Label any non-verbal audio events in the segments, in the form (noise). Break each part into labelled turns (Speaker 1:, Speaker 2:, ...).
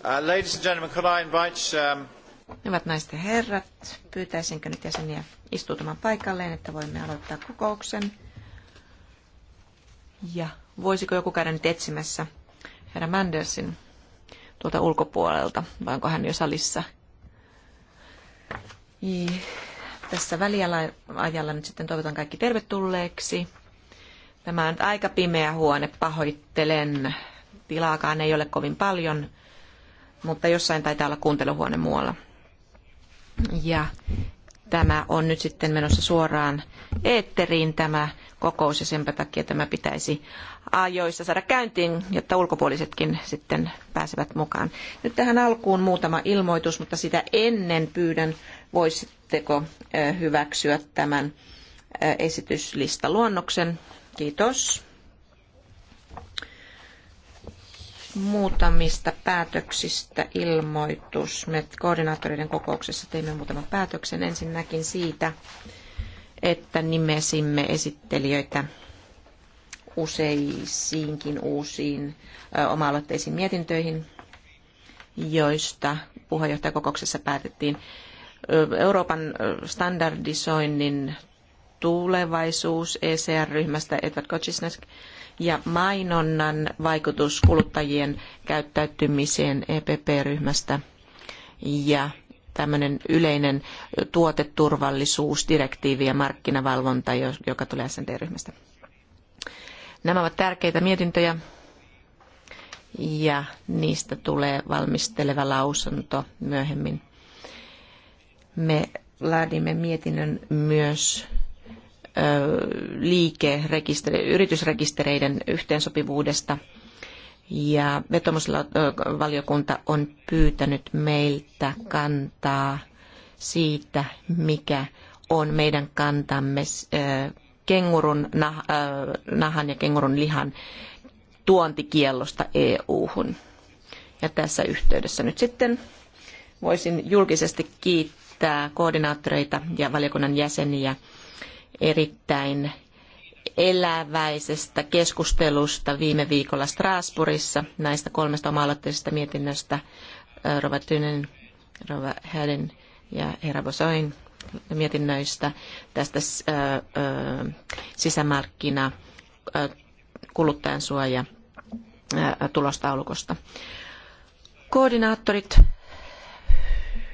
Speaker 1: Uh, ladies and gentlemen, could I invite... Um...
Speaker 2: Hyvät naiset ja herrat, pyytäisinkö nyt jäseniä istuutumaan paikalleen, että voimme aloittaa kokouksen. Ja voisiko joku käydä nyt etsimässä herra Mandersin tuolta ulkopuolelta, vai onko hän jo salissa? I, tässä väliajalla nyt sitten toivotan kaikki tervetulleeksi. Tämä on aika pimeä huone, pahoittelen. Tilaakaan ei ole kovin paljon, mutta jossain taitaa olla kuunteluhuone muualla. Ja tämä on nyt sitten menossa suoraan eetteriin tämä kokous ja senpä takia tämä pitäisi ajoissa saada käyntiin, jotta ulkopuolisetkin sitten pääsevät mukaan. Nyt tähän alkuun muutama ilmoitus, mutta sitä ennen pyydän, voisitteko hyväksyä tämän esityslistaluonnoksen. Kiitos. muutamista päätöksistä ilmoitus. Me koordinaattoreiden kokouksessa teimme muutaman päätöksen. Ensinnäkin siitä, että nimesimme esittelijöitä useisiinkin uusiin oma-aloitteisiin mietintöihin, joista puheenjohtajakokouksessa päätettiin Euroopan standardisoinnin tulevaisuus ECR-ryhmästä Edward Kocisnesk ja mainonnan vaikutus kuluttajien käyttäytymiseen EPP-ryhmästä ja tämmöinen yleinen tuoteturvallisuusdirektiivi ja markkinavalvonta, joka tulee SND-ryhmästä. Nämä ovat tärkeitä mietintöjä ja niistä tulee valmisteleva lausunto myöhemmin. Me laadimme mietinnön myös liike yritysrekistereiden yhteensopivuudesta. Ja vetomusvaliokunta on pyytänyt meiltä kantaa siitä, mikä on meidän kantamme kengurun nahan ja kengurun lihan tuontikiellosta EU-hun. Ja tässä yhteydessä nyt sitten voisin julkisesti kiittää koordinaattoreita ja valiokunnan jäseniä erittäin eläväisestä keskustelusta viime viikolla Strasbourgissa näistä kolmesta oma-aloitteisesta mietinnöstä. Rova Tynen, Rova Häden ja Herra Bosoin mietinnöistä tästä sisämarkkina kuluttajansuoja tulostaulukosta. Koordinaattorit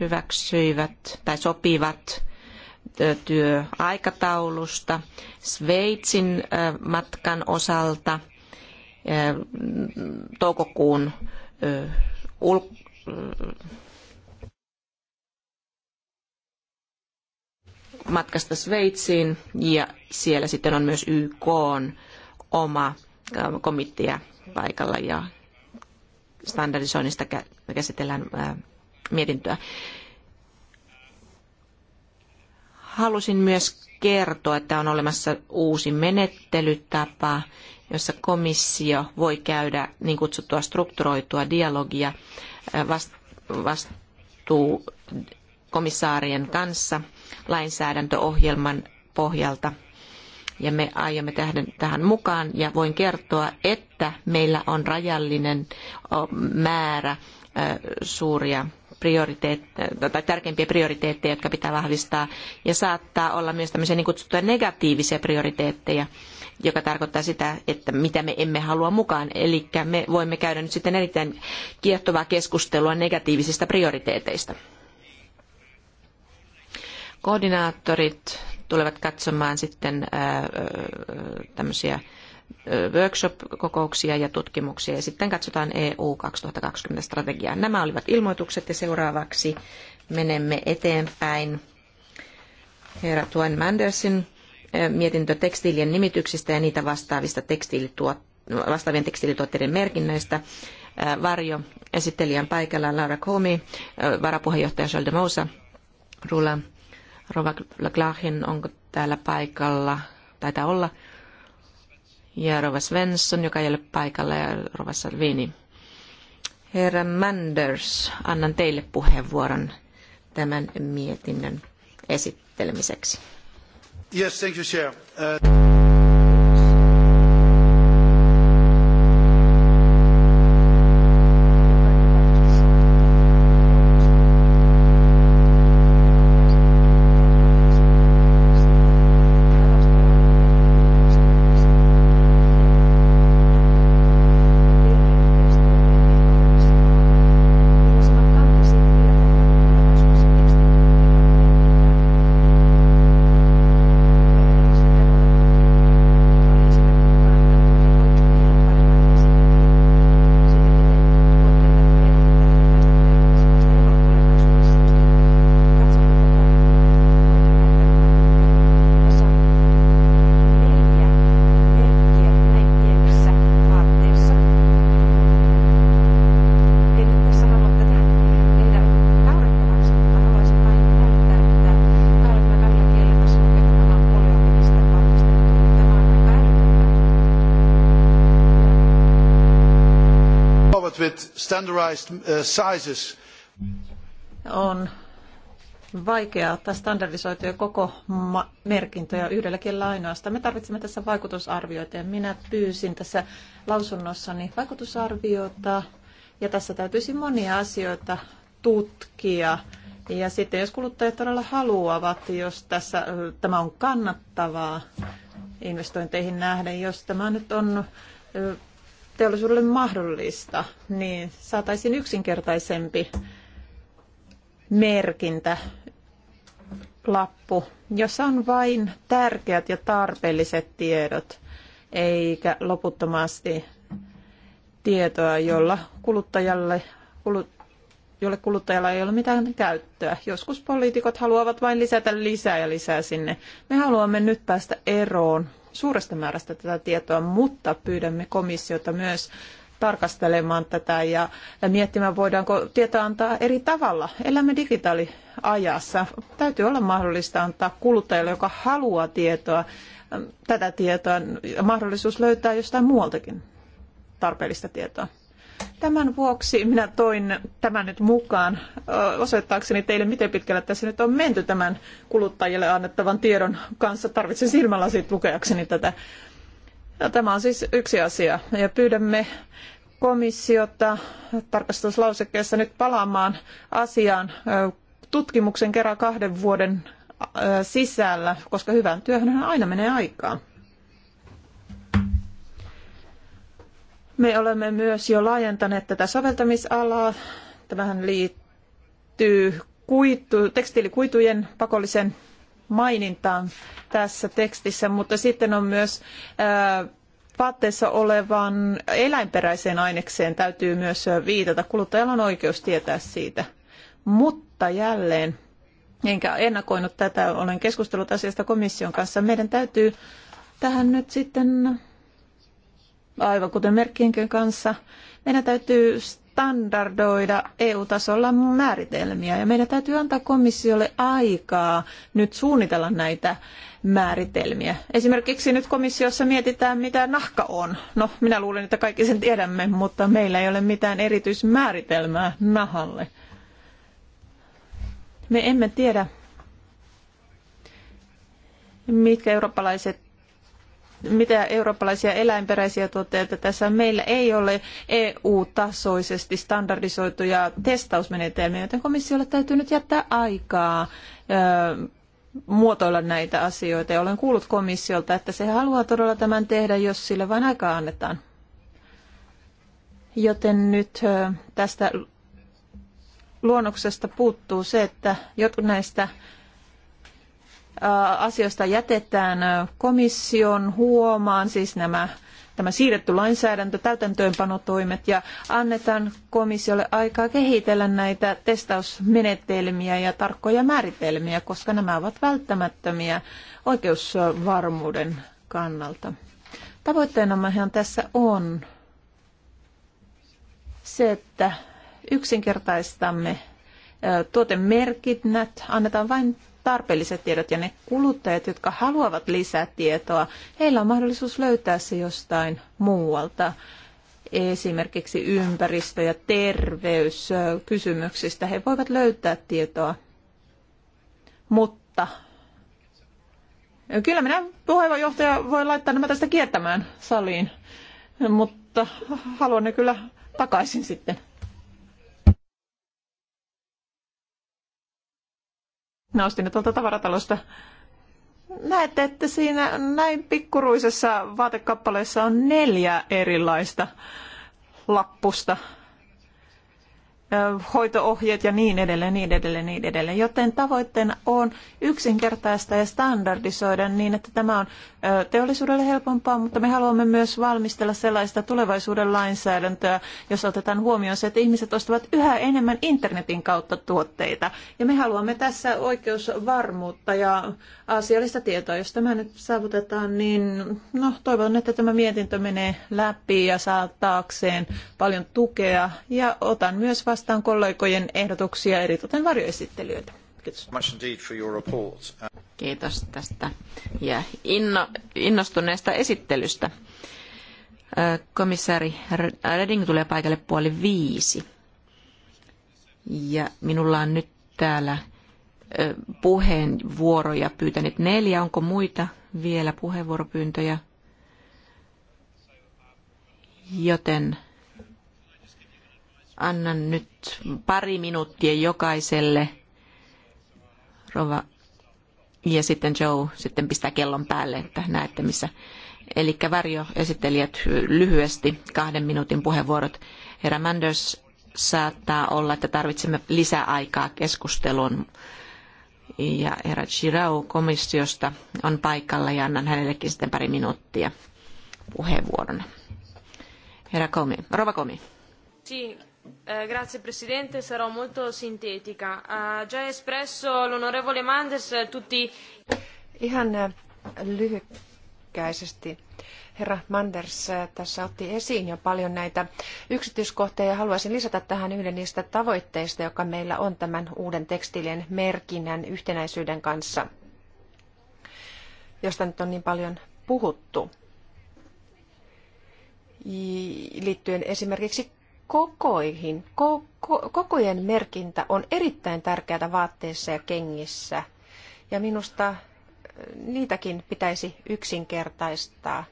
Speaker 2: hyväksyivät tai sopivat työaikataulusta Sveitsin matkan osalta toukokuun ul- matkasta Sveitsiin ja siellä sitten on myös YK oma komitea paikalla ja standardisoinnista käsitellään mietintöä halusin myös kertoa, että on olemassa uusi menettelytapa, jossa komissio voi käydä niin kutsuttua strukturoitua dialogia vastuukomissaarien kanssa lainsäädäntöohjelman pohjalta. Ja me aiomme tehdä tähän mukaan ja voin kertoa, että meillä on rajallinen määrä suuria prioriteet- tai tärkeimpiä prioriteetteja, jotka pitää vahvistaa, ja saattaa olla myös tämmöisiä niin kutsuttuja negatiivisia prioriteetteja, joka tarkoittaa sitä, että mitä me emme halua mukaan. Eli me voimme käydä nyt sitten erittäin kiehtovaa keskustelua negatiivisista prioriteeteista. Koordinaattorit tulevat katsomaan sitten tämmöisiä workshop-kokouksia ja tutkimuksia ja sitten katsotaan EU 2020-strategiaa. Nämä olivat ilmoitukset ja seuraavaksi menemme eteenpäin. Herra Tuen Mandersin mietintö tekstiilien nimityksistä ja niitä vastaavista tekstiilituot- vastaavien tekstiilituotteiden merkinnöistä. Varjo, esittelijän paikalla Laura Komi, varapuheenjohtaja Charles de Mousa, Rula, Rova Laglahin, onko täällä paikalla? Taitaa olla ja Rova Svensson, joka ei ole paikalla, ja Rova Salvini. Herra Manders, annan teille puheenvuoron tämän mietinnön esittelemiseksi.
Speaker 1: Yes, thank
Speaker 3: you, Chair. Uh...
Speaker 1: Uh, sizes.
Speaker 4: On vaikeaa ottaa standardisoituja koko merkintöjä yhdellä kielellä ainoastaan. Me tarvitsemme tässä vaikutusarvioita ja minä pyysin tässä lausunnossani vaikutusarviota ja tässä täytyisi monia asioita tutkia. Ja sitten jos kuluttajat todella haluavat, jos tässä, tämä on kannattavaa investointeihin nähden, jos tämä nyt on teollisuudelle mahdollista, niin saataisiin yksinkertaisempi merkintä lappu, jossa on vain tärkeät ja tarpeelliset tiedot, eikä loputtomasti tietoa, jolla kuluttajalle, kulut, jolle kuluttajalla ei ole mitään käyttöä. Joskus poliitikot haluavat vain lisätä lisää ja lisää sinne. Me haluamme nyt päästä eroon suuresta määrästä tätä tietoa, mutta pyydämme komissiota myös tarkastelemaan tätä ja, ja miettimään, voidaanko tietoa antaa eri tavalla. Elämme digitaaliajassa. Täytyy olla mahdollista antaa kuluttajalle, joka haluaa tietoa, tätä tietoa, mahdollisuus löytää jostain muualtakin tarpeellista tietoa. Tämän vuoksi minä toin tämän nyt mukaan osoittaakseni teille, miten pitkälle tässä nyt on menty tämän kuluttajille annettavan tiedon kanssa. Tarvitsen silmälasit lukeakseni tätä. Ja tämä on siis yksi asia. Ja pyydämme komissiota tarkastuslausekkeessa nyt palaamaan asiaan tutkimuksen kerran kahden vuoden sisällä, koska hyvän työhön aina menee aikaa. Me olemme myös jo laajentaneet tätä soveltamisalaa. Tämähän liittyy kuitu, tekstiilikuitujen pakollisen mainintaan tässä tekstissä, mutta sitten on myös ää, äh, vaatteessa olevan eläinperäiseen ainekseen täytyy myös viitata. Kuluttajalla on oikeus tietää siitä. Mutta jälleen, enkä ennakoinut tätä, olen keskustellut asiasta komission kanssa, meidän täytyy tähän nyt sitten aivan kuten merkkienkin kanssa, meidän täytyy standardoida EU-tasolla määritelmiä ja meidän täytyy antaa komissiolle aikaa nyt suunnitella näitä määritelmiä. Esimerkiksi nyt komissiossa mietitään, mitä nahka on. No, minä luulen, että kaikki sen tiedämme, mutta meillä ei ole mitään erityismääritelmää nahalle. Me emme tiedä, mitkä eurooppalaiset mitä eurooppalaisia eläinperäisiä tuotteita tässä on. Meillä ei ole EU-tasoisesti standardisoituja testausmenetelmiä, joten komissiolle täytyy nyt jättää aikaa muotoilla näitä asioita. Ja olen kuullut komissiolta, että se haluaa todella tämän tehdä, jos sille vain aikaa annetaan. Joten nyt tästä luonnoksesta puuttuu se, että jotkut näistä Äh, asioista jätetään äh, komission huomaan, siis nämä tämä siirretty lainsäädäntö, täytäntöönpanotoimet ja annetaan komissiolle aikaa kehitellä näitä testausmenetelmiä ja tarkkoja määritelmiä, koska nämä ovat välttämättömiä oikeusvarmuuden kannalta. Tavoitteenammehan tässä on se, että yksinkertaistamme äh, tuotemerkinnät, annetaan vain tarpeelliset tiedot ja ne kuluttajat, jotka haluavat lisätietoa, heillä on mahdollisuus löytää se jostain muualta esimerkiksi ympäristö- ja terveyskysymyksistä. He voivat löytää tietoa, mutta kyllä minä puheenjohtaja voi laittaa nämä tästä kiertämään saliin, mutta haluan ne kyllä takaisin sitten. Mä ostin ne tuolta tavaratalosta. Näette, että siinä näin pikkuruisessa vaatekappaleessa on neljä erilaista lappusta. Hoitoohjeet ja niin edelleen, niin edelleen, niin edelleen. Joten tavoitteena on yksinkertaista ja standardisoida niin, että tämä on teollisuudelle helpompaa, mutta me haluamme myös valmistella sellaista tulevaisuuden lainsäädäntöä, jossa otetaan huomioon se, että ihmiset ostavat yhä enemmän internetin kautta tuotteita. Ja me haluamme tässä oikeusvarmuutta ja asiallista tietoa. Jos tämä nyt saavutetaan, niin no, toivon, että tämä mietintö menee läpi ja saa taakseen paljon tukea. Ja otan myös vastaan kollegojen ehdotuksia, eritoten
Speaker 1: varjoesittelyitä. Kiitos. Kiitos tästä ja
Speaker 2: inno, innostuneesta esittelystä. Komissaari Reding tulee paikalle puoli viisi. Ja minulla on nyt täällä puheenvuoroja pyytänyt neljä. Onko muita vielä puheenvuoropyyntöjä? Joten annan nyt pari minuuttia jokaiselle Rova. Ja sitten Joe sitten pistää kellon päälle, että näette missä. Eli esittelijät lyhyesti kahden minuutin puheenvuorot. Herra Manders, saattaa olla, että tarvitsemme lisää aikaa keskusteluun. Ja herra Chirau komissiosta on paikalla ja annan hänellekin sitten pari minuuttia puheenvuoron. Herra Komi, Rova Komi. Sí, Eh, grazie Presidente, sarò molto sintetica. Ha già espresso l'onorevole Manders tutti...
Speaker 5: Ihan eh, lyhykäisesti. Herra Manders eh, tässä otti esiin jo paljon näitä yksityiskohtia ja haluaisin lisätä tähän yhden niistä tavoitteista, joka meillä on tämän uuden tekstiilien merkinnän yhtenäisyyden kanssa, josta nyt on niin paljon puhuttu liittyen esimerkiksi kokoihin. kokojen merkintä on erittäin tärkeää vaatteissa ja kengissä. Ja minusta äh, niitäkin pitäisi yksinkertaistaa.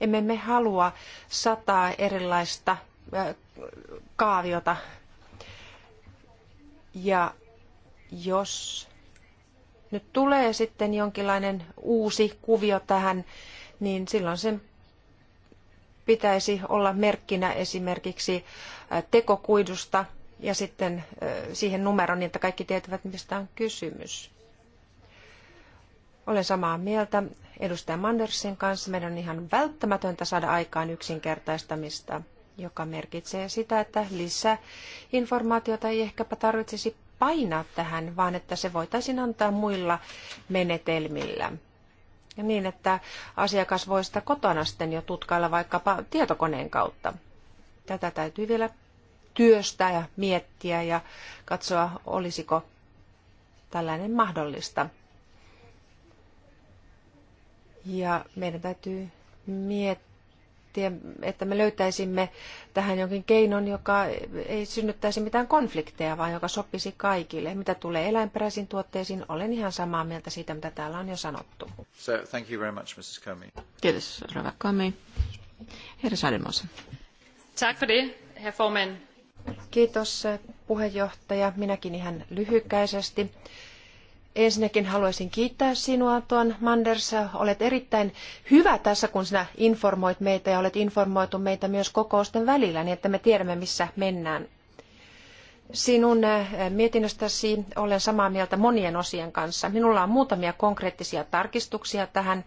Speaker 5: Emme me halua sataa erilaista äh, kaaviota. Ja jos nyt tulee sitten jonkinlainen uusi kuvio tähän, niin silloin sen pitäisi olla merkkinä esimerkiksi äh, tekokuidusta ja sitten äh, siihen numero niin, että kaikki tietävät, mistä on kysymys. Olen samaa mieltä edustaja Mandersin kanssa. Meidän on ihan välttämätöntä saada aikaan yksinkertaistamista, joka merkitsee sitä, että lisää informaatiota ei ehkäpä tarvitsisi painaa tähän, vaan että se voitaisiin antaa muilla menetelmillä ja niin, että asiakas voi sitä kotona sitten jo tutkailla vaikkapa tietokoneen kautta. Tätä täytyy vielä työstää ja miettiä ja katsoa, olisiko tällainen mahdollista. Ja meidän täytyy miettiä, että me löytäisimme tähän jonkin keinon, joka ei synnyttäisi mitään konflikteja, vaan joka sopisi kaikille. Mitä tulee eläinperäisiin tuotteisiin, olen ihan samaa mieltä siitä, mitä täällä on jo sanottu.
Speaker 1: So, thank you very much, Mrs. Comey.
Speaker 2: Kiitos, Rova Comey. Herra Sademos.
Speaker 5: Tack för det, herr Kiitos puheenjohtaja. Minäkin ihan lyhykäisesti. Ensinnäkin haluaisin kiittää sinua, tuon Manders. Olet erittäin hyvä tässä, kun sinä informoit meitä ja olet informoitu meitä myös kokousten välillä, niin että me tiedämme, missä mennään. Sinun äh, mietinnöstäsi olen samaa mieltä monien osien kanssa. Minulla on muutamia konkreettisia tarkistuksia tähän.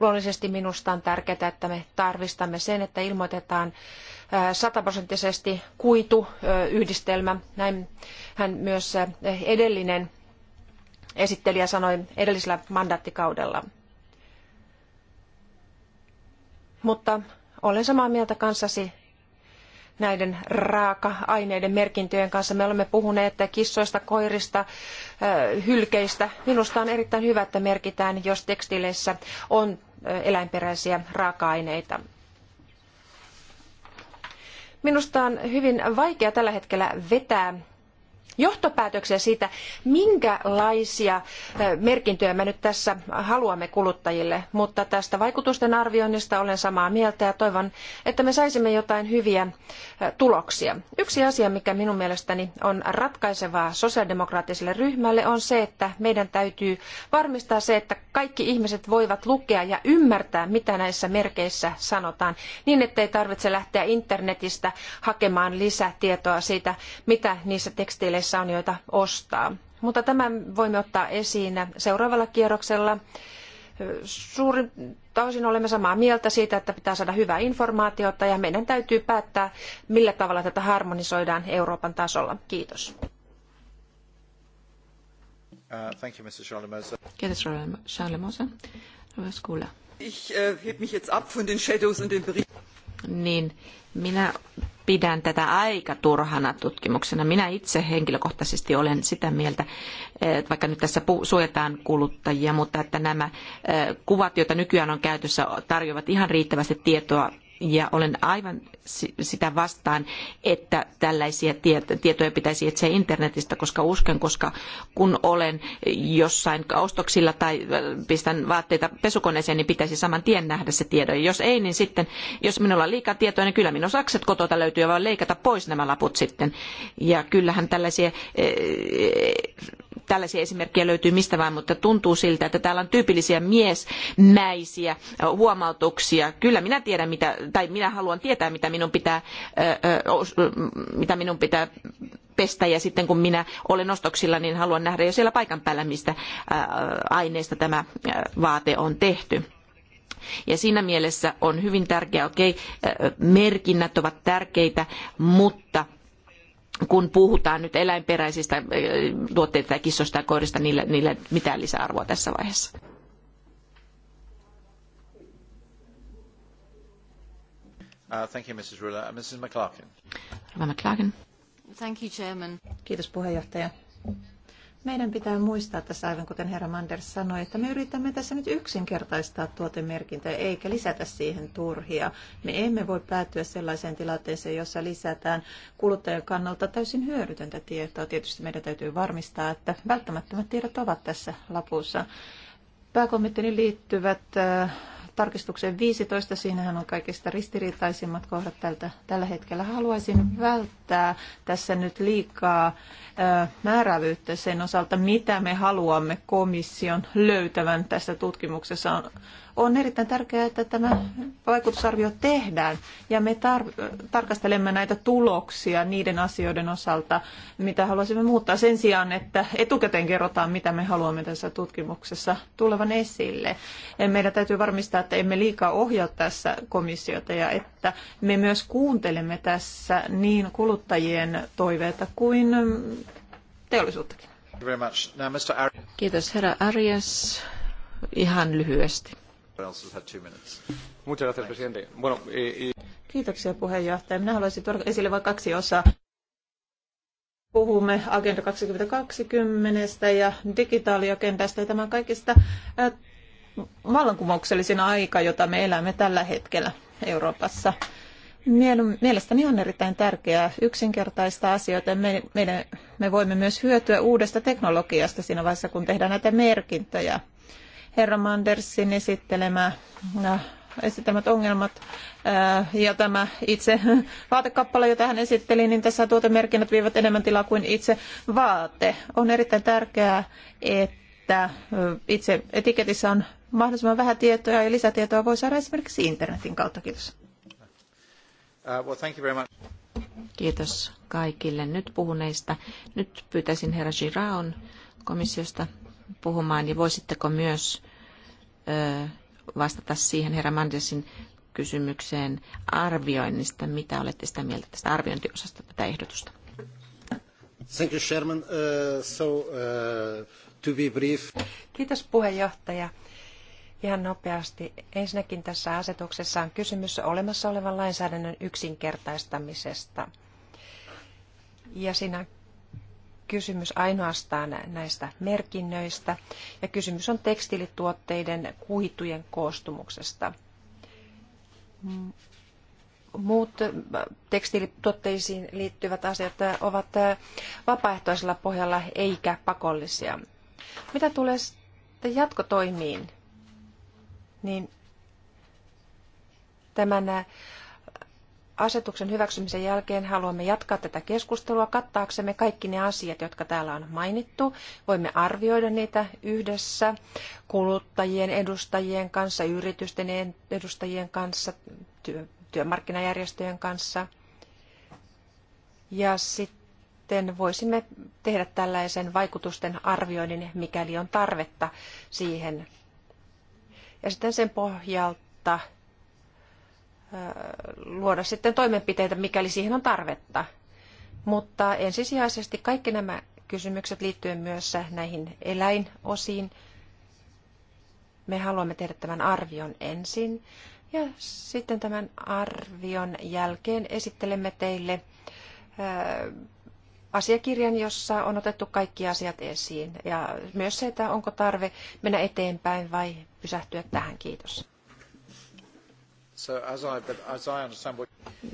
Speaker 5: Luonnollisesti minusta on tärkeää, että me tarvistamme sen, että ilmoitetaan äh, sataprosenttisesti kuituyhdistelmä. Äh, Näin hän myös edellinen esittelijä sanoi edellisellä mandaattikaudella. Mutta olen samaa mieltä kanssasi näiden raaka-aineiden merkintöjen kanssa. Me olemme puhuneet kissoista, koirista, hylkeistä. Minusta on erittäin hyvä, että merkitään, jos tekstileissä on eläinperäisiä raaka-aineita. Minusta on hyvin vaikea tällä hetkellä vetää johtopäätöksiä siitä, minkälaisia merkintöjä me nyt tässä haluamme kuluttajille. Mutta tästä vaikutusten arvioinnista olen samaa mieltä ja toivon, että me saisimme jotain hyviä tuloksia. Yksi asia, mikä minun mielestäni on ratkaisevaa sosiaalidemokraattiselle ryhmälle, on se, että meidän täytyy varmistaa se, että kaikki ihmiset voivat lukea ja ymmärtää, mitä näissä merkeissä sanotaan, niin ettei tarvitse lähteä internetistä hakemaan lisätietoa siitä, mitä niissä teksteissä kaupungeissa on, joita ostaa. Mutta tämän voimme ottaa esiin seuraavalla kierroksella. Suurinta osin olemme samaa mieltä siitä, että pitää saada hyvää informaatiota ja meidän täytyy päättää, millä tavalla tätä harmonisoidaan Euroopan tasolla. Kiitos.
Speaker 1: Uh, thank you, Mr. Charlemosa.
Speaker 2: Kiitos, Charlemosa.
Speaker 1: Ich äh, heb mich jetzt ab von den Shadows und den Berichten
Speaker 2: niin minä pidän tätä aika turhana tutkimuksena. Minä itse henkilökohtaisesti olen sitä mieltä, että vaikka nyt tässä suojataan kuluttajia, mutta että nämä eh, kuvat, joita nykyään on käytössä, tarjoavat ihan riittävästi tietoa ja olen aivan sitä vastaan, että tällaisia tietoja pitäisi etsiä internetistä, koska uskon, koska kun olen jossain ostoksilla tai äh, pistän vaatteita pesukoneeseen, niin pitäisi saman tien nähdä se tieto. Ja jos ei, niin sitten, jos minulla on liikaa tietoja, niin kyllä minun sakset kotota löytyy ja leikata pois nämä laput sitten. Ja kyllähän tällaisia äh, Tällaisia esimerkkejä löytyy mistä vain, mutta tuntuu siltä, että täällä on tyypillisiä miesmäisiä huomautuksia. Kyllä minä tiedän, mitä, tai minä haluan tietää, mitä minun pitää, mitä minun pitää pestä ja sitten kun minä olen ostoksilla, niin haluan nähdä jo siellä paikan päällä, mistä aineesta tämä vaate on tehty. Ja siinä mielessä on hyvin tärkeää, okei, okay, merkinnät ovat tärkeitä, mutta kun puhutaan nyt eläinperäisistä eh, tuotteista ja kissoista ja koirista, niille niillä mitään lisäarvoa tässä vaiheessa.
Speaker 1: Uh, thank you, Mrs. Ruler. Uh, Mrs.
Speaker 4: Thank you, Chairman. Kiitos puheenjohtaja. Meidän pitää muistaa tässä, aivan kuten herra Manders sanoi, että me yritämme tässä nyt yksinkertaistaa tuotemerkintöjä eikä lisätä siihen turhia. Me emme voi päätyä sellaiseen tilanteeseen, jossa lisätään kuluttajan kannalta täysin hyödytöntä tietoa. Tietysti meidän täytyy varmistaa, että välttämättömät tiedot ovat tässä lapussa. Pääkommenttini liittyvät äh, tarkistukseen 15. Siinähän on kaikista ristiriitaisimmat kohdat tältä, tällä hetkellä. Haluaisin välttää tässä nyt liikaa ö, määrävyyttä sen osalta, mitä me haluamme komission löytävän tässä tutkimuksessa. On on erittäin tärkeää, että tämä vaikutusarvio tehdään ja me tar- tarkastelemme näitä tuloksia niiden asioiden osalta, mitä haluaisimme muuttaa sen sijaan, että etukäteen kerrotaan, mitä me haluamme tässä tutkimuksessa tulevan esille. Meidän täytyy varmistaa, että emme liikaa ohjaa tässä komissiota ja että me myös kuuntelemme tässä niin kuluttajien toiveita kuin teollisuuttakin. Kiitos herra Arias. Ihan lyhyesti.
Speaker 1: ¿no? Eh,
Speaker 4: Kiitoksia puheenjohtaja. Minä haluaisin tuoda esille vain kaksi osaa. Puhumme Agenda 2020 ja digitaaliagendasta ja tämän kaikista vallankumouksellisin aika, jota me elämme tällä hetkellä Euroopassa. Mielestäni on erittäin tärkeää yksinkertaistaa asioita. Me, me voimme myös hyötyä uudesta teknologiasta siinä vaiheessa, kun tehdään näitä merkintöjä herra Mandersin esittelemä, äh, esittelemät ongelmat äh, ja tämä itse (laughs) vaatekappale, jota hän esitteli, niin tässä tuotemerkinnät vievät enemmän tilaa kuin itse vaate. On erittäin tärkeää, että äh, itse etiketissä on mahdollisimman vähän tietoa
Speaker 2: ja lisätietoa voi saada esimerkiksi internetin kautta. Kiitos.
Speaker 1: Uh, well, thank you very much.
Speaker 2: Kiitos kaikille nyt puhuneista. Nyt pyytäisin herra Giraon komissiosta puhumaan ja voisitteko myös vastata siihen herra Mandesin kysymykseen arvioinnista. Mitä olette sitä mieltä tästä arviointiosasta tätä
Speaker 1: ehdotusta? Thank you, Chairman. Uh, so, uh, to be brief.
Speaker 5: Kiitos puheenjohtaja. Ihan nopeasti. Ensinnäkin tässä asetuksessa on kysymys olemassa olevan lainsäädännön yksinkertaistamisesta. Ja siinä kysymys ainoastaan näistä merkinnöistä ja kysymys on tekstiilituotteiden kuitujen koostumuksesta. Muut äh, tekstiilituotteisiin liittyvät asiat äh, ovat äh, vapaaehtoisella pohjalla eikä pakollisia. Mitä tulee sitten jatkotoimiin, niin tämän asetuksen hyväksymisen jälkeen haluamme jatkaa tätä keskustelua kattaaksemme kaikki ne asiat, jotka täällä on mainittu. Voimme arvioida niitä yhdessä kuluttajien edustajien kanssa, yritysten edustajien kanssa, työmarkkinajärjestöjen kanssa. Ja sitten voisimme tehdä tällaisen vaikutusten arvioinnin, mikäli on tarvetta siihen. Ja sitten sen pohjalta luoda sitten toimenpiteitä, mikäli siihen on tarvetta. Mutta ensisijaisesti kaikki nämä kysymykset liittyen myös näihin eläinosiin. Me haluamme tehdä tämän arvion ensin ja sitten tämän arvion jälkeen esittelemme teille asiakirjan, jossa on otettu kaikki asiat esiin ja myös se, että onko tarve mennä eteenpäin vai pysähtyä tähän. Kiitos.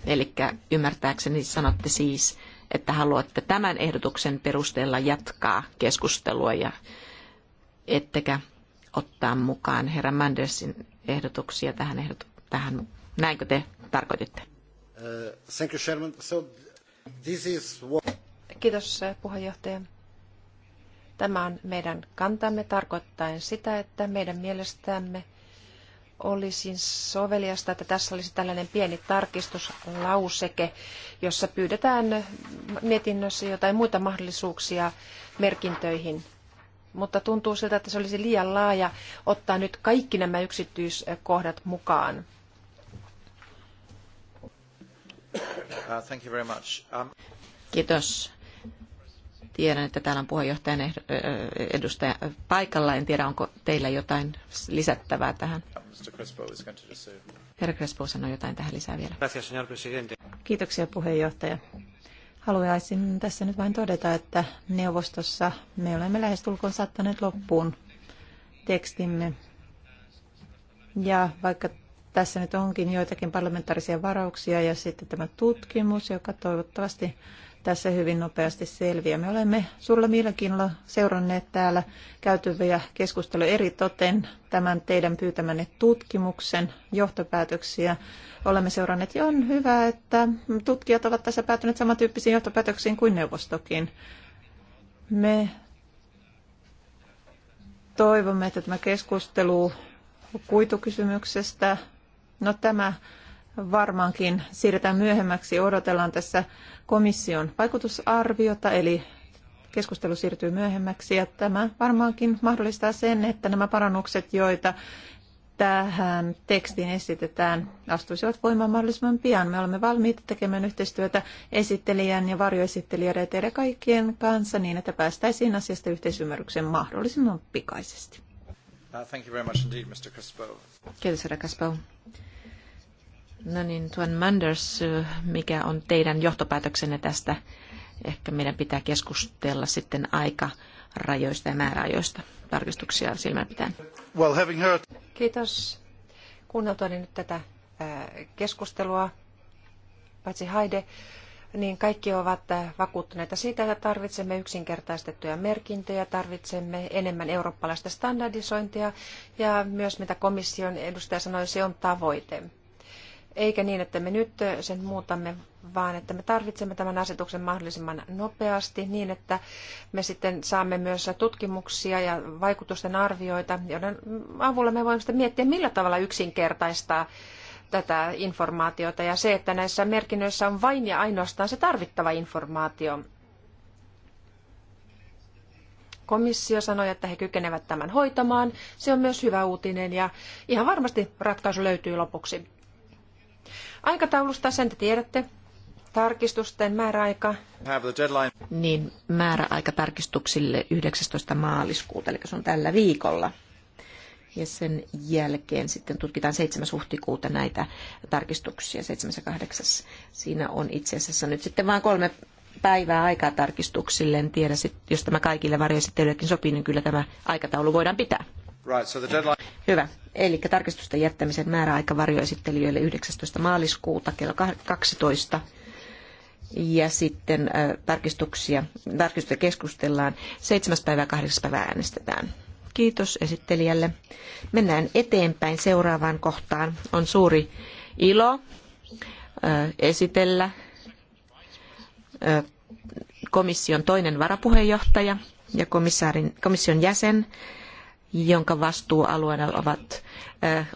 Speaker 2: Eli ymmärtääkseni sanotte siis, että haluatte tämän ehdotuksen perusteella jatkaa keskustelua ja ettekä ottaa mukaan herra Mandersin ehdotuksia tähän, ehdot- tähän. Näinkö te tarkoititte?
Speaker 1: Uh, thank you, Chairman. So this is what...
Speaker 5: Kiitos puheenjohtaja. Tämä on meidän kantamme tarkoittain sitä, että meidän mielestämme olisin soveliasta, että tässä olisi tällainen pieni tarkistuslauseke, jossa pyydetään mietinnössä jotain muita mahdollisuuksia merkintöihin. Mutta tuntuu siltä, että se olisi liian laaja ottaa nyt kaikki nämä yksityiskohdat
Speaker 2: mukaan.
Speaker 1: Uh, um,
Speaker 2: Kiitos. Tiedän, että täällä on puheenjohtajan edustaja paikalla. En tiedä, onko teillä jotain lisättävää tähän.
Speaker 1: Uh,
Speaker 2: Herra Crespo sanoi jotain tähän lisää vielä. Kiitoksia
Speaker 4: puheenjohtaja. Haluaisin tässä nyt vain todeta, että neuvostossa me olemme lähestulkoon saattaneet loppuun tekstimme. Ja vaikka tässä nyt onkin joitakin parlamentaarisia varauksia ja sitten tämä tutkimus, joka toivottavasti tässä hyvin nopeasti selviä. Me olemme sulla mielenkiinnolla seuranneet täällä käytyviä keskusteluja eri toten tämän teidän pyytämänne tutkimuksen johtopäätöksiä. Olemme seuranneet ja on hyvä, että tutkijat ovat tässä päätyneet samantyyppisiin johtopäätöksiin kuin neuvostokin. Me toivomme, että tämä keskustelu kuitukysymyksestä, no tämä varmaankin siirretään myöhemmäksi. Odotellaan tässä komission vaikutusarviota, eli keskustelu siirtyy myöhemmäksi. Ja tämä varmaankin mahdollistaa sen, että nämä parannukset, joita tähän tekstiin esitetään, astuisivat voimaan mahdollisimman pian. Me olemme valmiita tekemään yhteistyötä esittelijän ja varjoesittelijöiden ja kaikkien kanssa niin, että päästäisiin asiasta
Speaker 2: yhteisymmärrykseen mahdollisimman pikaisesti.
Speaker 1: Uh, thank you very much indeed, Mr.
Speaker 2: Kiitos, herra No niin, Tuan Manders, mikä on teidän johtopäätöksenne tästä? Ehkä meidän pitää keskustella sitten aika rajoista ja määräajoista tarkistuksia silmällä pitäen.
Speaker 5: Well, heard... Kiitos. Kuunneltuani nyt tätä keskustelua, paitsi Haide, niin kaikki ovat vakuuttuneita siitä, että tarvitsemme yksinkertaistettuja merkintöjä, tarvitsemme enemmän eurooppalaista standardisointia ja myös mitä komission edustaja sanoi, se on tavoite eikä niin, että me nyt sen muutamme, vaan että me tarvitsemme tämän asetuksen mahdollisimman nopeasti niin, että me sitten saamme myös tutkimuksia ja vaikutusten arvioita, joiden avulla me voimme sitten miettiä, millä tavalla yksinkertaistaa tätä informaatiota ja se, että näissä merkinnöissä on vain ja ainoastaan se tarvittava informaatio. Komissio sanoi, että he kykenevät tämän hoitamaan. Se on myös hyvä uutinen ja ihan varmasti ratkaisu löytyy lopuksi. Aikataulusta sen te tiedätte. Tarkistusten määräaika.
Speaker 2: Niin, määräaika tarkistuksille 19. maaliskuuta, eli se on tällä viikolla. Ja sen jälkeen sitten tutkitaan 7. huhtikuuta näitä tarkistuksia, 7. ja 8. Siinä on itse asiassa nyt sitten vain kolme päivää aikaa tarkistuksille. En tiedä, sit, jos tämä kaikille varjoesittelyillekin sopii, niin kyllä tämä aikataulu voidaan pitää.
Speaker 1: Right, so the deadline...
Speaker 2: Hyvä. Eli tarkistusten jättämisen määräaika varjoesittelijöille 19. maaliskuuta kello 12. Ja sitten äh, tarkistuksia, tarkistusta keskustellaan 7. päivää 8. päivää äänestetään. Kiitos esittelijälle. Mennään eteenpäin seuraavaan kohtaan. On suuri ilo äh, esitellä äh, komission toinen varapuheenjohtaja ja komission jäsen jonka vastuualueena ovat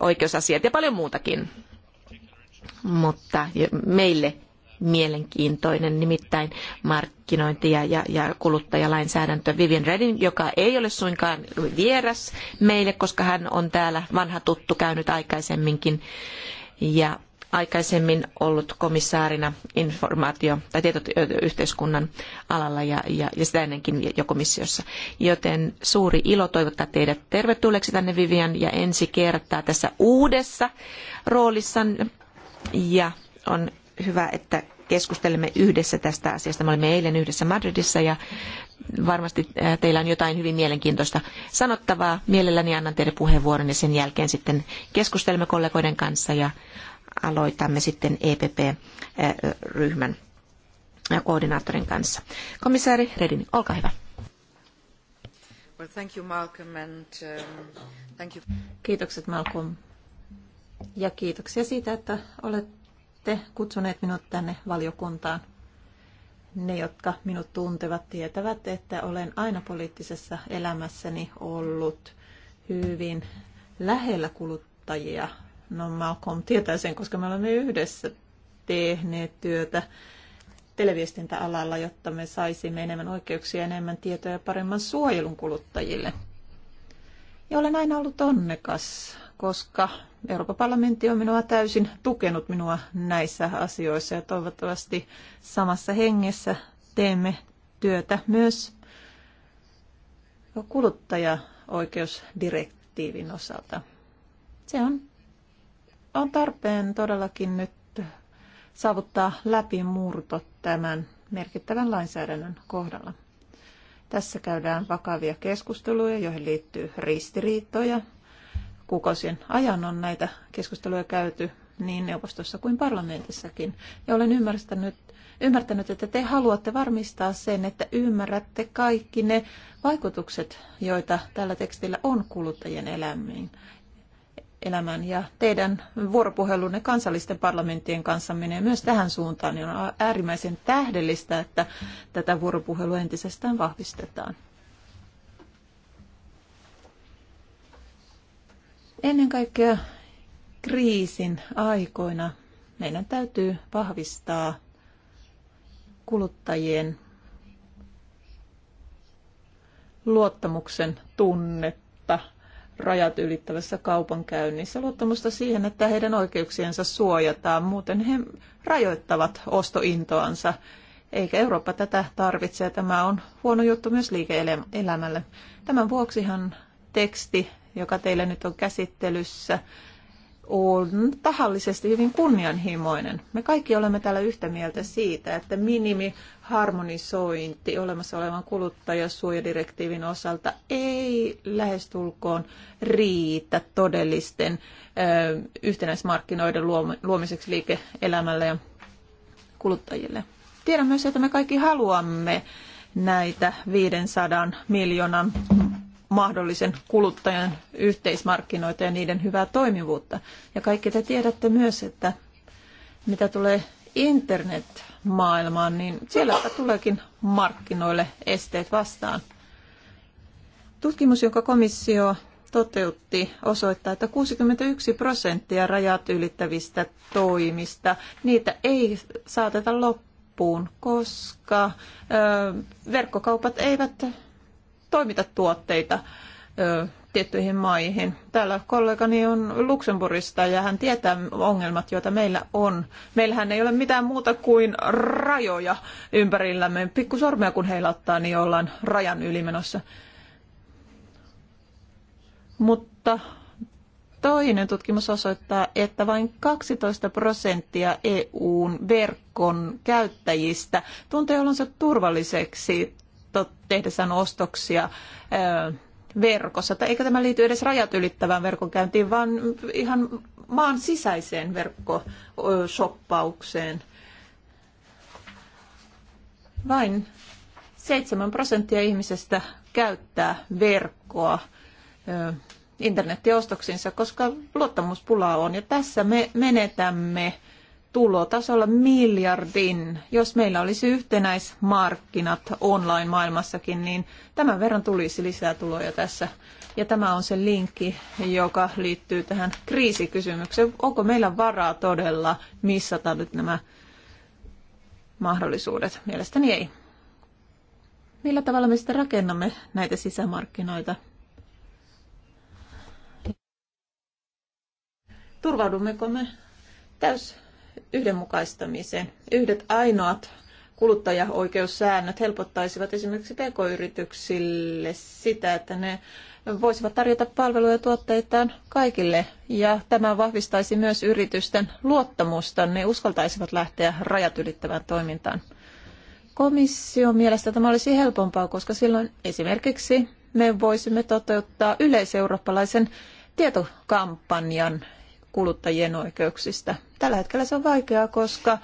Speaker 2: oikeusasiat ja paljon muutakin. Mutta meille mielenkiintoinen, nimittäin markkinointi ja, ja, ja kuluttajalainsäädäntö. Vivian Reddin, joka ei ole suinkaan vieras meille, koska hän on täällä vanha tuttu käynyt aikaisemminkin. Ja aikaisemmin ollut komissaarina informaatio- tai tietoyhteiskunnan alalla ja, ja, ja sitä ennenkin jo komissiossa. Joten suuri ilo toivottaa teidät tervetulleeksi tänne Vivian ja ensi kertaa tässä uudessa roolissanne. Ja on hyvä, että keskustelemme yhdessä tästä asiasta. Me olimme eilen yhdessä Madridissa ja varmasti äh, teillä on jotain hyvin mielenkiintoista sanottavaa. Mielelläni annan teille puheenvuoron ja sen jälkeen sitten keskustelemme kollegoiden kanssa ja aloitamme sitten EPP-ryhmän koordinaattorin kanssa. Komissaari Redini, olkaa hyvä.
Speaker 5: Well, thank you, Malcolm, and, um, thank you.
Speaker 2: Kiitokset Malcolm
Speaker 4: ja kiitoksia siitä, että olette kutsuneet minut tänne valiokuntaan. Ne, jotka minut tuntevat, tietävät, että olen aina poliittisessa elämässäni ollut hyvin lähellä kuluttajia No Malcolm tietää sen, koska me olemme yhdessä tehneet työtä televiestintäalalla, jotta me saisimme enemmän oikeuksia, enemmän tietoa ja paremman suojelun kuluttajille. Ja olen aina ollut onnekas, koska Euroopan parlamentti on minua täysin tukenut minua näissä asioissa ja toivottavasti samassa hengessä teemme työtä myös kuluttajaoikeusdirektiivin osalta. Se on on tarpeen todellakin nyt saavuttaa läpimurto tämän merkittävän lainsäädännön kohdalla. Tässä käydään vakavia keskusteluja, joihin liittyy ristiriitoja. Kukosin ajan on näitä keskusteluja käyty niin neuvostossa kuin parlamentissakin. Ja olen ymmärtänyt, ymmärtänyt, että te haluatte varmistaa sen, että ymmärrätte kaikki ne vaikutukset, joita tällä tekstillä on kuluttajien elämiin elämän ja teidän vuoropuhelunne kansallisten parlamenttien kanssa menee myös tähän suuntaan, niin on äärimmäisen tähdellistä, että tätä vuoropuhelua entisestään vahvistetaan. Ennen kaikkea kriisin aikoina meidän täytyy vahvistaa kuluttajien luottamuksen tunnetta rajat ylittävässä kaupankäynnissä luottamusta siihen, että heidän oikeuksiensa suojataan. Muuten he rajoittavat ostointoansa, eikä Eurooppa tätä tarvitse. Ja tämä on huono juttu myös liike-elämälle. Tämän vuoksihan teksti, joka teillä nyt on käsittelyssä, on tahallisesti hyvin kunnianhimoinen. Me kaikki olemme täällä yhtä mieltä siitä, että minimi harmonisointi olemassa olevan kuluttajasuojadirektiivin osalta ei lähestulkoon riitä todellisten ö, yhtenäismarkkinoiden luomiseksi liike-elämälle ja kuluttajille. Tiedän myös, että me kaikki haluamme näitä 500 miljoonan mahdollisen kuluttajan yhteismarkkinoita ja niiden hyvää toimivuutta. Ja kaikki te tiedätte myös, että mitä tulee internet maailmaan, niin sielläpä tuleekin markkinoille esteet vastaan. Tutkimus, jonka komissio toteutti, osoittaa, että 61 prosenttia rajat ylittävistä toimista, niitä ei saateta loppuun, koska ö, verkkokaupat eivät toimita tuotteita ö, tiettyihin maihin. Täällä kollegani on Luxemburgista ja hän tietää ongelmat, joita meillä on. Meillähän ei ole mitään muuta kuin rajoja ympärillämme. Pikku sormea kun heilattaa, niin ollaan rajan ylimenossa. Mutta toinen tutkimus osoittaa, että vain 12 prosenttia EUn verkon käyttäjistä tuntee olonsa turvalliseksi tehdessään ostoksia verkossa. Eikä tämä liity edes rajat ylittävään verkonkäyntiin, vaan ihan maan sisäiseen verkkoshoppaukseen. Vain 7 prosenttia ihmisestä käyttää verkkoa internettiostoksinsa, koska luottamuspulaa on. Ja tässä me menetämme tulotasolla miljardin. Jos meillä olisi yhtenäismarkkinat online-maailmassakin, niin tämän verran tulisi lisää tuloja tässä. Ja tämä on se linkki, joka liittyy tähän kriisikysymykseen. Onko meillä varaa todella missata nyt nämä mahdollisuudet? Mielestäni ei. Millä tavalla me sitten rakennamme näitä sisämarkkinoita? Turvaudummeko me täysin? yhdenmukaistamiseen. Yhdet ainoat kuluttajaoikeussäännöt helpottaisivat esimerkiksi pk-yrityksille sitä, että ne voisivat tarjota palveluja ja tuotteitaan kaikille. Ja tämä vahvistaisi myös yritysten luottamusta, ne uskaltaisivat lähteä rajat ylittävään toimintaan. Komission mielestä tämä olisi helpompaa, koska silloin esimerkiksi me voisimme toteuttaa yleiseurooppalaisen tietokampanjan kuluttajien oikeuksista. Tällä hetkellä se on vaikeaa, koska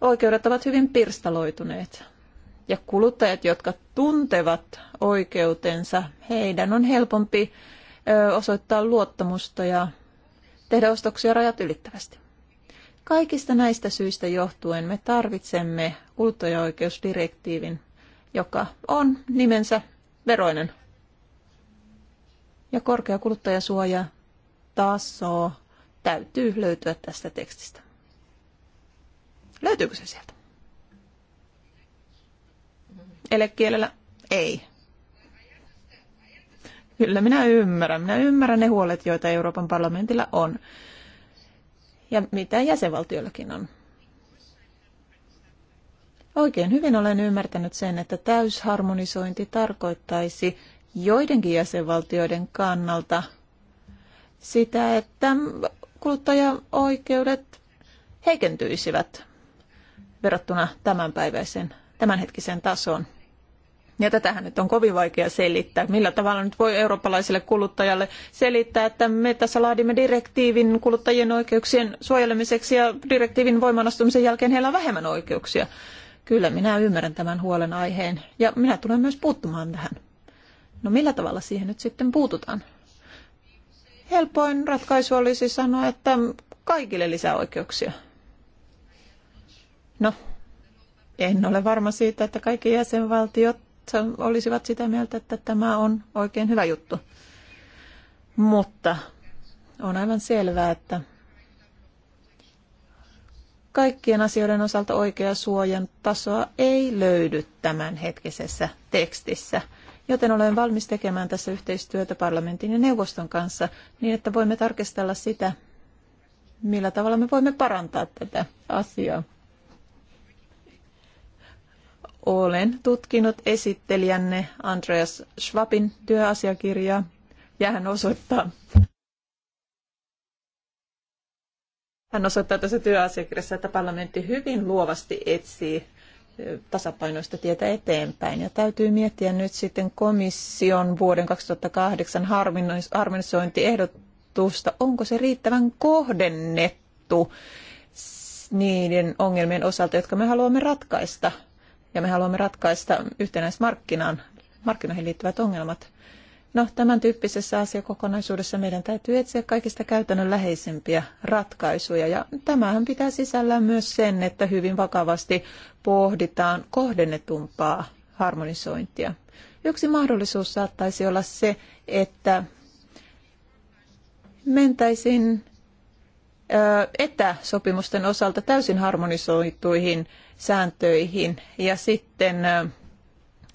Speaker 4: oikeudet ovat hyvin pirstaloituneet. Ja kuluttajat, jotka tuntevat oikeutensa, heidän on helpompi osoittaa luottamusta ja tehdä ostoksia rajat ylittävästi. Kaikista näistä syistä johtuen me tarvitsemme kuluttajaoikeusdirektiivin, joka on nimensä veroinen. Ja korkea kuluttajasuoja taso täytyy löytyä tästä tekstistä. Löytyykö se sieltä? Elekielellä ei. Kyllä minä ymmärrän. Minä ymmärrän ne huolet, joita Euroopan parlamentilla on. Ja mitä jäsenvaltioillakin on. Oikein hyvin olen ymmärtänyt sen, että täysharmonisointi tarkoittaisi joidenkin jäsenvaltioiden kannalta sitä, että kuluttajaoikeudet heikentyisivät verrattuna tämänpäiväiseen, tämänhetkiseen tasoon. Ja tätähän nyt on kovin vaikea selittää. Millä tavalla nyt voi eurooppalaiselle kuluttajalle selittää, että me tässä laadimme direktiivin kuluttajien oikeuksien suojelemiseksi ja direktiivin voimanastumisen jälkeen heillä on vähemmän oikeuksia. Kyllä, minä ymmärrän tämän huolen aiheen ja minä tulen myös puuttumaan tähän. No millä tavalla siihen nyt sitten puututaan? helpoin ratkaisu olisi sanoa, että kaikille lisäoikeuksia. No, en ole varma siitä, että kaikki jäsenvaltiot olisivat sitä mieltä, että tämä on oikein hyvä juttu. Mutta on aivan selvää, että kaikkien asioiden osalta oikea suojan tasoa ei löydy tämänhetkisessä tekstissä – joten olen valmis tekemään tässä yhteistyötä parlamentin ja neuvoston kanssa niin, että voimme tarkistella sitä, millä tavalla me voimme parantaa tätä asiaa. Olen tutkinut esittelijänne Andreas Schwabin työasiakirjaa ja hän osoittaa, hän osoittaa tässä työasiakirjassa, että parlamentti hyvin luovasti etsii tasapainoista tietä eteenpäin. Ja täytyy miettiä nyt sitten komission vuoden 2008 harmonisointiehdotusta, onko se riittävän kohdennettu niiden ongelmien osalta, jotka me haluamme ratkaista. Ja me haluamme ratkaista yhtenäismarkkinaan, markkinoihin liittyvät ongelmat. No, tämän tyyppisessä asiakokonaisuudessa meidän täytyy etsiä kaikista käytännönläheisempiä ratkaisuja. Ja tämähän pitää sisällään myös sen, että hyvin vakavasti pohditaan kohdennetumpaa harmonisointia. Yksi mahdollisuus saattaisi olla se, että mentäisin etäsopimusten osalta täysin harmonisoituihin sääntöihin ja sitten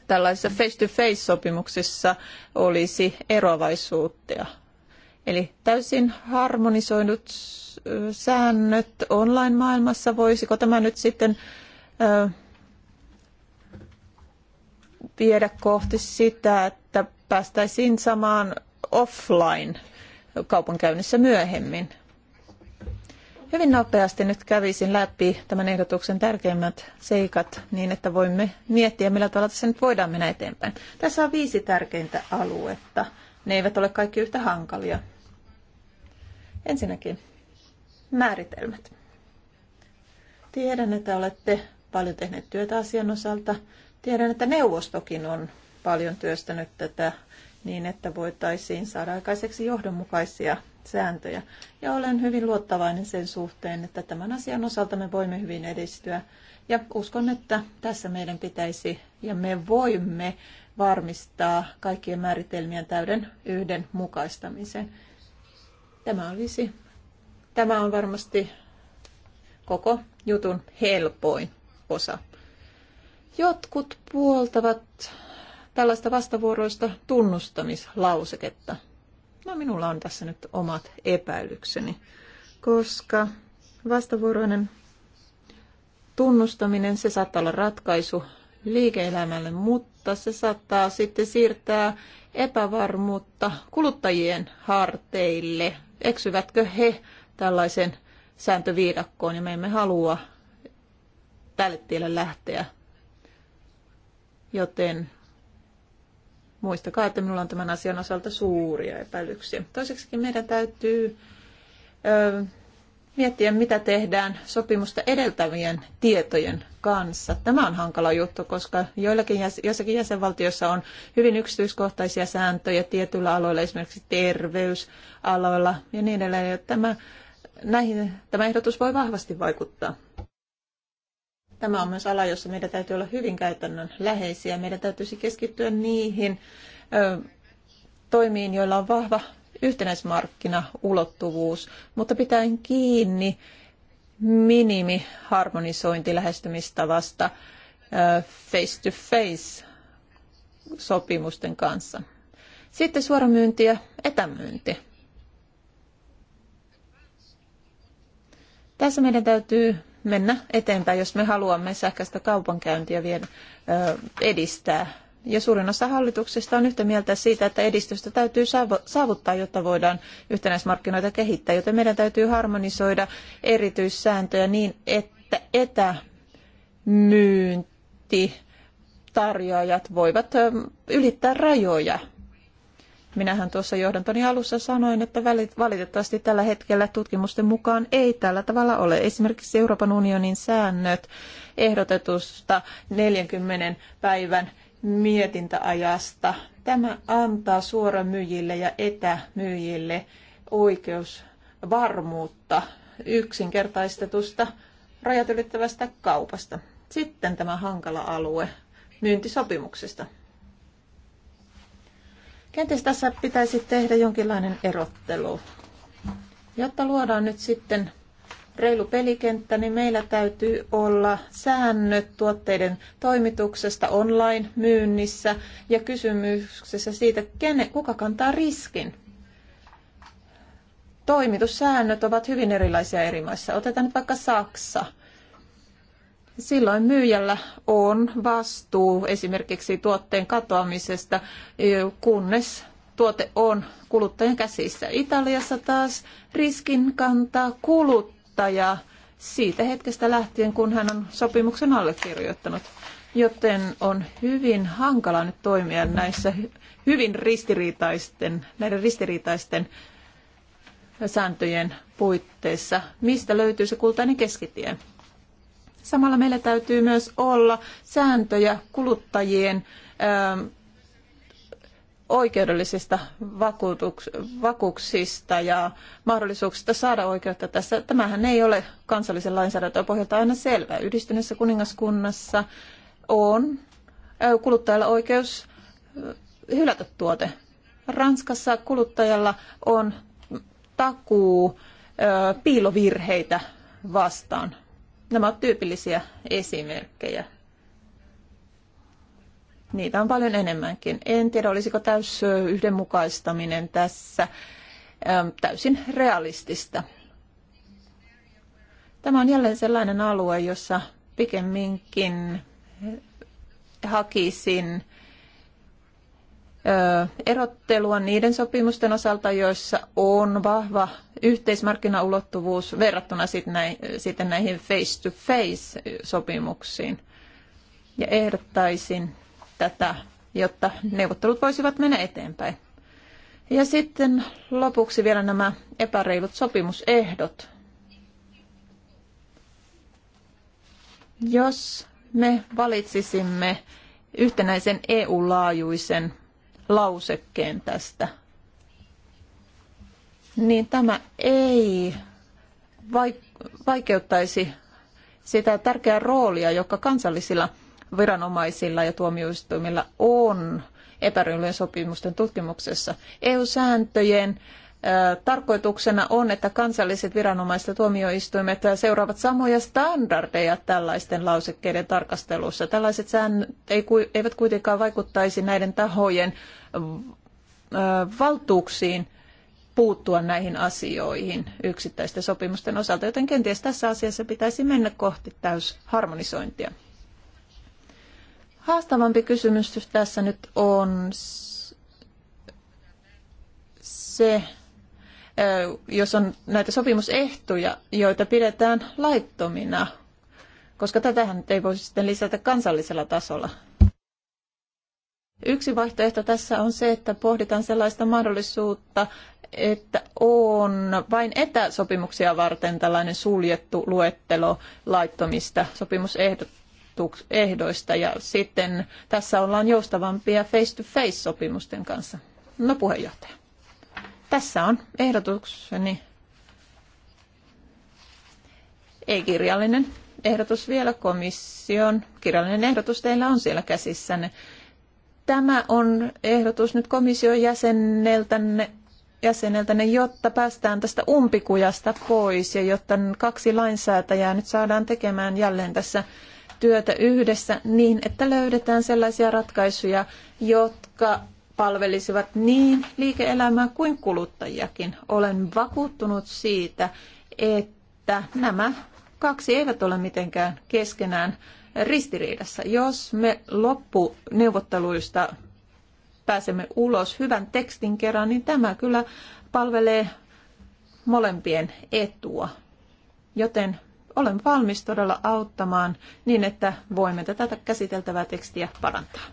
Speaker 4: tällaisissa face-to-face-sopimuksissa olisi eroavaisuutta. Eli täysin harmonisoidut säännöt online-maailmassa, voisiko tämä nyt sitten ö, viedä kohti sitä, että päästäisiin samaan offline kaupankäynnissä myöhemmin? Hyvin nopeasti nyt kävisin läpi tämän ehdotuksen tärkeimmät seikat niin, että voimme miettiä, millä tavalla tässä nyt voidaan mennä eteenpäin. Tässä on viisi tärkeintä aluetta. Ne eivät ole kaikki yhtä hankalia. Ensinnäkin määritelmät. Tiedän, että olette paljon tehneet työtä asian osalta. Tiedän, että neuvostokin on paljon työstänyt tätä niin, että voitaisiin saada aikaiseksi johdonmukaisia sääntöjä. Ja olen hyvin luottavainen sen suhteen, että tämän asian osalta me voimme hyvin edistyä. Ja uskon, että tässä meidän pitäisi ja me voimme varmistaa kaikkien määritelmien täyden yhdenmukaistamisen. Tämä olisi, tämä on varmasti koko jutun helpoin osa. Jotkut puoltavat tällaista vastavuoroista tunnustamislauseketta. No minulla on tässä nyt omat epäilykseni, koska vastavuoroinen tunnustaminen, se saattaa olla ratkaisu liike-elämälle, mutta se saattaa sitten siirtää epävarmuutta kuluttajien harteille. Eksyvätkö he tällaisen sääntöviidakkoon ja me emme halua tälle tielle lähteä. Joten Muistakaa, että minulla on tämän asian osalta suuria epäilyksiä. Toiseksikin meidän täytyy ö, miettiä, mitä tehdään sopimusta edeltävien tietojen kanssa. Tämä on hankala juttu, koska joillakin, joissakin jäsenvaltioissa on hyvin yksityiskohtaisia sääntöjä tietyillä aloilla, esimerkiksi terveysaloilla ja niin edelleen. Ja tämä, näihin, tämä ehdotus voi vahvasti vaikuttaa. Tämä on myös ala, jossa meidän täytyy olla hyvin käytännön läheisiä. Meidän täytyisi keskittyä niihin toimiin, joilla on vahva yhtenäismarkkinaulottuvuus, mutta pitäen kiinni minimiharmonisointi lähestymistavasta face-to-face sopimusten kanssa. Sitten suoramyynti ja etämyynti. Tässä meidän täytyy mennä eteenpäin, jos me haluamme sähköistä kaupankäyntiä vielä edistää. Ja suurin osa hallituksista on yhtä mieltä siitä, että edistystä täytyy saavuttaa, jotta voidaan yhtenäismarkkinoita kehittää, joten meidän täytyy harmonisoida erityissääntöjä niin, että etämyynti tarjoajat voivat ylittää rajoja Minähän tuossa johdantoni alussa sanoin, että valitettavasti tällä hetkellä tutkimusten mukaan ei tällä tavalla ole. Esimerkiksi Euroopan unionin säännöt ehdotetusta 40 päivän mietintäajasta. Tämä antaa suoramyyjille ja etämyyjille oikeusvarmuutta yksinkertaistetusta rajat ylittävästä kaupasta. Sitten tämä hankala alue myyntisopimuksista. Kenties tässä pitäisi tehdä jonkinlainen erottelu. Jotta luodaan nyt sitten reilu pelikenttä, niin meillä täytyy olla säännöt tuotteiden toimituksesta online-myynnissä ja kysymyksessä siitä, kene, kuka kantaa riskin. Toimitussäännöt ovat hyvin erilaisia eri maissa. Otetaan nyt vaikka Saksa silloin myyjällä on vastuu esimerkiksi tuotteen katoamisesta, e, kunnes tuote on kuluttajan käsissä. Italiassa taas riskin kantaa kuluttaja siitä hetkestä lähtien, kun hän on sopimuksen allekirjoittanut. Joten on hyvin hankala nyt toimia näissä hyvin ristiriitaisten, näiden ristiriitaisten sääntöjen puitteissa. Mistä löytyy se kultainen keskitie? Samalla meillä täytyy myös olla sääntöjä kuluttajien ähm, oikeudellisista vakuuksista ja mahdollisuuksista saada oikeutta tässä. Tämähän ei ole kansallisen lainsäädäntöön pohjalta aina selvää. Yhdistyneessä kuningaskunnassa on kuluttajalla oikeus hylätä tuote. Ranskassa kuluttajalla on takuu piilovirheitä vastaan Nämä ovat tyypillisiä esimerkkejä. Niitä on paljon enemmänkin. En tiedä, olisiko täys yhdenmukaistaminen tässä ähm, täysin realistista. Tämä on jälleen sellainen alue, jossa pikemminkin hakisin erottelua niiden sopimusten osalta, joissa on vahva yhteismarkkinaulottuvuus verrattuna sitten näihin face-to-face-sopimuksiin. Ja ehdottaisin tätä, jotta neuvottelut voisivat mennä eteenpäin. Ja sitten lopuksi vielä nämä epäreilut sopimusehdot. Jos me valitsisimme yhtenäisen EU-laajuisen lausekkeen tästä, niin tämä ei vaikeuttaisi sitä tärkeää roolia, joka kansallisilla viranomaisilla ja tuomioistuimilla on epäröilyjen sopimusten tutkimuksessa. EU-sääntöjen Tarkoituksena on, että kansalliset viranomaiset ja tuomioistuimet seuraavat samoja standardeja tällaisten lausekkeiden tarkastelussa. Tällaiset säännöt eivät kuitenkaan vaikuttaisi näiden tahojen valtuuksiin puuttua näihin asioihin yksittäisten sopimusten osalta, joten kenties tässä asiassa pitäisi mennä kohti täysharmonisointia. Haastavampi kysymys tässä nyt on se, jos on näitä sopimusehtoja, joita pidetään laittomina, koska tätähän ei voisi sitten lisätä kansallisella tasolla. Yksi vaihtoehto tässä on se, että pohditaan sellaista mahdollisuutta, että on vain etäsopimuksia varten tällainen suljettu luettelo laittomista sopimusehdoista ja sitten tässä ollaan joustavampia face-to-face -face sopimusten kanssa. No puheenjohtaja. Tässä on ehdotukseni. Ei-kirjallinen ehdotus vielä komission. Kirjallinen ehdotus teillä on siellä käsissänne. Tämä on ehdotus nyt komission jäseneltänne jäseneltäne, jotta päästään tästä umpikujasta pois ja jotta kaksi lainsäätäjää nyt saadaan tekemään jälleen tässä työtä yhdessä niin, että löydetään sellaisia ratkaisuja, jotka palvelisivat niin liike-elämää kuin kuluttajiakin. Olen vakuuttunut siitä, että nämä kaksi eivät ole mitenkään keskenään ristiriidassa. Jos me loppuneuvotteluista pääsemme ulos hyvän tekstin kerran, niin tämä kyllä palvelee molempien etua. Joten olen valmis todella auttamaan niin, että voimme tätä käsiteltävää tekstiä parantaa.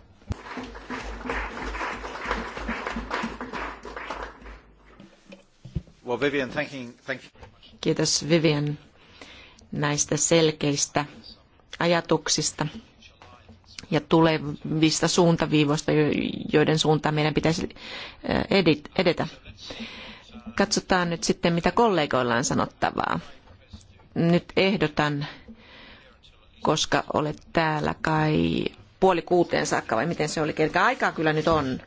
Speaker 1: Well, Vivian, thank you.
Speaker 2: Kiitos Vivian näistä selkeistä ajatuksista ja tulevista suuntaviivoista, joiden suuntaan meidän pitäisi eh, edetä. Katsotaan nyt sitten, mitä kollegoilla on sanottavaa. Nyt ehdotan, koska olet täällä kai puoli kuuteen saakka, vai miten se oli, kerkä aikaa kyllä nyt on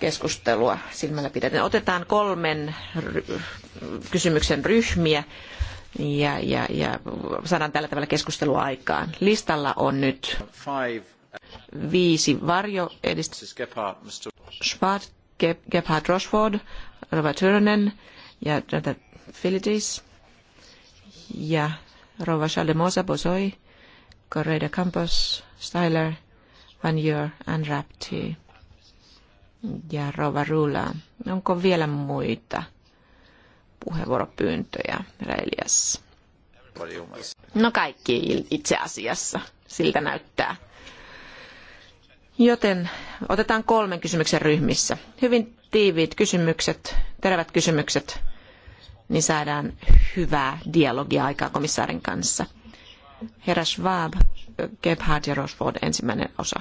Speaker 2: keskustelua silmällä pidetään. Otetaan kolmen kysymyksen ryhmiä ja, ja, ja saadaan tällä tavalla keskustelua aikaan. Listalla on nyt
Speaker 1: viisi varjo
Speaker 2: Schwarz, Gebhard Rochford, Rova Tyrönen ja Filidis ja Rova Chaldemosa Bosoi, Correa Campos, Styler, Van Jör and Rapti ja Rova Rula. Onko vielä muita puheenvuoropyyntöjä, Reilias? No kaikki itse asiassa, siltä näyttää. Joten otetaan kolmen kysymyksen ryhmissä. Hyvin tiiviit kysymykset, terävät kysymykset, niin saadaan hyvää dialogia aikaa komissaarin kanssa. Herra Schwab, Gebhard ja Rosford, ensimmäinen osa.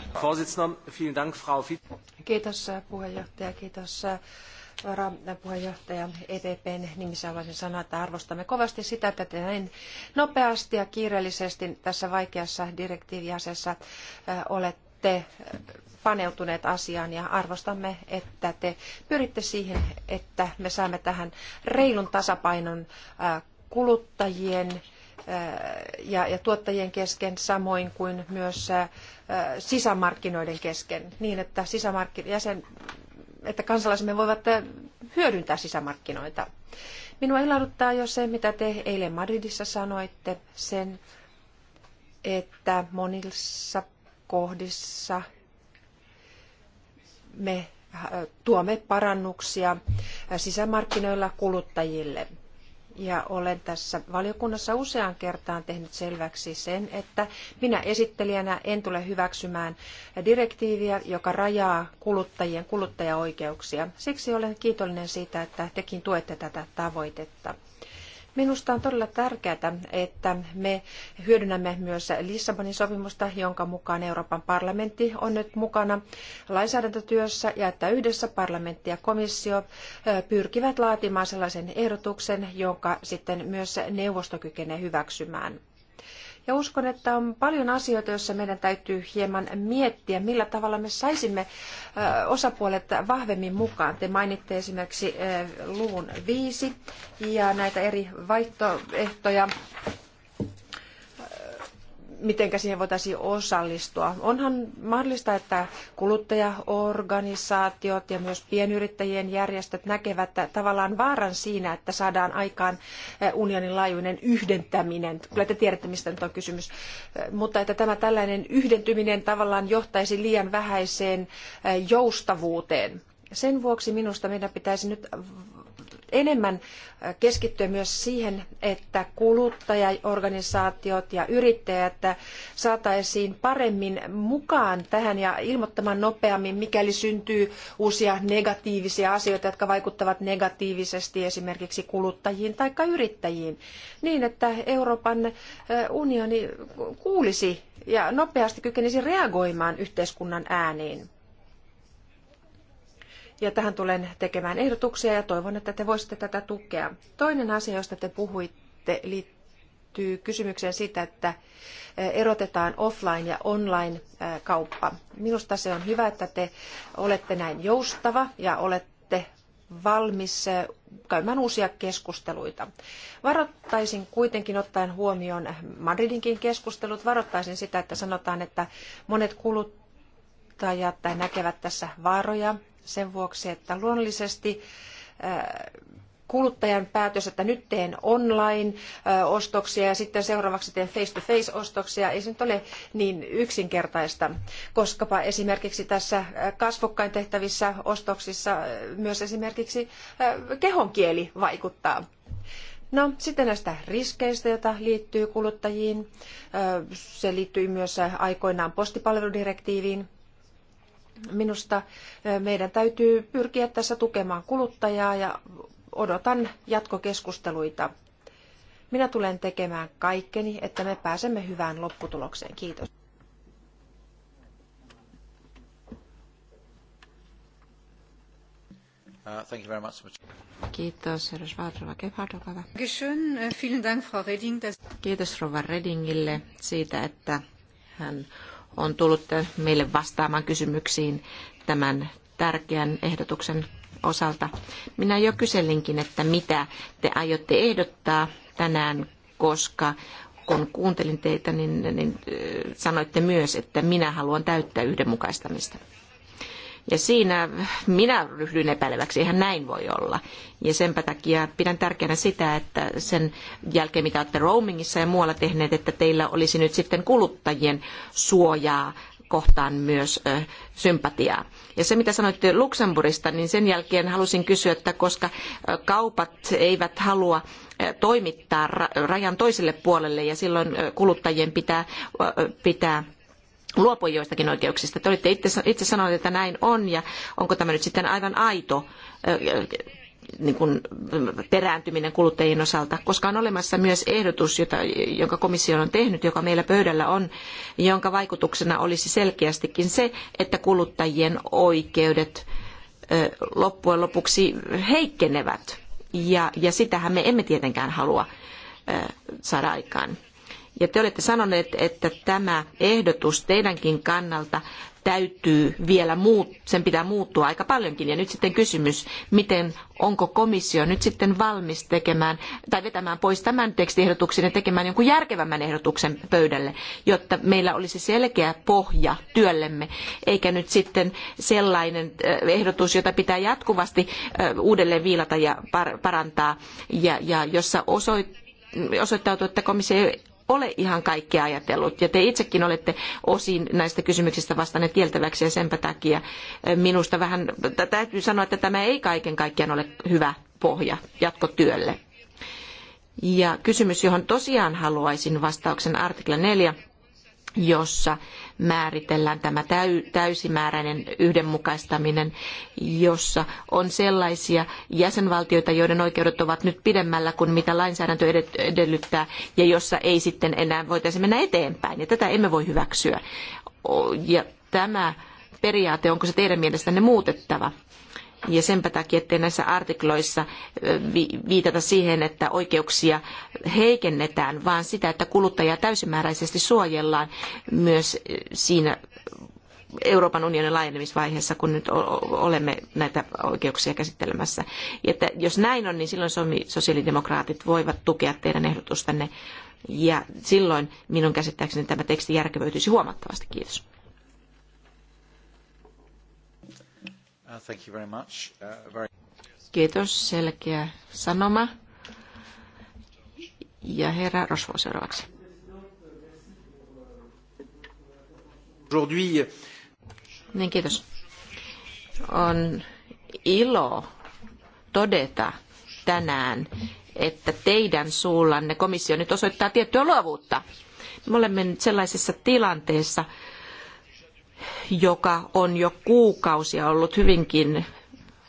Speaker 5: Kiitos äh, puheenjohtaja, kiitos äh, varapuheenjohtaja EPPn nimissä haluaisin sanoa, että arvostamme kovasti sitä, että te näin nopeasti ja kiireellisesti tässä vaikeassa direktiiviasiassa äh, olette paneutuneet asiaan ja arvostamme, että te pyritte siihen, että me saamme tähän reilun tasapainon kuluttajien ja, ja tuottajien kesken, samoin kuin myös sisämarkkinoiden kesken, niin että, jäsen, että kansalaisemme voivat hyödyntää sisämarkkinoita. Minua ilahduttaa jo se, mitä te eilen Madridissa sanoitte, sen, että monissa kohdissa me tuomme parannuksia sisämarkkinoilla kuluttajille ja olen tässä valiokunnassa useaan kertaan tehnyt selväksi sen, että minä esittelijänä en tule hyväksymään direktiiviä, joka rajaa kuluttajien kuluttajaoikeuksia. Siksi olen kiitollinen siitä, että tekin tuette tätä tavoitetta. Minusta on todella tärkeää, että me hyödynnämme myös Lissabonin sopimusta, jonka mukaan Euroopan parlamentti on nyt mukana lainsäädäntötyössä ja että yhdessä parlamentti ja komissio pyrkivät laatimaan sellaisen ehdotuksen, jonka sitten myös neuvosto kykenee hyväksymään. Ja uskon, että on paljon asioita, joissa meidän täytyy hieman miettiä, millä tavalla me saisimme osapuolet vahvemmin mukaan. Te mainitte esimerkiksi luvun viisi ja näitä eri vaihtoehtoja miten siihen voitaisiin osallistua. Onhan mahdollista, että kuluttajaorganisaatiot ja myös pienyrittäjien järjestöt näkevät tavallaan vaaran siinä, että saadaan aikaan eh, unionin laajuinen yhdentäminen. Kyllä te tiedätte, mistä nyt on kysymys. Eh, mutta että tämä tällainen yhdentyminen tavallaan johtaisi liian vähäiseen eh, joustavuuteen. Sen vuoksi minusta meidän pitäisi nyt enemmän äh, keskittyä myös siihen, että kuluttajaorganisaatiot ja yrittäjät äh, saataisiin paremmin mukaan tähän ja ilmoittamaan nopeammin, mikäli syntyy uusia negatiivisia asioita, jotka vaikuttavat negatiivisesti esimerkiksi kuluttajiin tai yrittäjiin, niin että Euroopan äh, unioni kuulisi ja nopeasti kykenisi reagoimaan yhteiskunnan ääniin ja tähän tulen tekemään ehdotuksia ja toivon, että te voisitte tätä tukea. Toinen asia, josta te puhuitte, liittyy kysymykseen siitä, että eh, erotetaan offline- ja online-kauppa. Eh, Minusta se on hyvä, että te olette näin joustava ja olette valmis eh, käymään uusia keskusteluita. Varoittaisin kuitenkin ottaen huomioon Madridinkin keskustelut, varoittaisin sitä, että sanotaan, että monet kuluttajat näkevät tässä vaaroja sen vuoksi, että luonnollisesti kuluttajan päätös, että nyt teen online-ostoksia ja sitten seuraavaksi teen face-to-face-ostoksia, ei se nyt ole niin yksinkertaista, koskapa esimerkiksi tässä kasvokkain tehtävissä ostoksissa myös esimerkiksi kehonkieli vaikuttaa. No, sitten näistä riskeistä, joita liittyy kuluttajiin. Se liittyy myös aikoinaan postipalveludirektiiviin. Minusta meidän täytyy pyrkiä tässä tukemaan kuluttajaa ja odotan jatkokeskusteluita. Minä tulen tekemään kaikkeni, että me pääsemme hyvään lopputulokseen. Kiitos.
Speaker 1: Uh, thank you very much.
Speaker 2: Kiitos, Rosvarova Gebhardova. Vielen Dank, Kiitos Rova Redingille siitä, että hän on tullut meille vastaamaan kysymyksiin tämän tärkeän ehdotuksen osalta. Minä jo kyselinkin, että mitä te aiotte ehdottaa tänään, koska kun kuuntelin teitä, niin, niin sanoitte myös, että minä haluan täyttää yhdenmukaistamista. Ja siinä minä ryhdyin epäileväksi, eihän näin voi olla. Ja sen takia pidän tärkeänä sitä, että sen jälkeen mitä olette roamingissa ja muualla tehneet, että teillä olisi nyt sitten kuluttajien suojaa kohtaan myös sympatiaa. Ja se, mitä sanoitte Luxemburgista, niin sen jälkeen halusin kysyä, että koska kaupat eivät halua toimittaa rajan toiselle puolelle ja silloin kuluttajien pitää, pitää luopua joistakin oikeuksista. Te olitte itse, itse sanoneet, että näin on ja onko tämä nyt sitten aivan aito niin kuin perääntyminen kuluttajien osalta, koska on olemassa myös ehdotus, jota, jonka komissio on tehnyt, joka meillä pöydällä on, jonka vaikutuksena olisi selkeästikin se, että kuluttajien oikeudet loppujen lopuksi heikkenevät. Ja, ja sitähän me emme tietenkään halua saada aikaan. Ja te olette sanoneet, että tämä ehdotus teidänkin kannalta täytyy vielä muut, sen pitää muuttua aika paljonkin. Ja nyt sitten kysymys, miten onko komissio nyt sitten valmis tekemään tai vetämään pois tämän tekstiehdotuksen ja tekemään jonkun järkevämmän ehdotuksen pöydälle, jotta meillä olisi selkeä pohja työllemme, eikä nyt sitten sellainen äh, ehdotus, jota pitää jatkuvasti äh, uudelleen viilata ja parantaa ja, ja jossa osoittaa osoittautuu, että komissio ole ihan kaikkea ajatellut. Ja te itsekin olette osin näistä kysymyksistä vastanneet kieltäväksi ja senpä takia minusta vähän täytyy sanoa, että tämä ei kaiken kaikkiaan ole hyvä pohja jatkotyölle. Ja kysymys, johon tosiaan haluaisin vastauksen artikla 4, jossa määritellään tämä täysimääräinen yhdenmukaistaminen, jossa on sellaisia jäsenvaltioita, joiden oikeudet ovat nyt pidemmällä kuin mitä lainsäädäntö edellyttää, ja jossa ei sitten enää voitaisi mennä eteenpäin. Ja tätä emme voi hyväksyä. Ja tämä periaate, onko se teidän mielestänne muutettava? Ja senpä takia, ettei näissä artikloissa viitata siihen, että oikeuksia heikennetään, vaan sitä, että kuluttajaa täysimääräisesti suojellaan myös siinä Euroopan unionin laajenemisvaiheessa, kun nyt olemme näitä oikeuksia käsittelemässä. Että jos näin on, niin silloin sosiaalidemokraatit voivat tukea teidän ehdotustanne. Ja silloin minun käsittääkseni tämä teksti järkevöityisi huomattavasti. Kiitos.
Speaker 1: thank you very much. Uh, very...
Speaker 2: Kiitos, selkeä sanoma. Ja herra Rosvo seuraavaksi. Niin, kiitos. On ilo todeta tänään, että teidän suullanne komissio nyt osoittaa tiettyä luovuutta. Me olemme nyt sellaisessa tilanteessa, joka on jo kuukausia ollut hyvinkin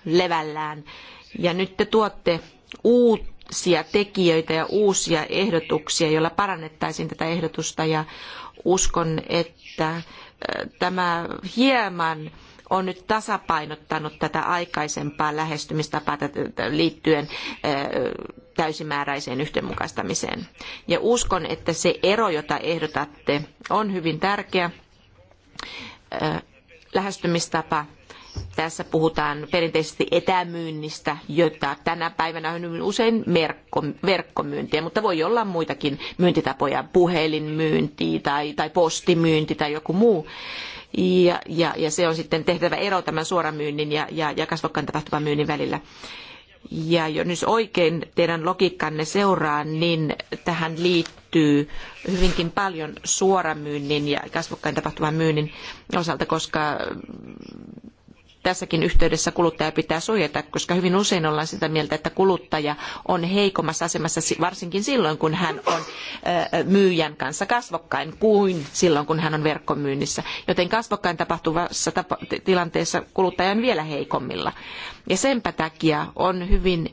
Speaker 2: levällään. Ja nyt te tuotte uusia tekijöitä ja uusia ehdotuksia, joilla parannettaisiin tätä ehdotusta. Ja uskon, että äh, tämä hieman on nyt tasapainottanut tätä aikaisempaa lähestymistapaa liittyen äh, täysimääräiseen yhdenmukaistamiseen. Ja uskon, että se ero, jota ehdotatte, on hyvin tärkeä lähestymistapa. Tässä puhutaan perinteisesti etämyynnistä, jota tänä päivänä on hyvin usein merkko, verkkomyyntiä, mutta voi olla muitakin myyntitapoja, puhelinmyynti tai, tai postimyynti tai joku muu. Ja, ja, ja se on sitten tehtävä ero tämän suoramyynnin ja, ja, ja kasvokkain tapahtuvan myynnin välillä. Ja jos oikein teidän logiikkanne seuraa, niin tähän liittyy hyvinkin paljon suoramyynnin ja kasvokkain tapahtuvan myynnin osalta, koska tässäkin yhteydessä kuluttaja pitää suojata, koska hyvin usein ollaan sitä mieltä, että kuluttaja on heikommassa asemassa varsinkin silloin, kun hän on myyjän kanssa kasvokkain kuin silloin, kun hän on verkkomyynnissä. Joten kasvokkain tapahtuvassa tilanteessa kuluttaja on vielä heikommilla. Ja senpä takia on hyvin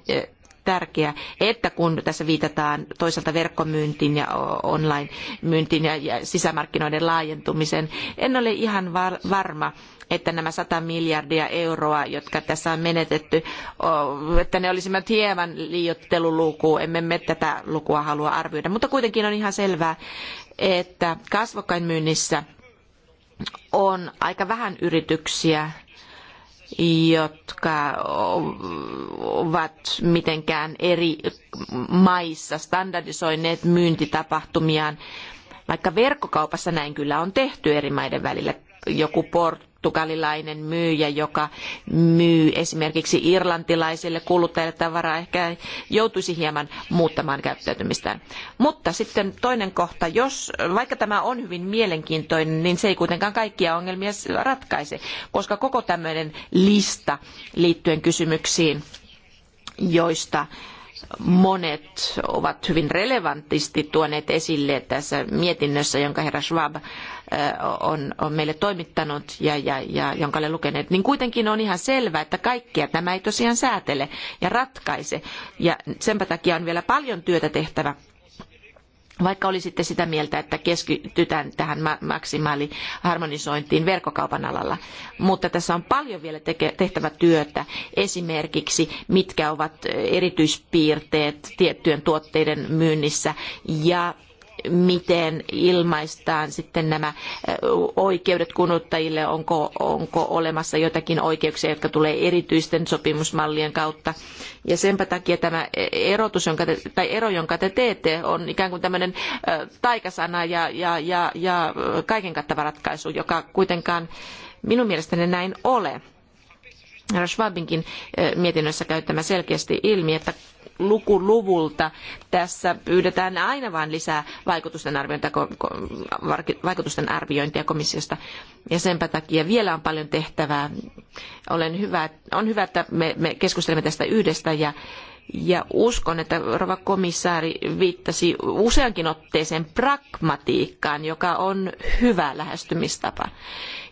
Speaker 2: tärkeä, että kun tässä viitataan toisaalta verkkomyyntiin ja online-myyntiin ja sisämarkkinoiden laajentumiseen, en ole ihan varma, että nämä 100 miljardia euroa, jotka tässä on menetetty, että ne olisivat hieman liiotteluluku. Emme me tätä lukua halua arvioida, mutta kuitenkin on ihan selvää, että kasvokkainmyynnissä on aika vähän yrityksiä, jotka ovat mitenkään eri maissa standardisoineet myyntitapahtumiaan. Vaikka verkkokaupassa näin kyllä on tehty eri maiden välillä. Joku Port portugalilainen myyjä, joka myy esimerkiksi irlantilaiselle kuluttajalle tavaraa, ehkä joutuisi hieman muuttamaan käyttäytymistään. Mutta sitten toinen kohta, jos, vaikka tämä on hyvin mielenkiintoinen, niin se ei kuitenkaan kaikkia ongelmia ratkaise, koska koko tämmöinen lista liittyen kysymyksiin, joista monet ovat hyvin relevantisti tuoneet esille tässä mietinnössä, jonka herra Schwab on, on meille toimittanut ja, ja, ja jonka olen lukenut, niin kuitenkin on ihan selvää, että kaikkia tämä ei tosiaan säätele ja ratkaise. Ja sen takia on vielä paljon työtä tehtävä vaikka olisitte sitä mieltä, että keskitytään tähän maksimaaliharmonisointiin verkkokaupan alalla. Mutta tässä on paljon vielä tehtävä työtä, esimerkiksi mitkä ovat erityispiirteet tiettyjen tuotteiden myynnissä ja miten ilmaistaan sitten nämä oikeudet kuluttajille, onko, onko olemassa jotakin oikeuksia, jotka tulee erityisten sopimusmallien kautta. Ja senpä takia tämä erotus, jonka te, tai ero, jonka te teette, on ikään kuin tämmöinen taikasana ja, ja, ja, ja kaiken kattava ratkaisu, joka kuitenkaan minun mielestäni näin ole. Schwabinkin mietinnössä käyttämä selkeästi ilmi, että luku luvulta. Tässä pyydetään aina vain lisää vaikutusten arviointia, vaikutusten arviointia komissiosta. Ja senpä takia vielä on paljon tehtävää. Olen hyvä, on hyvä, että me, me keskustelemme tästä yhdestä ja, ja uskon, että rova komissaari viittasi useankin otteeseen pragmatiikkaan, joka on hyvä lähestymistapa.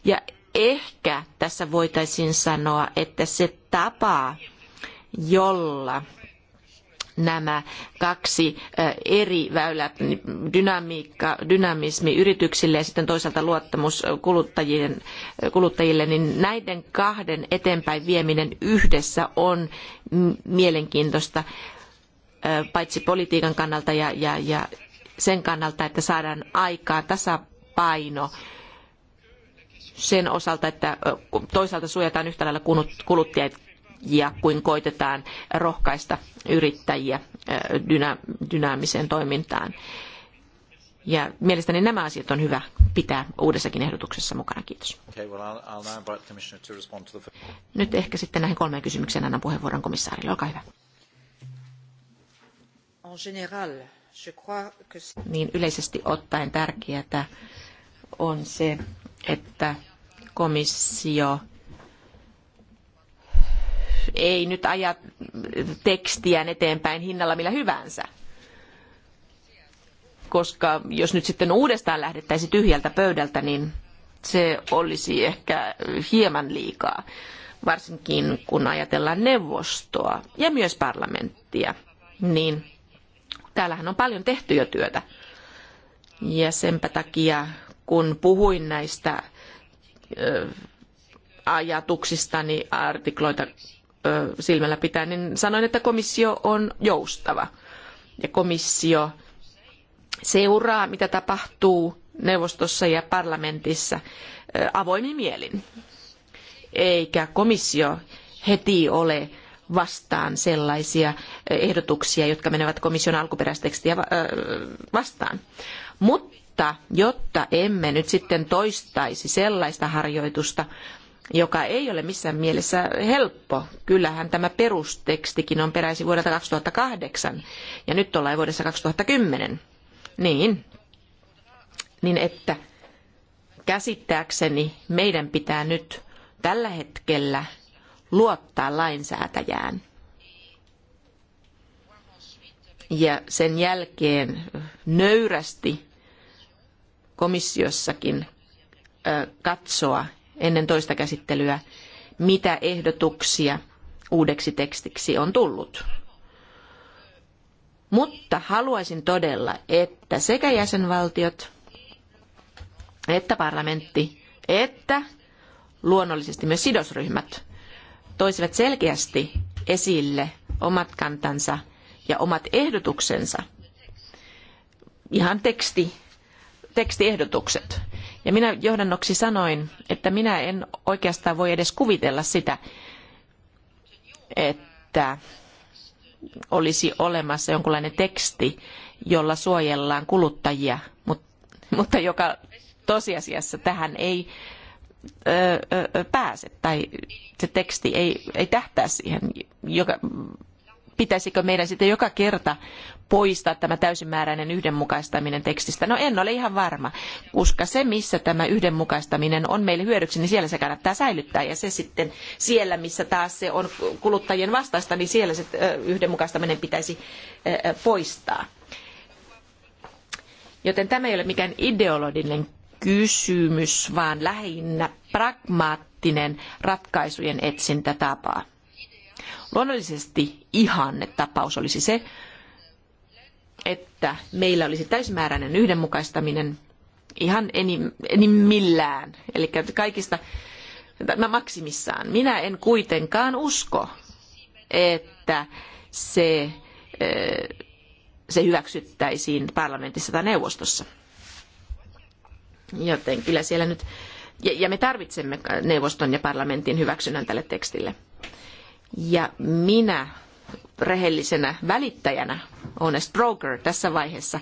Speaker 2: Ja ehkä tässä voitaisiin sanoa, että se tapa, jolla nämä kaksi eri väylää, dynamiikka, dynamismi yrityksille ja sitten toisaalta luottamus kuluttajien, kuluttajille, niin näiden kahden eteenpäin vieminen yhdessä on mielenkiintoista paitsi politiikan kannalta ja, ja, ja sen kannalta, että saadaan aikaan tasapaino sen osalta, että toisaalta suojataan yhtä lailla kuluttajia, ja kuin koitetaan rohkaista yrittäjiä dynaamiseen toimintaan. Ja mielestäni nämä asiat on hyvä pitää uudessakin ehdotuksessa mukana. Kiitos. Nyt ehkä sitten näihin kolmeen kysymykseen annan puheenvuoron komissaarille. Olkaa hyvä. Niin yleisesti ottaen tärkeää on se, että komissio ei nyt aja tekstiään eteenpäin hinnalla millä hyvänsä. Koska jos nyt sitten uudestaan lähdettäisiin tyhjältä pöydältä, niin se olisi ehkä hieman liikaa, varsinkin kun ajatellaan neuvostoa ja myös parlamenttia, niin täällähän on paljon tehty jo työtä. Ja senpä takia, kun puhuin näistä ajatuksistani artikloita silmällä pitää, niin sanoin, että komissio on joustava. Ja komissio seuraa, mitä tapahtuu neuvostossa ja parlamentissa avoimin mielin. Eikä komissio heti ole vastaan sellaisia ehdotuksia, jotka menevät komission alkuperäistekstiä vastaan. Mutta jotta emme nyt sitten toistaisi sellaista harjoitusta, joka ei ole missään mielessä helppo. Kyllähän tämä perustekstikin on peräisin vuodelta 2008 ja nyt ollaan vuodessa 2010. Niin, niin että käsittääkseni meidän pitää nyt tällä hetkellä luottaa lainsäätäjään. Ja sen jälkeen nöyrästi komissiossakin katsoa, ennen toista käsittelyä, mitä ehdotuksia uudeksi tekstiksi on tullut. Mutta haluaisin todella, että sekä jäsenvaltiot että parlamentti että luonnollisesti myös sidosryhmät toisivat selkeästi esille omat kantansa ja omat ehdotuksensa. Ihan teksti, tekstiehdotukset. Ja minä johdannoksi sanoin, että minä en oikeastaan voi edes kuvitella sitä, että olisi olemassa jonkinlainen teksti, jolla suojellaan kuluttajia, mutta, joka tosiasiassa tähän ei pääse tai se teksti ei, ei tähtää siihen, joka, pitäisikö meidän sitten joka kerta poistaa tämä täysimääräinen yhdenmukaistaminen tekstistä? No en ole ihan varma, koska se missä tämä yhdenmukaistaminen on meille hyödyksi, niin siellä se kannattaa säilyttää ja se sitten siellä missä taas se on kuluttajien vastaista, niin siellä se yhdenmukaistaminen pitäisi poistaa. Joten tämä ei ole mikään ideologinen kysymys, vaan lähinnä pragmaattinen ratkaisujen etsintätapa. Luonnollisesti ihannetapaus olisi se, että meillä olisi täysimääräinen yhdenmukaistaminen ihan enim, enimmillään, eli kaikista maksimissaan. Minä en kuitenkaan usko, että se, se hyväksyttäisiin parlamentissa tai neuvostossa. Joten kyllä siellä nyt, ja me tarvitsemme neuvoston ja parlamentin hyväksynnän tälle tekstille. Ja minä rehellisenä välittäjänä, honest broker tässä vaiheessa,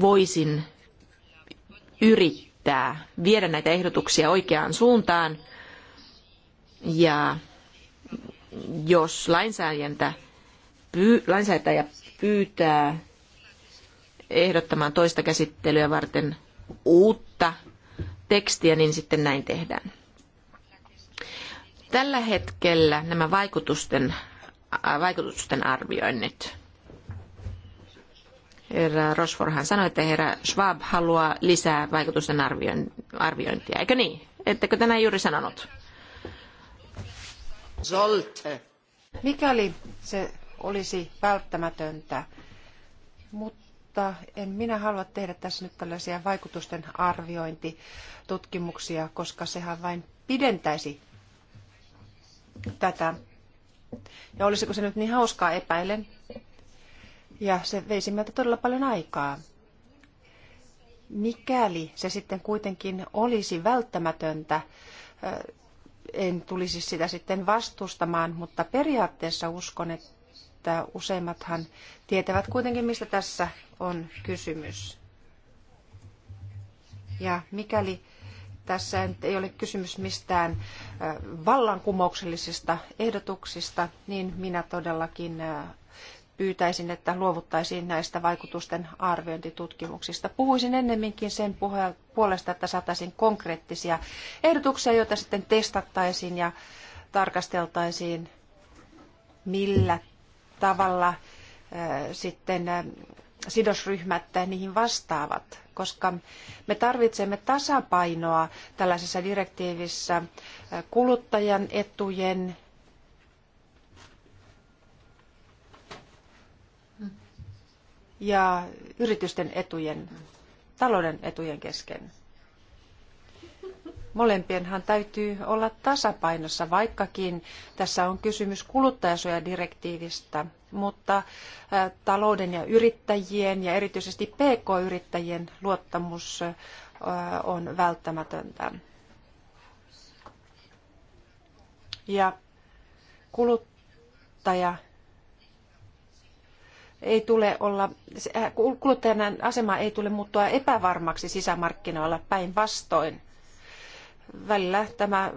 Speaker 2: voisin yrittää viedä näitä ehdotuksia oikeaan suuntaan. Ja jos lainsäädäntä, lainsäätäjä pyytää ehdottamaan toista käsittelyä varten uutta tekstiä, niin sitten näin tehdään. Tällä hetkellä nämä vaikutusten vaikutusten arvioinnit. Herra Rosforhan sanoi, että herra Schwab haluaa lisää vaikutusten arviointia, eikö niin? Ettekö tänään juuri sanonut? Solte.
Speaker 5: Mikäli se olisi välttämätöntä, mutta en minä halua tehdä tässä nyt tällaisia vaikutusten arviointitutkimuksia, koska sehän vain pidentäisi tätä ja olisiko se nyt niin hauskaa, epäilen. Ja se veisi meiltä todella paljon aikaa. Mikäli se sitten kuitenkin olisi välttämätöntä, en tulisi sitä sitten vastustamaan, mutta periaatteessa uskon, että useimmathan tietävät kuitenkin, mistä tässä on kysymys. Ja mikäli tässä ei ole kysymys mistään vallankumouksellisista ehdotuksista, niin minä todellakin pyytäisin, että luovuttaisiin näistä vaikutusten arviointitutkimuksista. Puhuisin ennemminkin sen puolesta, että saataisiin konkreettisia ehdotuksia, joita sitten testattaisiin ja tarkasteltaisiin, millä tavalla sitten sidosryhmät niihin vastaavat, koska me tarvitsemme tasapainoa tällaisessa direktiivissä kuluttajan etujen ja yritysten etujen, talouden etujen kesken. Molempienhan täytyy olla tasapainossa, vaikkakin tässä on kysymys kuluttajasuojadirektiivistä – mutta talouden ja yrittäjien ja erityisesti PK-yrittäjien luottamus on välttämätöntä. Ja kuluttaja ei tule olla, kuluttajan asema ei tule muuttua epävarmaksi sisämarkkinoilla päinvastoin. Välillä tämä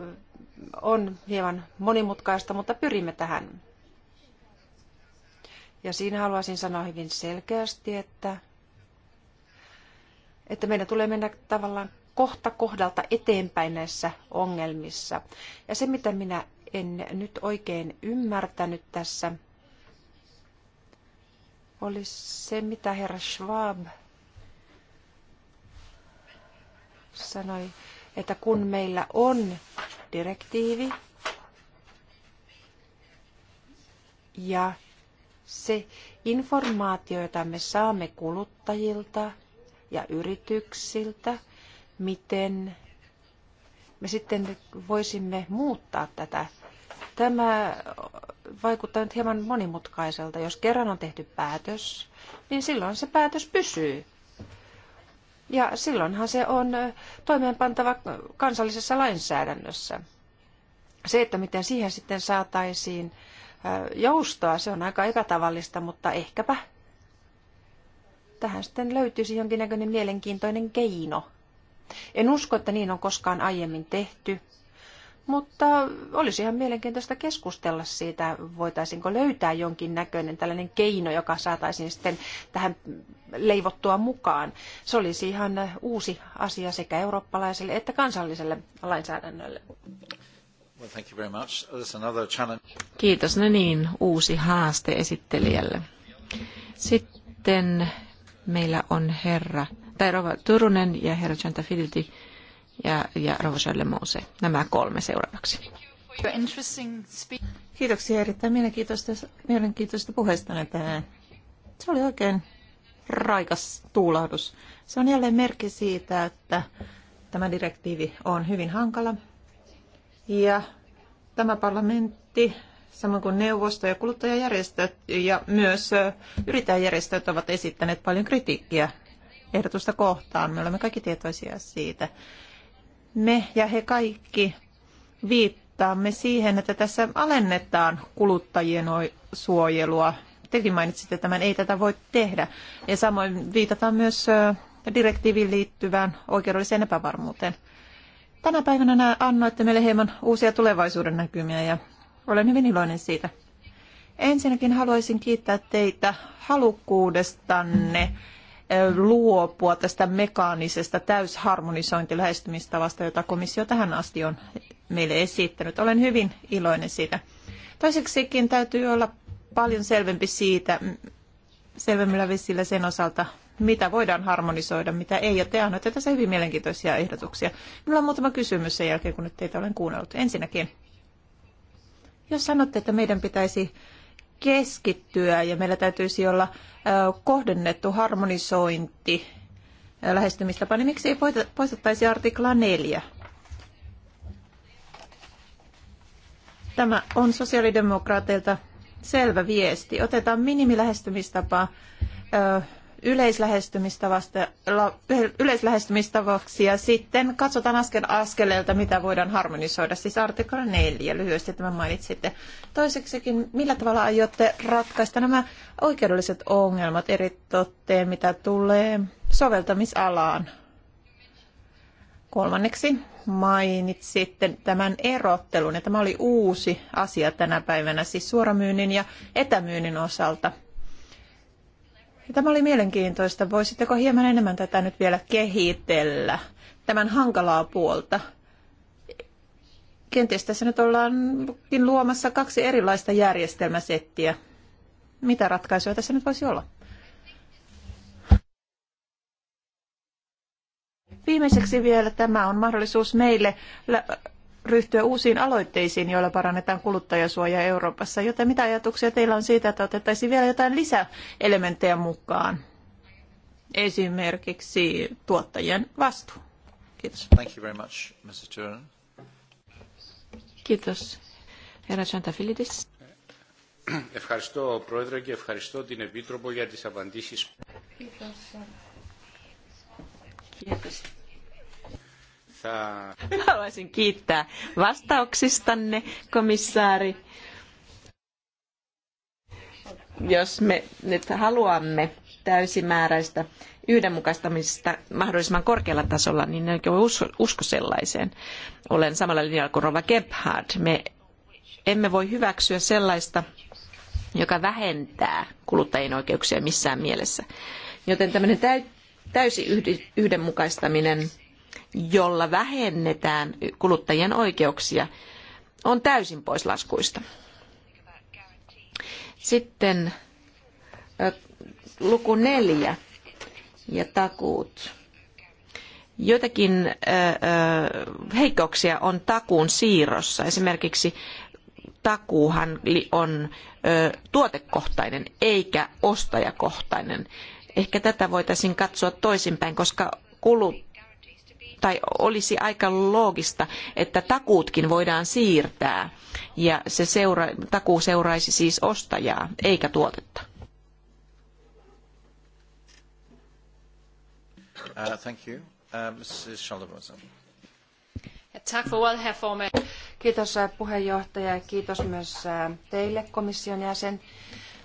Speaker 5: on hieman monimutkaista, mutta pyrimme tähän. Ja siinä haluaisin sanoa hyvin selkeästi, että, että meidän tulee mennä tavallaan kohta kohdalta eteenpäin näissä ongelmissa. Ja se, mitä minä en nyt oikein ymmärtänyt tässä, oli se, mitä herra Schwab sanoi, että kun meillä on direktiivi ja se informaatio, jota me saamme kuluttajilta ja yrityksiltä, miten me sitten voisimme muuttaa tätä. Tämä vaikuttaa nyt hieman monimutkaiselta. Jos kerran on tehty päätös, niin silloin se päätös pysyy. Ja silloinhan se on toimeenpantava kansallisessa lainsäädännössä. Se, että miten siihen sitten saataisiin joustoa. Se on aika epätavallista, mutta ehkäpä tähän sitten löytyisi jonkinnäköinen mielenkiintoinen keino. En usko, että niin on koskaan aiemmin tehty, mutta olisi ihan mielenkiintoista keskustella siitä, voitaisiinko löytää jonkin näköinen tällainen keino, joka saataisiin sitten tähän leivottua mukaan. Se olisi ihan uusi asia sekä eurooppalaiselle että kansalliselle
Speaker 1: lainsäädännölle thank you very much. There's another challenge. Kiitos, no
Speaker 2: niin, uusi haaste esittelijälle. Sitten meillä on herra, tai Rova Turunen ja herra Chantafilti ja, ja Rova Mose. Nämä kolme seuraavaksi. Kiitoksia erittäin mielenkiintoista,
Speaker 4: mielenkiintoista puheestanne tänään. Se oli oikein raikas tuulahdus. Se on jälleen merkki siitä, että tämä direktiivi on hyvin hankala, ja tämä parlamentti, samoin kuin neuvosto ja kuluttajajärjestöt ja myös yrittäjäjärjestöt ovat esittäneet paljon kritiikkiä ehdotusta kohtaan. Me olemme kaikki tietoisia siitä. Me ja he kaikki viittaamme siihen, että tässä alennetaan kuluttajien suojelua. Tekin mainitsitte tämän, ei tätä voi tehdä. Ja samoin viitataan myös direktiiviin liittyvään oikeudelliseen epävarmuuteen. Tänä päivänä annoitte meille hieman uusia tulevaisuuden näkymiä ja olen hyvin iloinen siitä. Ensinnäkin haluaisin kiittää teitä halukkuudestanne luopua tästä mekaanisesta täysharmonisointilähestymistavasta, jota komissio tähän asti on meille esittänyt. Olen hyvin iloinen siitä. Toiseksikin täytyy olla paljon selvempi siitä, selvemmillä vesillä sen osalta, mitä voidaan harmonisoida, mitä ei. Ja te annoitte tässä hyvin mielenkiintoisia ehdotuksia. Minulla on muutama kysymys sen jälkeen, kun nyt teitä olen kuunnellut. Ensinnäkin, jos sanotte, että meidän pitäisi keskittyä ja meillä täytyisi olla kohdennettu harmonisointi lähestymistapa, niin miksi ei poistettaisi artikla 4? Tämä on sosiaalidemokraateilta selvä viesti. Otetaan minimilähestymistapa yleislähestymistavaksi ja sitten katsotaan askel askeleelta, mitä voidaan harmonisoida. Siis artikla 4, lyhyesti tämän mainitsitte. Toiseksikin, millä tavalla aiotte ratkaista nämä oikeudelliset ongelmat eri totteen, mitä tulee soveltamisalaan? Kolmanneksi mainitsitte tämän erottelun, ja tämä oli uusi asia tänä päivänä, siis suoramyynnin ja etämyynnin osalta – Tämä oli mielenkiintoista. Voisitteko hieman enemmän tätä nyt vielä kehitellä, tämän hankalaa puolta? Kenties tässä nyt ollaankin luomassa kaksi erilaista järjestelmäsettiä. Mitä ratkaisuja tässä nyt voisi olla? Viimeiseksi vielä tämä on mahdollisuus meille ryhtyä uusiin aloitteisiin, joilla parannetaan kuluttajasuojaa Euroopassa. Joten mitä ajatuksia teillä on siitä, että otettaisiin vielä jotain lisäelementtejä mukaan? Esimerkiksi tuottajien vastuu.
Speaker 1: Kiitos. Thank you very much, Mr. Turin.
Speaker 2: Kiitos. Herra Chantafilidis.
Speaker 3: Ευχαριστώ, Πρόεδρε, και ευχαριστώ την Επίτροπο για τις απαντήσεις.
Speaker 2: Kiitos. Haluaisin kiittää vastauksistanne, komissaari. Jos me nyt haluamme täysimääräistä yhdenmukaistamista mahdollisimman korkealla tasolla, niin en usko, usko sellaiseen. Olen samalla linjalla kuin Rova Gebhard. Me emme voi hyväksyä sellaista, joka vähentää kuluttajien oikeuksia missään mielessä. Joten tämmöinen täysi yhdenmukaistaminen jolla vähennetään kuluttajien oikeuksia, on täysin pois laskuista. Sitten luku neljä ja takuut. Joitakin heikkouksia on takuun siirrossa. Esimerkiksi takuuhan on tuotekohtainen eikä ostajakohtainen. Ehkä tätä voitaisiin katsoa toisinpäin, koska kulut tai olisi aika loogista, että takuutkin voidaan siirtää ja se seura, takuu seuraisi siis ostajaa eikä tuotetta.
Speaker 1: Uh, thank you. Uh, Mrs.
Speaker 5: Kiitos äh, puheenjohtaja ja kiitos myös äh, teille komission jäsen.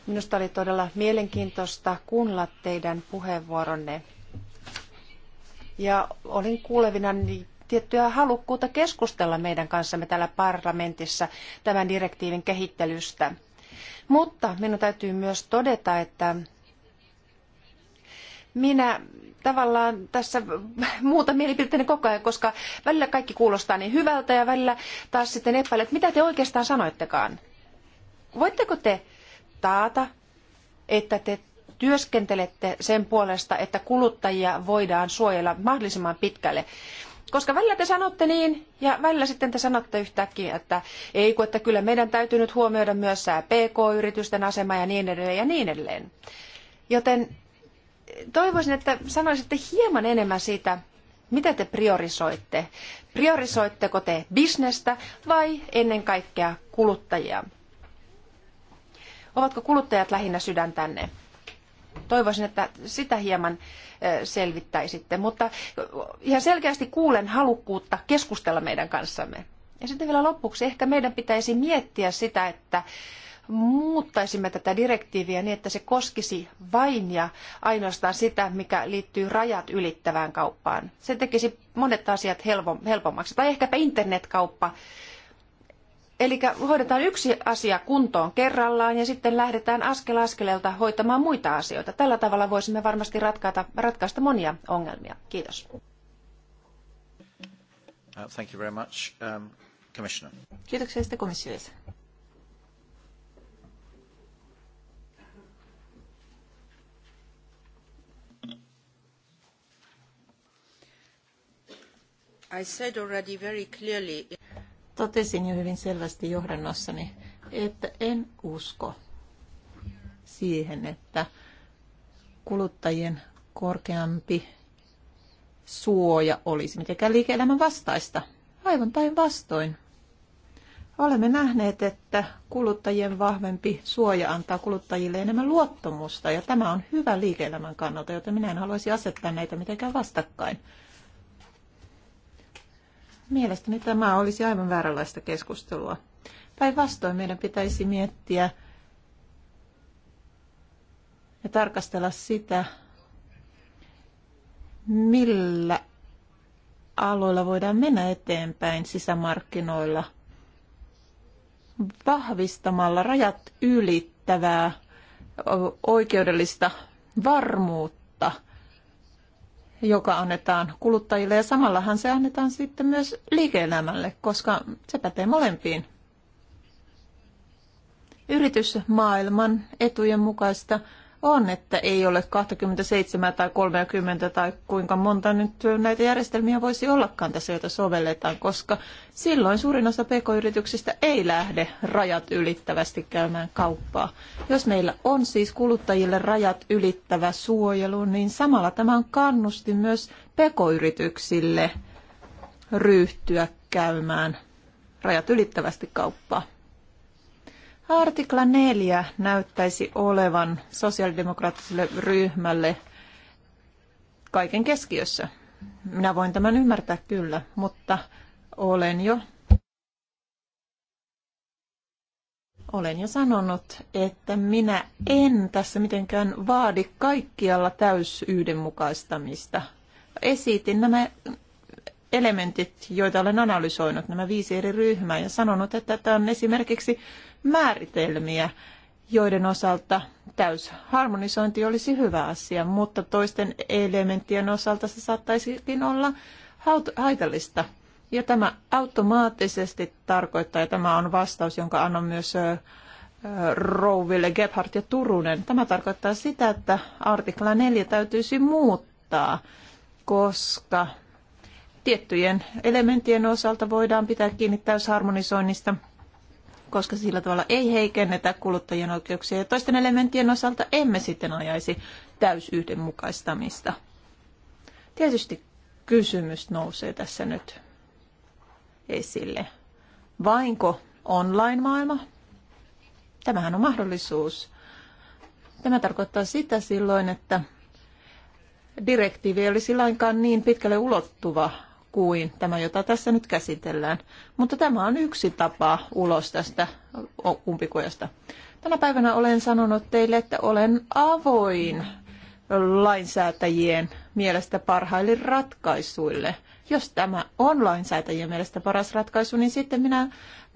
Speaker 5: Minusta oli todella mielenkiintoista kuunnella teidän puheenvuoronne ja olin kuulevina niin tiettyä halukkuutta keskustella meidän kanssamme täällä parlamentissa tämän direktiivin kehittelystä. Mutta minun täytyy myös todeta, että minä tavallaan tässä (laughs) muuta mielipiteeni koko ajan, koska välillä kaikki kuulostaa niin hyvältä ja välillä taas sitten epäilet, että mitä te oikeastaan sanoittekaan. Voitteko te taata, että te työskentelette sen puolesta, että kuluttajia voidaan suojella mahdollisimman pitkälle? Koska välillä te sanotte niin, ja välillä sitten te sanotte yhtäkkiä, että ei kun, että kyllä meidän täytyy nyt huomioida myös PK-yritysten asema ja niin edelleen ja niin edelleen. Joten toivoisin, että sanoisitte hieman enemmän siitä, mitä te priorisoitte. Priorisoitteko te bisnestä vai ennen kaikkea kuluttajia? Ovatko kuluttajat lähinnä sydäntänne? toivoisin, että sitä hieman selvittäisitte. Mutta ihan selkeästi kuulen halukkuutta keskustella meidän kanssamme. Ja sitten vielä lopuksi ehkä meidän pitäisi miettiä sitä, että muuttaisimme tätä direktiiviä niin, että se koskisi vain ja ainoastaan sitä, mikä liittyy rajat ylittävään kauppaan. Se tekisi monet asiat helpommaksi. Tai ehkäpä internetkauppa Eli hoidetaan yksi asia kuntoon kerrallaan ja sitten lähdetään askel askeleelta hoitamaan muita asioita. Tällä tavalla voisimme varmasti ratkaata, ratkaista monia ongelmia. Kiitos. Uh,
Speaker 1: thank you very much, um, Commissioner.
Speaker 5: Kiitoksia sitten komissiolle.
Speaker 2: I said already very clearly
Speaker 4: Totesin jo hyvin selvästi johdannossani, että en usko siihen, että kuluttajien korkeampi suoja olisi mitenkään liike-elämän vastaista. Aivan päinvastoin. Olemme nähneet, että kuluttajien vahvempi suoja antaa kuluttajille enemmän luottamusta, ja tämä on hyvä liike-elämän kannalta, joten minä en haluaisi asettaa näitä mitenkään vastakkain. Mielestäni tämä olisi aivan vääränlaista keskustelua. Päinvastoin meidän pitäisi miettiä ja tarkastella sitä, millä aloilla voidaan mennä eteenpäin sisämarkkinoilla vahvistamalla rajat ylittävää oikeudellista varmuutta joka annetaan kuluttajille ja samallahan se annetaan sitten myös liike-elämälle, koska se pätee molempiin. Yritysmaailman etujen mukaista on, että ei ole 27 tai 30 tai kuinka monta nyt näitä järjestelmiä voisi ollakaan tässä, joita sovelletaan, koska silloin suurin osa pk-yrityksistä ei lähde rajat ylittävästi käymään kauppaa. Jos meillä on siis kuluttajille rajat ylittävä suojelu, niin samalla tämä on kannusti myös pk-yrityksille ryhtyä käymään rajat ylittävästi kauppaa. Artikla 4 näyttäisi olevan sosiaalidemokraattiselle ryhmälle kaiken keskiössä. Minä voin tämän ymmärtää kyllä, mutta olen jo olen jo sanonut, että minä en tässä mitenkään vaadi kaikkialla täysyhdenmukaistamista. Esitin nämä elementit, joita olen analysoinut, nämä viisi eri ryhmää, ja sanonut, että tämä on esimerkiksi määritelmiä, joiden osalta täysharmonisointi olisi hyvä asia, mutta toisten elementtien osalta se saattaisikin olla haitallista. Ja tämä automaattisesti tarkoittaa, ja tämä on vastaus, jonka annan myös Rouville, Gebhardt ja Turunen. Tämä tarkoittaa sitä, että artikla 4 täytyisi muuttaa, koska tiettyjen elementtien osalta voidaan pitää kiinni täysharmonisoinnista, koska sillä tavalla ei heikennetä kuluttajien oikeuksia ja toisten elementtien osalta emme sitten ajaisi täysyhdenmukaistamista. Tietysti kysymys nousee tässä nyt esille. Vainko online-maailma? Tämähän on mahdollisuus. Tämä tarkoittaa sitä silloin, että direktiivi ei olisi lainkaan niin pitkälle ulottuva kuin tämä, jota tässä nyt käsitellään. Mutta tämä on yksi tapa ulos tästä umpikujasta. Tänä päivänä olen sanonut teille, että olen avoin lainsäätäjien mielestä parhaille ratkaisuille. Jos tämä on lainsäätäjien mielestä paras ratkaisu, niin sitten minä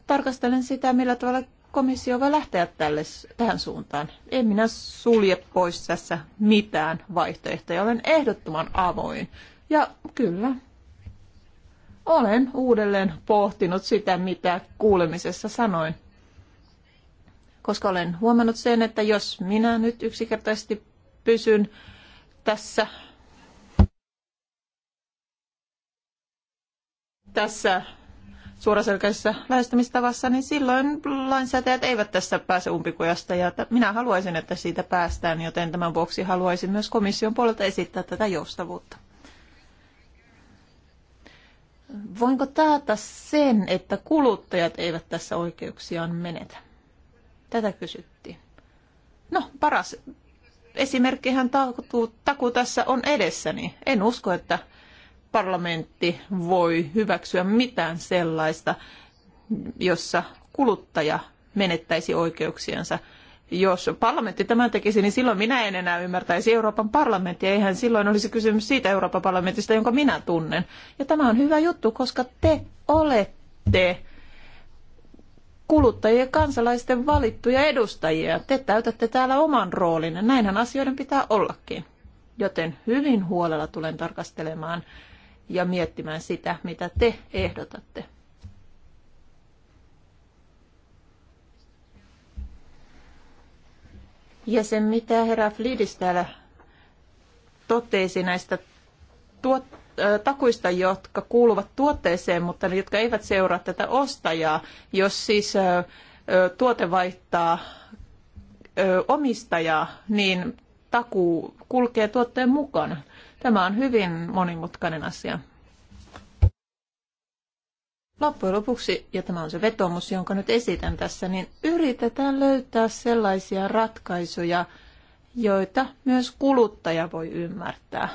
Speaker 4: tarkastelen sitä, millä tavalla komissio voi lähteä tälle, tähän suuntaan. En minä sulje pois tässä mitään vaihtoehtoja. Olen ehdottoman avoin. Ja kyllä, olen uudelleen pohtinut sitä, mitä kuulemisessa sanoin. Koska olen huomannut sen, että jos minä nyt yksinkertaisesti pysyn tässä tässä suoraselkäisessä lähestymistavassa, niin silloin lainsäätäjät eivät tässä pääse umpikujasta ja minä haluaisin, että siitä päästään, joten tämän vuoksi haluaisin myös komission puolelta esittää tätä joustavuutta voinko taata sen, että kuluttajat eivät tässä oikeuksiaan menetä? Tätä kysyttiin. No, paras esimerkkihän taku, taku tässä on edessäni. En usko, että parlamentti voi hyväksyä mitään sellaista, jossa kuluttaja menettäisi oikeuksiansa jos parlamentti tämän tekisi, niin silloin minä en enää ymmärtäisi Euroopan parlamenttia. Eihän silloin olisi kysymys siitä Euroopan parlamentista, jonka minä tunnen. Ja tämä on hyvä juttu, koska te olette kuluttajien kansalaisten valittuja edustajia. Te täytätte täällä oman roolinne. Näinhän asioiden pitää ollakin. Joten hyvin huolella tulen tarkastelemaan ja miettimään sitä, mitä te ehdotatte. Ja se, mitä herra Flidis täällä totesi näistä tuot, äh, takuista, jotka kuuluvat tuotteeseen, mutta ne, jotka eivät seuraa tätä ostajaa, jos siis äh, tuote vaihtaa omistajaa, niin takuu kulkee tuotteen mukana. Tämä on hyvin monimutkainen asia loppujen lopuksi, ja tämä on se vetomus, jonka nyt esitän tässä, niin yritetään löytää sellaisia ratkaisuja, joita myös kuluttaja voi ymmärtää.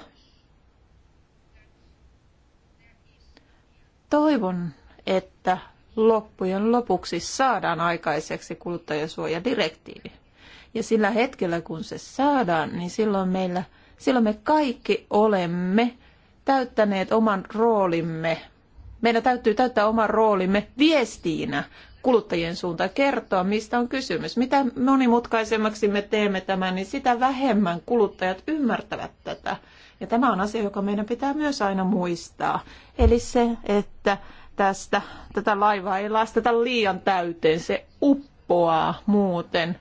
Speaker 4: Toivon, että loppujen lopuksi saadaan aikaiseksi kuluttajasuojadirektiivi. Ja sillä hetkellä, kun se saadaan, niin silloin, meillä, silloin me kaikki olemme täyttäneet oman roolimme meidän täytyy täyttää oma roolimme viestiinä kuluttajien suuntaan, kertoa mistä on kysymys. Mitä monimutkaisemmaksi me teemme tämän, niin sitä vähemmän kuluttajat ymmärtävät tätä. Ja tämä on asia, joka meidän pitää myös aina muistaa. Eli se, että tästä, tätä laivaa ei lasteta liian täyteen, se uppoaa muuten.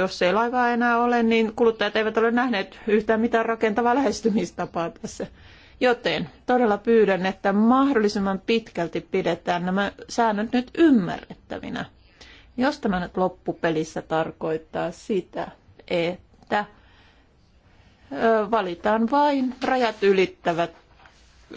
Speaker 4: Jos ei laivaa enää ole, niin kuluttajat eivät ole nähneet yhtään mitään rakentavaa lähestymistapaa tässä Joten todella pyydän, että mahdollisimman pitkälti pidetään nämä säännöt nyt ymmärrettävinä. Jos tämä nyt loppupelissä tarkoittaa sitä, että valitaan vain rajat ylittävät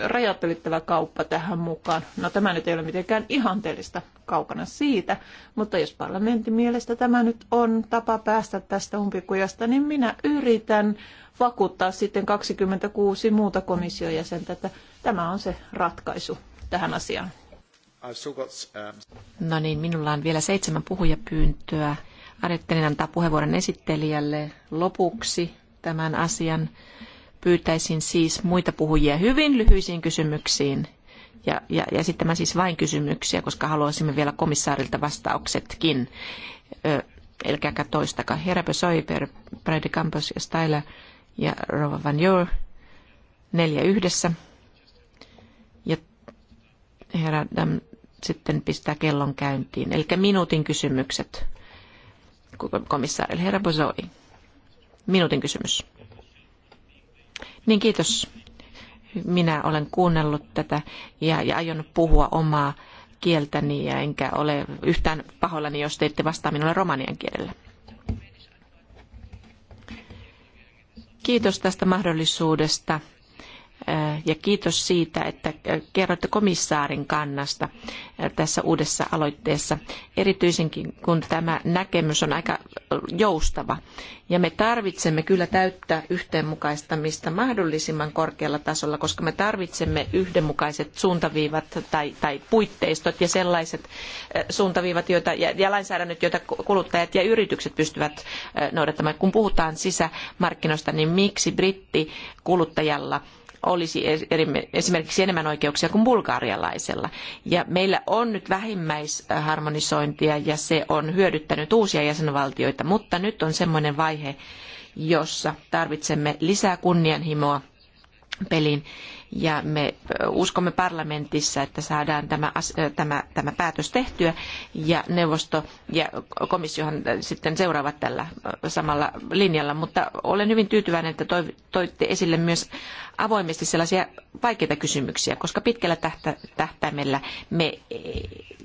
Speaker 4: rajat ylittävä kauppa tähän mukaan. No tämä nyt ei ole mitenkään ihanteellista kaukana siitä, mutta jos parlamentin mielestä tämä nyt on tapa päästä tästä umpikujasta, niin minä yritän vakuuttaa sitten 26 muuta komission jäsentä, että tämä on se ratkaisu tähän asiaan.
Speaker 1: Um,
Speaker 2: no niin, minulla on vielä seitsemän puhujapyyntöä. Ajattelin antaa puheenvuoron esittelijälle lopuksi tämän asian Pyytäisin siis muita puhujia hyvin lyhyisiin kysymyksiin ja, ja, ja esittämään siis vain kysymyksiä, koska haluaisimme vielä komissaarilta vastauksetkin. Ö, toistakaan. Herra Soiper, Brady Campos ja Styler ja Rova Van Joor, neljä yhdessä. Ja herra Dam sitten pistää kellon käyntiin. Eli minuutin kysymykset komissaarille. Herra Bozoi, minuutin kysymys. Niin kiitos. Minä olen kuunnellut tätä ja, ja aion puhua omaa kieltäni ja enkä ole yhtään pahoillani, jos te ette vastaa minulle romanian kielellä. Kiitos tästä mahdollisuudesta ja kiitos siitä, että kerroitte komissaarin kannasta tässä uudessa aloitteessa, erityisenkin kun tämä näkemys on aika joustava. Ja me tarvitsemme kyllä täyttää yhteenmukaistamista mahdollisimman korkealla tasolla, koska me tarvitsemme yhdenmukaiset suuntaviivat tai, tai puitteistot ja sellaiset suuntaviivat joita, ja, ja lainsäädännöt, joita kuluttajat ja yritykset pystyvät noudattamaan. Kun puhutaan sisämarkkinoista, niin miksi britti kuluttajalla olisi esimerkiksi enemmän oikeuksia kuin bulgarialaisella. Ja meillä on nyt vähimmäisharmonisointia ja se on hyödyttänyt uusia jäsenvaltioita, mutta nyt on semmoinen vaihe, jossa tarvitsemme lisää kunnianhimoa peliin ja me uskomme parlamentissa, että saadaan tämä, tämä, tämä päätös tehtyä ja neuvosto ja komissiohan sitten seuraavat tällä samalla linjalla, mutta olen hyvin tyytyväinen, että toitte esille myös avoimesti sellaisia vaikeita kysymyksiä, koska pitkällä tähtäimellä me,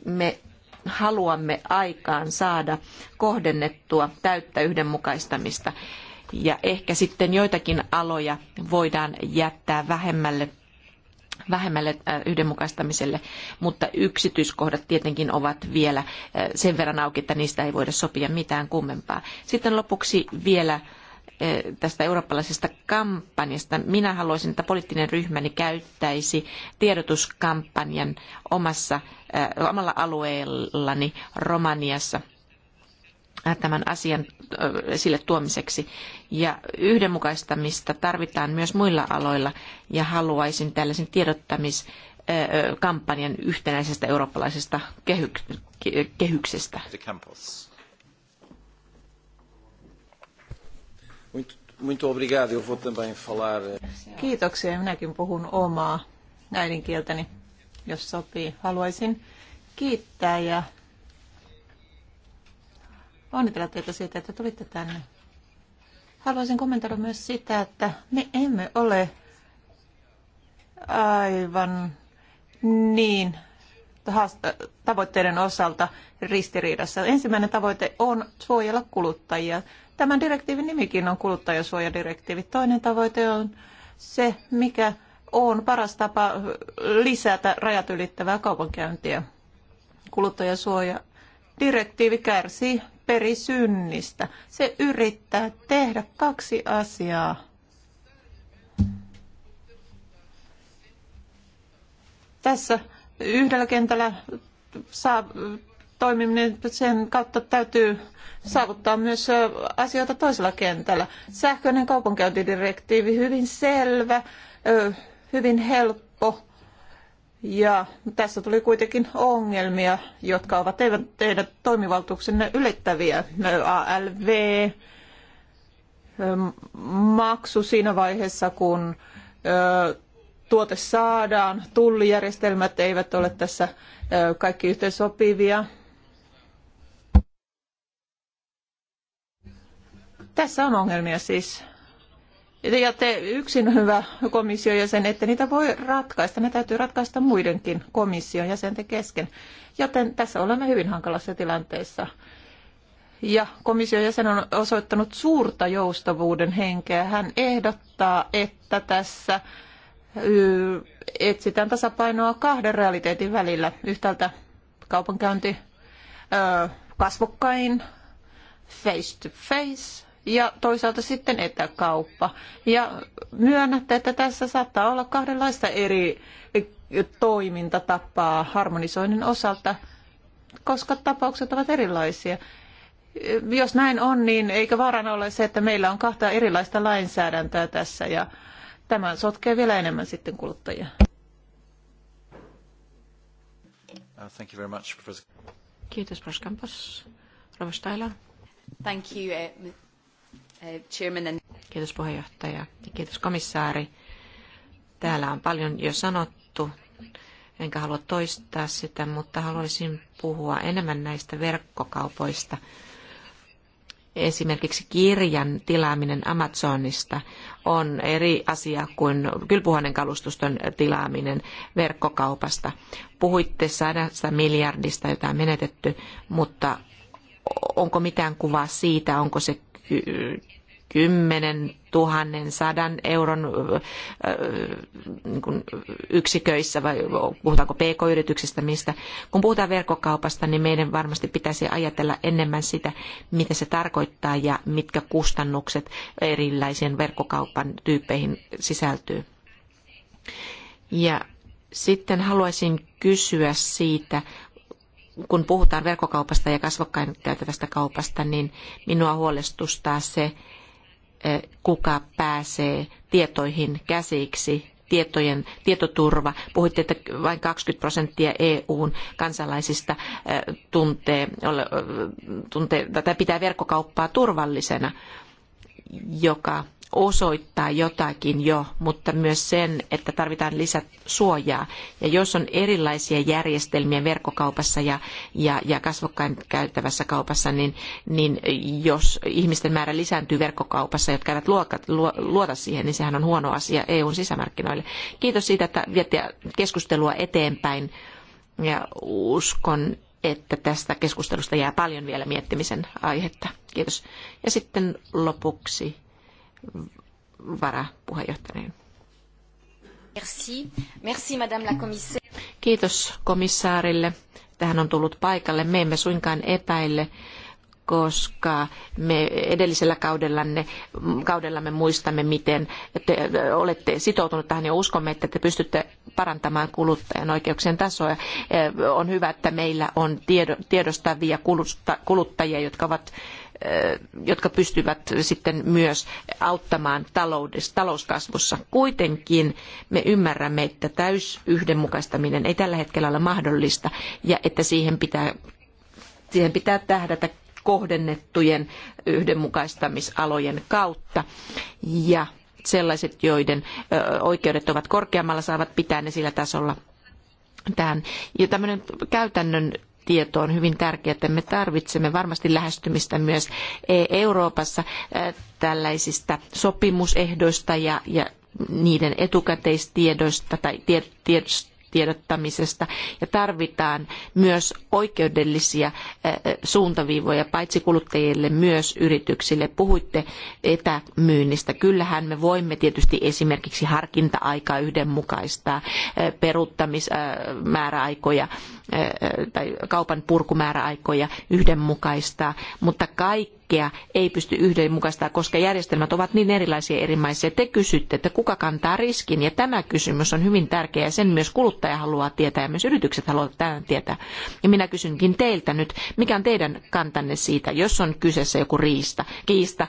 Speaker 2: me haluamme aikaan saada kohdennettua täyttä yhdenmukaistamista ja ehkä sitten joitakin aloja voidaan jättää vähemmälle vähemmälle äh, yhdenmukaistamiselle, mutta yksityiskohdat tietenkin ovat vielä äh, sen verran auki, että niistä ei voida sopia mitään kummempaa. Sitten lopuksi vielä äh, tästä eurooppalaisesta kampanjasta. Minä haluaisin, että poliittinen ryhmäni käyttäisi tiedotuskampanjan omassa, omalla alueellani Romaniassa – Äh, tämän asian äh, esille tuomiseksi. Ja yhdenmukaistamista tarvitaan myös muilla aloilla ja haluaisin tällaisen tiedottamiskampanjan äh, yhtenäisestä eurooppalaisesta kehyksestä. Eh,
Speaker 4: Kiitoksia. Minäkin puhun omaa äidinkieltäni, jos sopii. Haluaisin kiittää ja onnitella teitä siitä, että tulitte tänne. Haluaisin kommentoida myös sitä, että me emme ole aivan niin tavoitteiden osalta ristiriidassa. Ensimmäinen tavoite on suojella kuluttajia. Tämän direktiivin nimikin on kuluttajasuojadirektiivi. Toinen tavoite on se, mikä on paras tapa lisätä rajat ylittävää kaupankäyntiä. Kuluttajasuoja direktiivi kärsii perisynnistä. Se yrittää tehdä kaksi asiaa. Tässä yhdellä kentällä saa toimiminen, sen kautta täytyy saavuttaa myös asioita toisella kentällä. Sähköinen kaupankäyntidirektiivi, hyvin selvä, hyvin helppo ja tässä tuli kuitenkin ongelmia, jotka ovat teidän, teidän toimivaltuuksenne ylittäviä. ALV, maksu siinä vaiheessa, kun tuote saadaan, tullijärjestelmät eivät ole tässä kaikki yhteensopivia. Tässä on ongelmia siis ja te yksin hyvä komission jäsen, että niitä voi ratkaista. Ne täytyy ratkaista muidenkin komission jäsenten kesken. Joten tässä olemme hyvin hankalassa tilanteessa. Ja komission jäsen on osoittanut suurta joustavuuden henkeä. Hän ehdottaa, että tässä etsitään tasapainoa kahden realiteetin välillä. Yhtäältä kaupankäynti kasvokkain, face to face, ja toisaalta sitten etäkauppa. Ja myönnätte, että tässä saattaa olla kahdenlaista eri toimintatapaa harmonisoinnin osalta, koska tapaukset ovat erilaisia. Jos näin on, niin eikö vaarana ole se, että meillä on kahta erilaista lainsäädäntöä tässä ja tämä sotkee vielä enemmän sitten kuluttajia.
Speaker 1: Uh, thank you very much, Professor.
Speaker 2: Kiitos, Proskampos. Rova Thank you, eh, Kiitos puheenjohtaja ja kiitos komissaari. Täällä on paljon jo sanottu, enkä halua toistaa sitä, mutta haluaisin puhua enemmän näistä verkkokaupoista. Esimerkiksi kirjan tilaaminen Amazonista on eri asia kuin kylpuhuoneen kalustuston tilaaminen verkkokaupasta. Puhuitte sadasta miljardista, jota on menetetty, mutta onko mitään kuvaa siitä, onko se 10 tuhannen sadan euron niin yksiköissä vai puhutaanko pk-yrityksistä mistä. Kun puhutaan verkkokaupasta, niin meidän varmasti pitäisi ajatella enemmän sitä, mitä se tarkoittaa ja mitkä kustannukset erilaisiin verkkokaupan tyyppeihin sisältyy. Ja sitten haluaisin kysyä siitä, kun puhutaan verkkokaupasta ja kasvokkain käytävästä kaupasta, niin minua huolestuttaa se, eh, kuka pääsee tietoihin käsiksi, tietojen, tietoturva. Puhuitte, että vain 20 prosenttia EUn kansalaisista eh, tuntee, eh, tuntee, tätä pitää verkkokauppaa turvallisena, joka osoittaa jotakin jo, mutta myös sen, että tarvitaan lisäsuojaa. Ja jos on erilaisia järjestelmiä verkkokaupassa ja, ja, ja kasvokkain käytävässä kaupassa, niin, niin jos ihmisten määrä lisääntyy verkkokaupassa, jotka eivät luota, luota siihen, niin sehän on huono asia EUn sisämarkkinoille. Kiitos siitä, että viette keskustelua eteenpäin ja uskon, että tästä keskustelusta jää paljon vielä miettimisen aihetta. Kiitos. Ja sitten lopuksi varapuheenjohtajana. Merci. Merci, madame la commissaire. Kiitos komissaarille, että hän on tullut paikalle. Me emme suinkaan epäile koska me edellisellä kaudellanne, kaudellamme muistamme, miten te olette sitoutunut tähän ja uskomme, että te pystytte parantamaan kuluttajan oikeuksien tasoa. On hyvä, että meillä on tiedostavia kuluttajia, jotka ovat jotka pystyvät sitten myös auttamaan taloudessa, talouskasvussa. Kuitenkin me ymmärrämme, että täysyhdenmukaistaminen ei tällä hetkellä ole mahdollista ja että siihen pitää, siihen pitää tähdätä kohdennettujen yhdenmukaistamisalojen kautta. Ja sellaiset, joiden oikeudet ovat korkeammalla, saavat pitää ne sillä tasolla tämän Ja tämmöinen käytännön tieto on hyvin tärkeää, että me tarvitsemme varmasti lähestymistä myös e- Euroopassa tällaisista sopimusehdoista ja, ja niiden etukäteistiedoista tai tiedottamisesta ja tarvitaan myös oikeudellisia suuntaviivoja paitsi kuluttajille myös yrityksille. Puhuitte etämyynnistä. Kyllähän me voimme tietysti esimerkiksi harkinta-aikaa yhdenmukaistaa, peruuttamismääräaikoja tai kaupan purkumääräaikoja yhdenmukaistaa, mutta kaikkea ei pysty yhdenmukaistaa, koska järjestelmät ovat niin erilaisia eri maissa. Ja te kysytte, että kuka kantaa riskin, ja tämä kysymys on hyvin tärkeä, ja sen myös kuluttaja haluaa tietää, ja myös yritykset haluavat tämän tietää. Ja minä kysynkin teiltä nyt, mikä on teidän kantanne siitä, jos on kyseessä joku riista, kiista,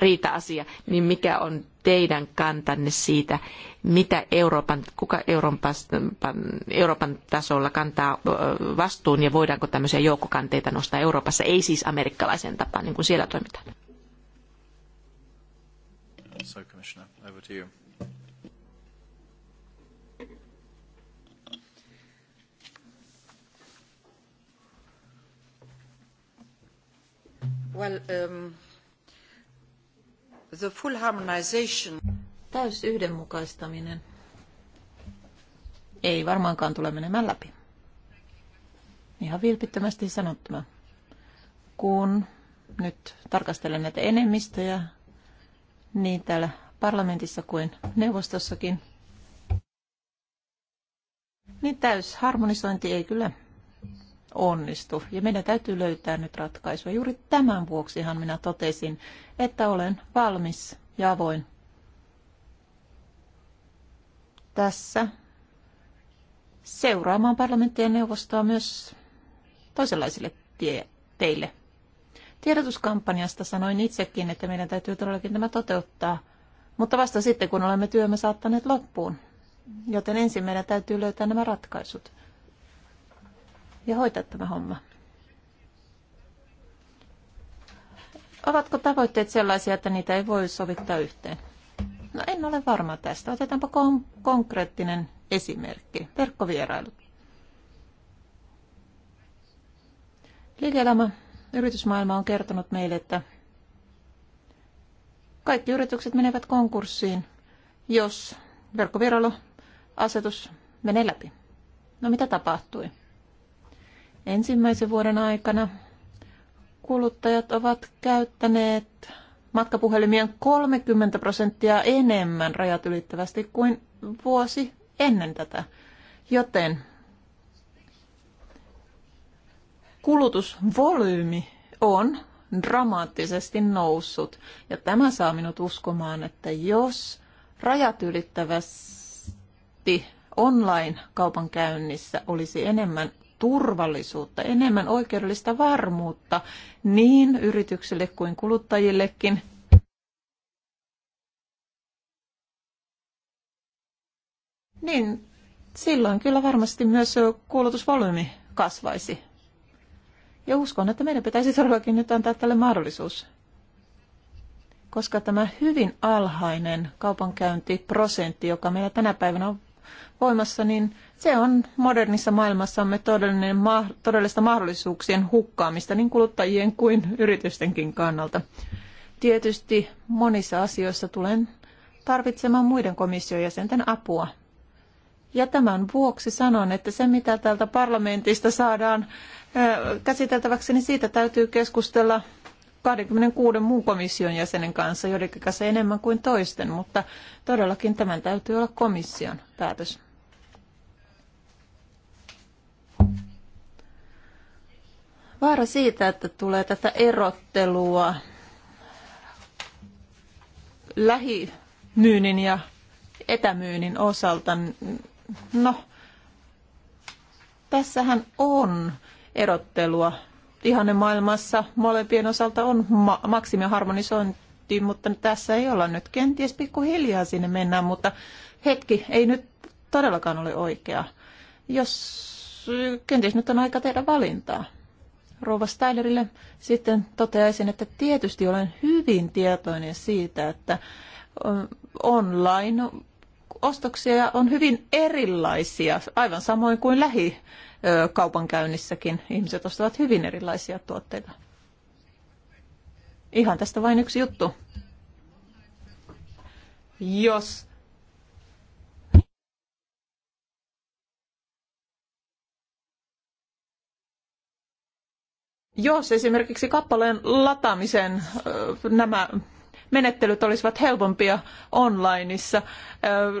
Speaker 2: riita-asia, niin mikä on teidän kantanne siitä, mitä Euroopan, kuka Euroopan, Euroopan tasolla kantaa vastuun ja voidaanko tämmöisiä joukkokanteita nostaa Euroopassa, ei siis amerikkalaisen tapaan, niin kuin siellä
Speaker 3: toimitaan.
Speaker 1: So, Commissioner, over to you.
Speaker 5: Well,
Speaker 4: um... The full harmonization. Täys yhdenmukaistaminen ei varmaankaan tule menemään läpi. Ihan vilpittömästi sanottuna. Kun nyt tarkastelen näitä enemmistöjä niin täällä parlamentissa kuin neuvostossakin, niin täysharmonisointi ei kyllä onnistu. Ja meidän täytyy löytää nyt ratkaisua. Juuri tämän vuoksihan minä totesin, että olen valmis ja avoin tässä seuraamaan parlamenttien neuvostoa myös toisenlaisille tie- teille. Tiedotuskampanjasta sanoin itsekin, että meidän täytyy todellakin tämä toteuttaa, mutta vasta sitten, kun olemme työmme saattaneet loppuun. Joten ensin meidän täytyy löytää nämä ratkaisut ja hoitaa tämä homma. Ovatko tavoitteet sellaisia, että niitä ei voi sovittaa yhteen? No en ole varma tästä. Otetaanpa kon- konkreettinen esimerkki. Verkkovierailut. Liike-elämä, yritysmaailma on kertonut meille, että kaikki yritykset menevät konkurssiin, jos verkkovierailuasetus menee läpi. No mitä tapahtui? ensimmäisen vuoden aikana kuluttajat ovat käyttäneet matkapuhelimien 30 prosenttia enemmän rajat ylittävästi kuin vuosi ennen tätä. Joten kulutusvolyymi on dramaattisesti noussut. Ja tämä saa minut uskomaan, että jos rajat ylittävästi online-kaupankäynnissä olisi enemmän turvallisuutta, enemmän oikeudellista varmuutta niin yrityksille kuin kuluttajillekin. Niin silloin kyllä varmasti myös kuulutusvolyymi kasvaisi. Ja uskon, että meidän pitäisi todellakin nyt antaa tälle mahdollisuus. Koska tämä hyvin alhainen kaupankäyntiprosentti, joka meillä tänä päivänä on voimassa, niin se on modernissa maailmassamme todellinen, todellista mahdollisuuksien hukkaamista niin kuluttajien kuin yritystenkin kannalta. Tietysti monissa asioissa tulen tarvitsemaan muiden komission jäsenten apua. Ja tämän vuoksi sanon, että se mitä täältä parlamentista saadaan käsiteltäväksi, niin siitä täytyy keskustella 26 muun komission jäsenen kanssa, joiden kanssa enemmän kuin toisten, mutta todellakin tämän täytyy olla komission päätös. Vaara siitä, että tulee tätä erottelua lähimyynnin ja etämyynnin osalta, no, tässähän on erottelua. Ihanne maailmassa molempien osalta on ma- maksimiharmonisointi, mutta tässä ei olla nyt. Kenties pikkuhiljaa sinne mennään, mutta hetki ei nyt todellakaan ole oikea. Jos kenties nyt on aika tehdä valintaa rouva Steinerille. Sitten toteaisin, että tietysti olen hyvin tietoinen siitä, että online ostoksia on hyvin erilaisia, aivan samoin kuin lähikaupankäynnissäkin. Ihmiset ostavat hyvin erilaisia tuotteita. Ihan tästä vain yksi juttu. Jos Jos esimerkiksi kappaleen lataamisen nämä menettelyt olisivat helpompia onlineissa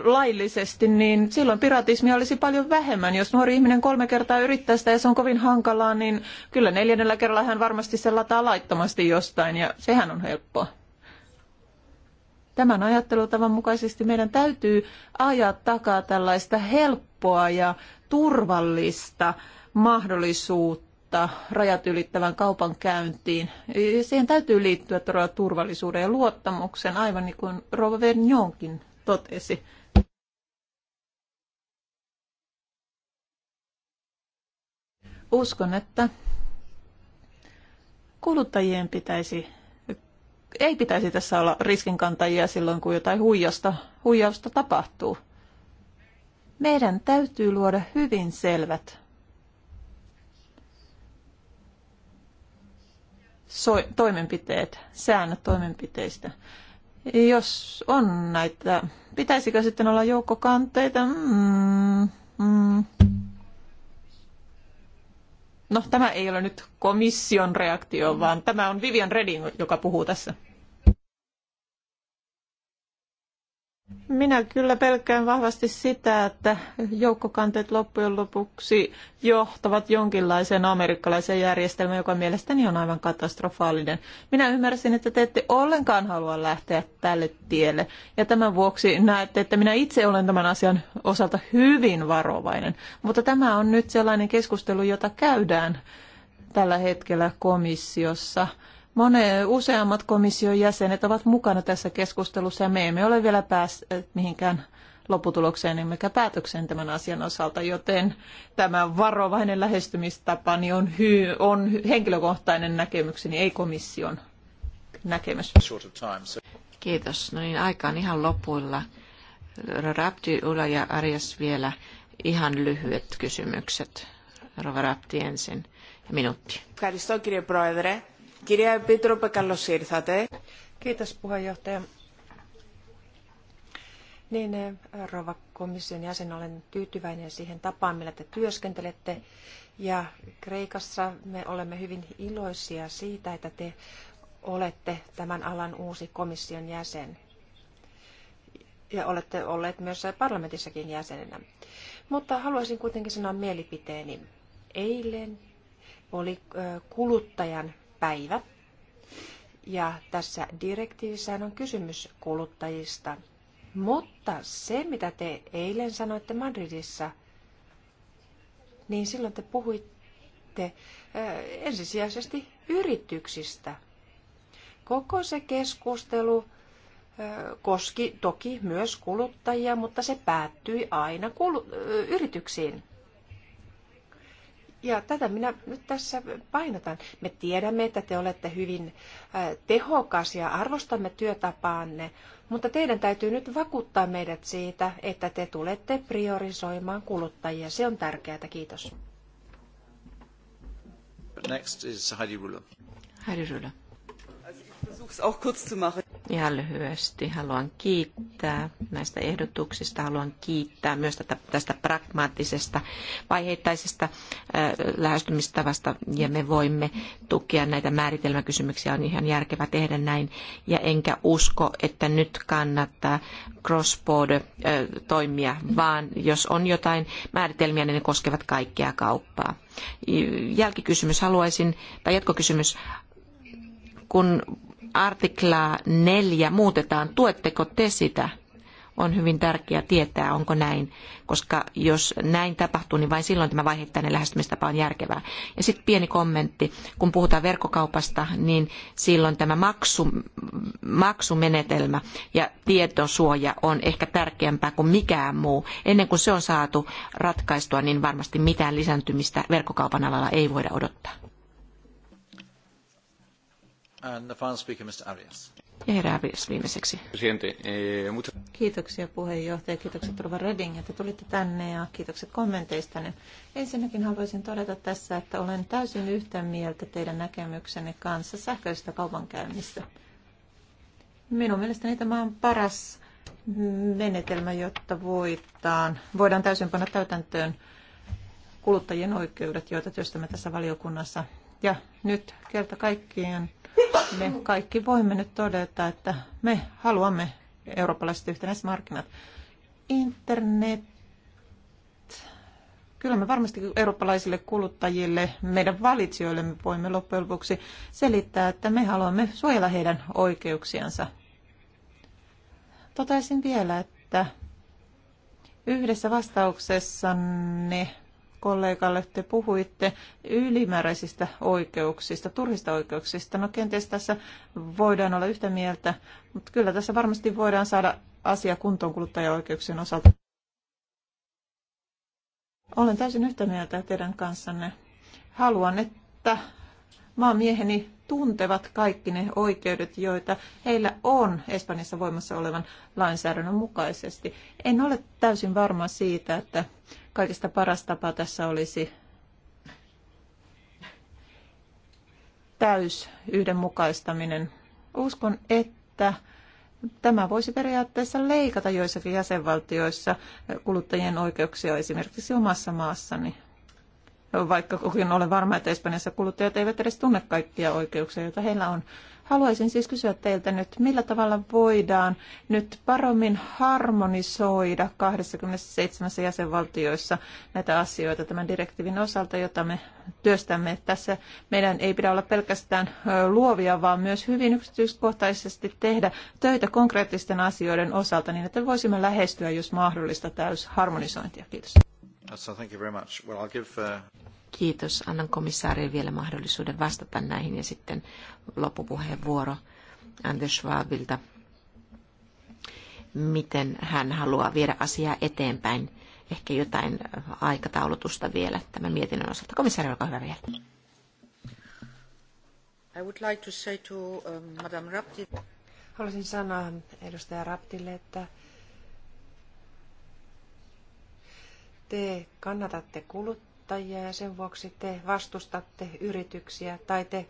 Speaker 4: laillisesti, niin silloin piratismia olisi paljon vähemmän. Jos nuori ihminen kolme kertaa yrittää sitä ja se on kovin hankalaa, niin kyllä neljännellä kerralla hän varmasti sen lataa laittomasti jostain ja sehän on helppoa. Tämän ajattelutavan mukaisesti meidän täytyy ajaa takaa tällaista helppoa ja turvallista mahdollisuutta luottaa rajat ylittävän kaupan käyntiin. Siihen täytyy liittyä todella turvallisuuden ja luottamuksen, aivan niin kuin Rova Vernionkin totesi. Uskon, että kuluttajien pitäisi, ei pitäisi tässä olla riskinkantajia silloin, kun jotain huijasta huijausta tapahtuu. Meidän täytyy luoda hyvin selvät so- toimenpiteet, säännöt toimenpiteistä. Jos on näitä, pitäisikö sitten olla joukkokanteita? Mm, mm. No, tämä ei ole nyt komission reaktio, vaan tämä on Vivian Reding, joka puhuu tässä. Minä kyllä pelkään vahvasti sitä, että joukkokanteet loppujen lopuksi johtavat jonkinlaiseen amerikkalaiseen järjestelmään, joka mielestäni on aivan katastrofaalinen. Minä ymmärsin, että te ette ollenkaan halua lähteä tälle tielle. Ja tämän vuoksi näette, että minä itse olen tämän asian osalta hyvin varovainen. Mutta tämä on nyt sellainen keskustelu, jota käydään tällä hetkellä komissiossa. Mone, useammat komission jäsenet ovat mukana tässä keskustelussa ja me emme ole vielä päässeet mihinkään lopputulokseen emmekä päätökseen tämän asian osalta, joten tämä varovainen lähestymistapani niin on, hy- on henkilökohtainen näkemykseni, ei komission
Speaker 2: näkemys. Kiitos. No niin, aika on ihan lopuilla. Rapti, Ula ja Arjas vielä ihan lyhyet kysymykset. Rova Rapti ensin. Minuutti.
Speaker 5: Kiitos, kirje proedre. Kirja Epitrope, kallos siirtäte. Kiitos puheenjohtaja. Niin, rouva komission jäsen, olen tyytyväinen siihen tapaan, millä te työskentelette. Ja Kreikassa me olemme hyvin iloisia siitä, että te olette tämän alan uusi komission jäsen. Ja olette olleet myös parlamentissakin jäsenenä. Mutta haluaisin kuitenkin sanoa mielipiteeni. Eilen oli kuluttajan päivä. Ja tässä direktiivissä on kysymys kuluttajista. Mutta se, mitä te eilen sanoitte Madridissa, niin silloin te puhuitte ensisijaisesti yrityksistä. Koko se keskustelu koski toki myös kuluttajia, mutta se päättyi aina yrityksiin. Ja tätä minä nyt tässä painotan. Me tiedämme, että te olette hyvin äh, tehokas ja arvostamme työtapaanne, mutta teidän täytyy nyt vakuuttaa meidät siitä, että te tulette priorisoimaan kuluttajia. Se on tärkeää. Kiitos.
Speaker 1: Next is Heidi Rüller. Heidi Rüller.
Speaker 2: Ihan lyhyesti haluan kiittää näistä ehdotuksista. Haluan kiittää myös tästä pragmaattisesta vaiheittaisesta äh, lähestymistavasta ja me voimme tukea näitä määritelmäkysymyksiä. On ihan järkevä tehdä näin ja enkä usko, että nyt kannattaa cross-border äh, toimia, vaan jos on jotain määritelmiä, niin ne koskevat kaikkea kauppaa. Jälkikysymys haluaisin, tai jatkokysymys, kun artiklaa 4 muutetaan. Tuetteko te sitä? On hyvin tärkeää tietää, onko näin, koska jos näin tapahtuu, niin vain silloin tämä vaiheittainen lähestymistapa on järkevää. Ja sitten pieni kommentti, kun puhutaan verkkokaupasta, niin silloin tämä maksu, maksumenetelmä ja tietosuoja on ehkä tärkeämpää kuin mikään muu. Ennen kuin se on saatu ratkaistua, niin varmasti mitään lisääntymistä verkkokaupan alalla ei voida odottaa.
Speaker 1: And the
Speaker 3: eh,
Speaker 4: Kiitoksia puheenjohtaja, kiitokset Rova Redding, että tulitte tänne ja kiitokset kommenteistanne. Ensinnäkin haluaisin todeta tässä, että olen täysin yhtä mieltä teidän näkemyksenne kanssa sähköisestä kaupankäynnistä. Minun mielestäni tämä on paras menetelmä, jotta voidaan, voidaan täysin panna täytäntöön kuluttajien oikeudet, joita työstämme tässä valiokunnassa. Ja nyt kerta kaikkiaan me kaikki voimme nyt todeta, että me haluamme eurooppalaiset yhtenäiset markkinat. Internet. Kyllä me varmasti eurooppalaisille kuluttajille, meidän valitsijoille me voimme loppujen lopuksi selittää, että me haluamme suojella heidän oikeuksiansa. Totaisin vielä, että yhdessä vastauksessanne kollegalle. Te puhuitte ylimääräisistä oikeuksista, turhista oikeuksista. No kenties tässä voidaan olla yhtä mieltä, mutta kyllä tässä varmasti voidaan saada asia kuntoon kuluttajaoikeuksien osalta. Olen täysin yhtä mieltä teidän kanssanne. Haluan, että maamieheni tuntevat kaikki ne oikeudet, joita heillä on Espanjassa voimassa olevan lainsäädännön mukaisesti. En ole täysin varma siitä, että kaikista paras tapa tässä olisi täys yhdenmukaistaminen. Uskon, että tämä voisi periaatteessa leikata joissakin jäsenvaltioissa kuluttajien oikeuksia esimerkiksi omassa maassani vaikka kukin olen varma, että Espanjassa kuluttajat eivät edes tunne kaikkia oikeuksia, joita heillä on. Haluaisin siis kysyä teiltä nyt, millä tavalla voidaan nyt paremmin harmonisoida 27 jäsenvaltioissa näitä asioita tämän direktiivin osalta, jota me työstämme. Tässä meidän ei pidä olla pelkästään luovia, vaan myös hyvin yksityiskohtaisesti tehdä töitä konkreettisten asioiden osalta niin, että voisimme lähestyä, jos
Speaker 1: mahdollista,
Speaker 2: täysharmonisointia. Kiitos.
Speaker 1: Uh, uh, Kiitos.
Speaker 2: Annan komissaarille vielä mahdollisuuden vastata näihin ja sitten loppupuheenvuoro Anders Schwabilta. Miten hän haluaa viedä asiaa eteenpäin? Ehkä jotain äh, aikataulutusta vielä tämän mietinnön osalta. Komissaari, olkaa hyvä vielä. I would like to say to, um,
Speaker 5: Rapti... Haluaisin sanoa edustaja Raptille, että te kannatatte kuluttajia ja sen vuoksi te vastustatte yrityksiä tai te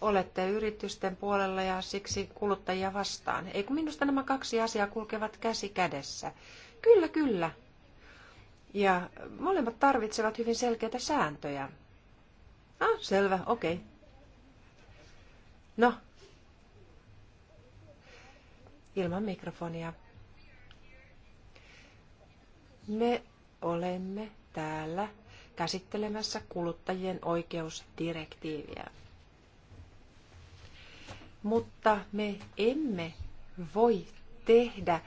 Speaker 5: olette yritysten puolella ja siksi kuluttajia vastaan. Eikö minusta nämä kaksi asiaa kulkevat käsi kädessä. Kyllä, kyllä. Ja molemmat tarvitsevat hyvin selkeitä sääntöjä. Ah, selvä, okei. No. Ilman mikrofonia. Me olemme täällä käsittelemässä kuluttajien oikeusdirektiiviä. Mutta me emme voi tehdä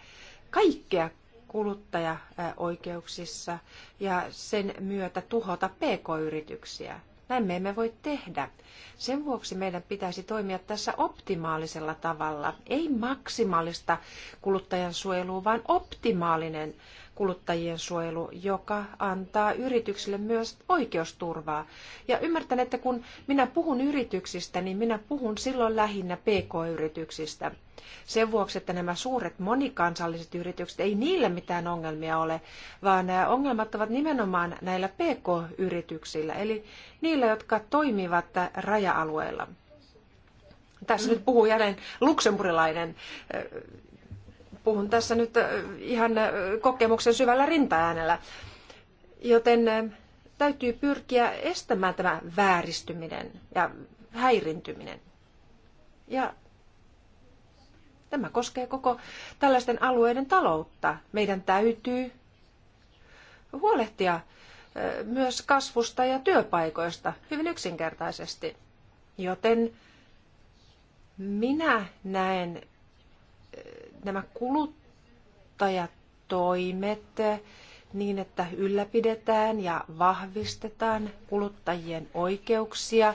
Speaker 5: kaikkea kuluttajaoikeuksissa ja sen myötä tuhota pk-yrityksiä. Näin me emme voi tehdä. Sen vuoksi meidän pitäisi toimia tässä optimaalisella tavalla. Ei maksimaalista kuluttajan vaan optimaalinen kuluttajien suojelu, joka antaa yrityksille myös oikeusturvaa. Ja ymmärtän, että kun minä puhun yrityksistä, niin minä puhun silloin lähinnä PK-yrityksistä. Sen vuoksi, että nämä suuret monikansalliset yritykset, ei niillä mitään ongelmia ole, vaan nämä ongelmat ovat nimenomaan näillä PK-yrityksillä, eli niillä, jotka toimivat raja-alueilla. Tässä nyt puhuu jälleen luksemburilainen puhun tässä nyt äh, ihan äh, kokemuksen syvällä rintaäänellä. Joten äh, täytyy pyrkiä estämään tämä vääristyminen ja häirintyminen. Ja tämä koskee koko tällaisten alueiden taloutta. Meidän täytyy huolehtia myös kasvusta ja työpaikoista hyvin yksinkertaisesti. Joten minä näen nämä kuluttajatoimet niin, että ylläpidetään ja vahvistetaan kuluttajien oikeuksia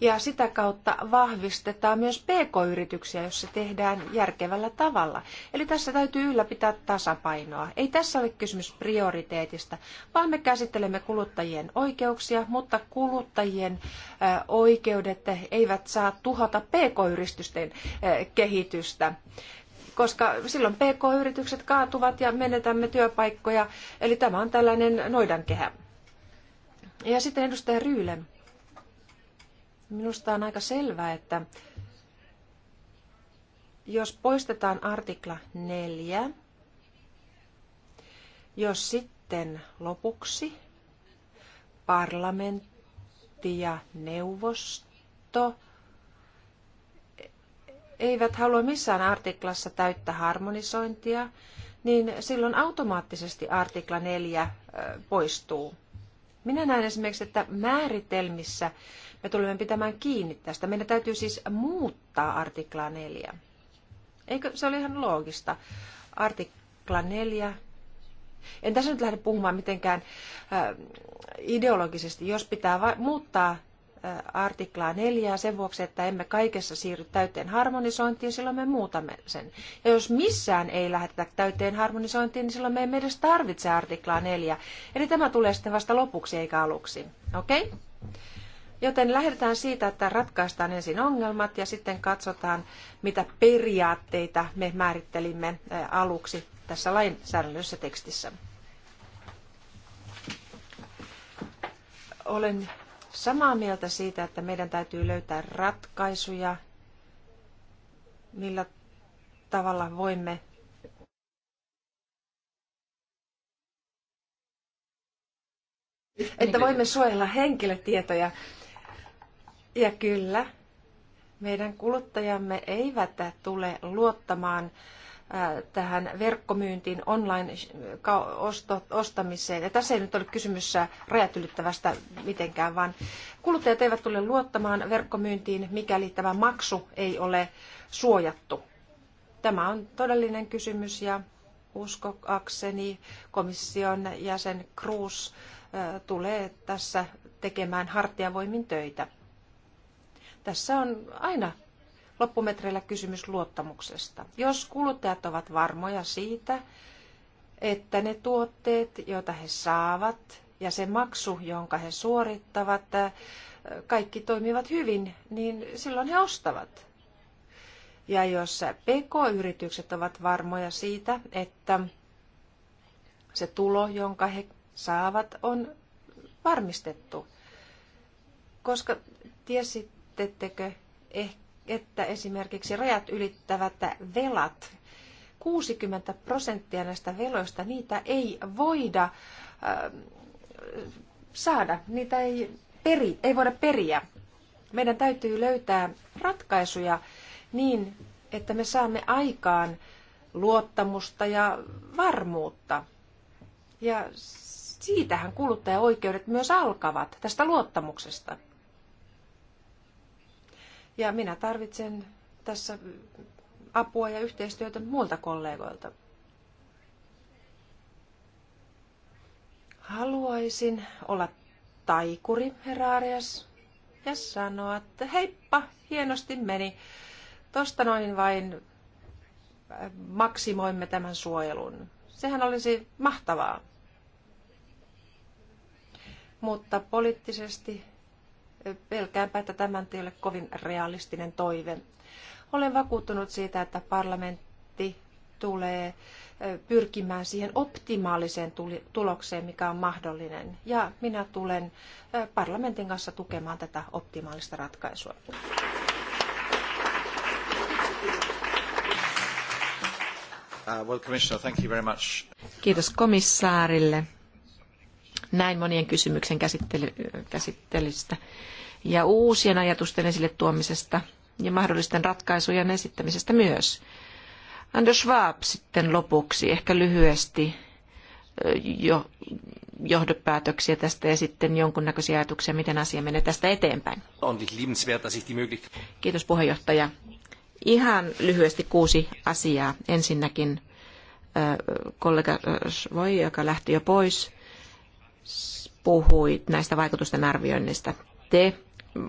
Speaker 5: ja sitä kautta vahvistetaan myös pk-yrityksiä, jos se tehdään järkevällä tavalla. Eli tässä täytyy ylläpitää tasapainoa. Ei tässä ole kysymys prioriteetista, vaan me käsittelemme kuluttajien oikeuksia, mutta kuluttajien oikeudet eivät saa tuhota pk-yritysten kehitystä koska silloin PK-yritykset kaatuvat ja menetämme työpaikkoja. Eli tämä on tällainen noidankehä. Ja sitten edustaja Ryyle. Minusta on aika selvää, että jos poistetaan artikla 4, jos sitten lopuksi parlamentti ja neuvosto eivät halua missään artiklassa täyttä harmonisointia, niin silloin automaattisesti artikla 4 poistuu. Minä näen esimerkiksi, että määritelmissä me tulemme pitämään kiinni tästä. Meidän täytyy siis muuttaa artiklaa 4. Eikö se ole ihan loogista? Artikla 4. En tässä nyt lähde puhumaan mitenkään ideologisesti. Jos pitää muuttaa artiklaa 4 sen vuoksi, että emme kaikessa siirry täyteen harmonisointiin, silloin me muutamme sen. Ja jos missään ei lähdetä täyteen harmonisointiin, niin silloin me emme edes tarvitse artiklaa 4. Eli tämä tulee sitten vasta lopuksi eikä aluksi. Okei? Okay? Joten lähdetään siitä, että ratkaistaan ensin ongelmat ja sitten katsotaan, mitä periaatteita me määrittelimme aluksi tässä lainsäädännöllisessä tekstissä. Olen samaa mieltä siitä, että meidän täytyy löytää ratkaisuja, millä tavalla voimme että voimme suojella henkilötietoja. Ja kyllä, meidän kuluttajamme eivät tule luottamaan tähän verkkomyyntiin, online-ostamiseen. Ja tässä ei nyt ole kysymys rajat ylittävästä mitenkään, vaan kuluttajat eivät tule luottamaan verkkomyyntiin, mikäli tämä maksu ei ole suojattu. Tämä on todellinen kysymys ja uskoakseni komission jäsen Cruz tulee tässä tekemään hartiavoimin töitä. Tässä on aina loppumetreillä kysymys luottamuksesta. Jos kuluttajat ovat varmoja siitä, että ne tuotteet, joita he saavat ja se maksu, jonka he suorittavat, äh, kaikki toimivat hyvin, niin silloin he ostavat. Ja jos PK-yritykset ovat varmoja siitä, että se tulo, jonka he saavat, on varmistettu. Koska tiesittettekö ehkä, että esimerkiksi rajat ylittävät velat, 60 prosenttia näistä veloista, niitä ei voida äh, saada, niitä ei, peri, ei voida periä. Meidän täytyy löytää ratkaisuja niin, että me saamme aikaan luottamusta ja varmuutta. Ja siitähän kuluttajaoikeudet myös alkavat, tästä luottamuksesta. Ja minä tarvitsen tässä apua ja yhteistyötä muilta kollegoilta. Haluaisin olla taikuri, herra Arias, ja sanoa, että heippa, hienosti meni. Tosta noin vain äh, maksimoimme tämän suojelun. Sehän olisi mahtavaa. Mutta poliittisesti pelkäänpä, että tämä ei ole kovin realistinen toive. Olen vakuuttunut siitä, että parlamentti tulee pyrkimään siihen optimaaliseen tulokseen, mikä on mahdollinen. Ja minä tulen parlamentin kanssa tukemaan tätä optimaalista ratkaisua. Uh,
Speaker 2: Kiitos komissaarille näin monien kysymyksen käsittely, käsittelystä ja uusien ajatusten esille tuomisesta ja mahdollisten ratkaisujen esittämisestä myös. Anders Schwab sitten lopuksi ehkä lyhyesti jo, johdopäätöksiä tästä ja sitten jonkunnäköisiä ajatuksia, miten asia menee tästä eteenpäin. Kiitos puheenjohtaja. Ihan lyhyesti kuusi asiaa. Ensinnäkin kollega Svoi, joka lähti jo pois, puhui näistä vaikutusten arvioinnista. Te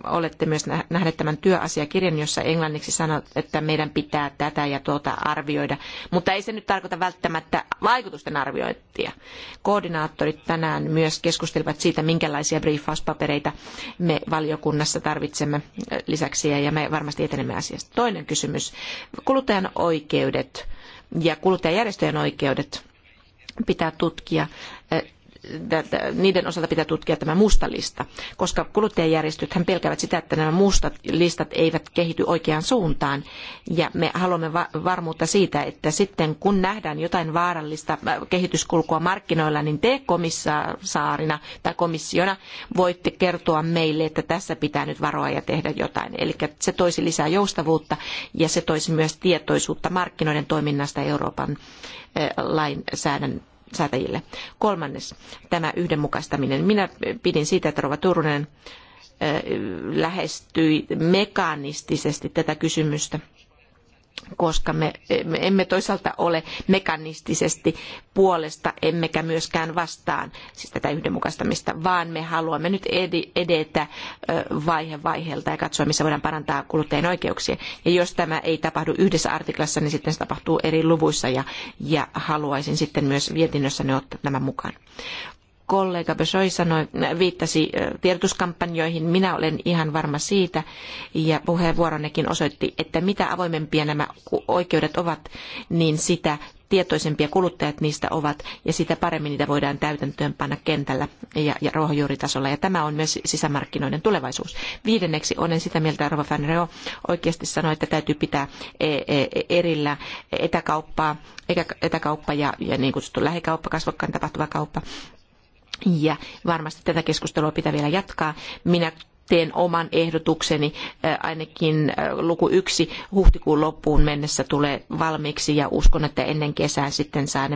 Speaker 2: olette myös nähneet tämän työasiakirjan, jossa englanniksi sanot, että meidän pitää tätä ja tuota arvioida. Mutta ei se nyt tarkoita välttämättä vaikutusten arviointia. Koordinaattorit tänään myös keskustelivat siitä, minkälaisia briefauspapereita me valiokunnassa tarvitsemme lisäksi ja me varmasti etenemme asiasta. Toinen kysymys. Kuluttajan oikeudet ja kuluttajajärjestöjen oikeudet pitää tutkia niiden osalta pitää tutkia tämä musta lista, koska kuluttajajärjestöt hän pelkäävät sitä, että nämä mustat listat eivät kehity oikeaan suuntaan. Ja me haluamme varmuutta siitä, että sitten kun nähdään jotain vaarallista äh, kehityskulkua markkinoilla, niin te komissaarina tai komissiona voitte kertoa meille, että tässä pitää nyt varoa ja tehdä jotain. Eli se toisi lisää joustavuutta ja se toisi myös tietoisuutta markkinoiden toiminnasta Euroopan äh, lainsäädännön säätäjille. Kolmannes, tämä yhdenmukaistaminen. Minä pidin siitä, että Rova Turunen lähestyi mekanistisesti tätä kysymystä koska me, emme toisaalta ole mekanistisesti puolesta emmekä myöskään vastaan siis tätä yhdenmukaistamista, vaan me haluamme nyt edetä vaihe vaiheelta ja katsoa, missä voidaan parantaa kuluttajien oikeuksia. Ja jos tämä ei tapahdu yhdessä artiklassa, niin sitten se tapahtuu eri luvuissa ja, ja haluaisin sitten myös mietinnössä ne ottaa tämän mukaan kollega Besoi sanoi, viittasi tiedotuskampanjoihin. Minä olen ihan varma siitä, ja puheenvuoronnekin osoitti, että mitä avoimempia nämä oikeudet ovat, niin sitä tietoisempia kuluttajat niistä ovat, ja sitä paremmin niitä voidaan panna kentällä ja, ja ruohonjuuritasolla. Ja tämä on myös sisämarkkinoiden tulevaisuus. Viidenneksi olen sitä mieltä, että Rova Fanreo oikeasti sanoi, että täytyy pitää e, e, erillä etäkauppaa, etäkauppa ja, ja niin kutsuttu lähikauppa, kasvokkain tapahtuva kauppa. Ja varmasti tätä keskustelua pitää vielä jatkaa. Minä teen oman ehdotukseni ainakin luku yksi huhtikuun loppuun mennessä tulee valmiiksi ja uskon, että ennen kesää sitten saan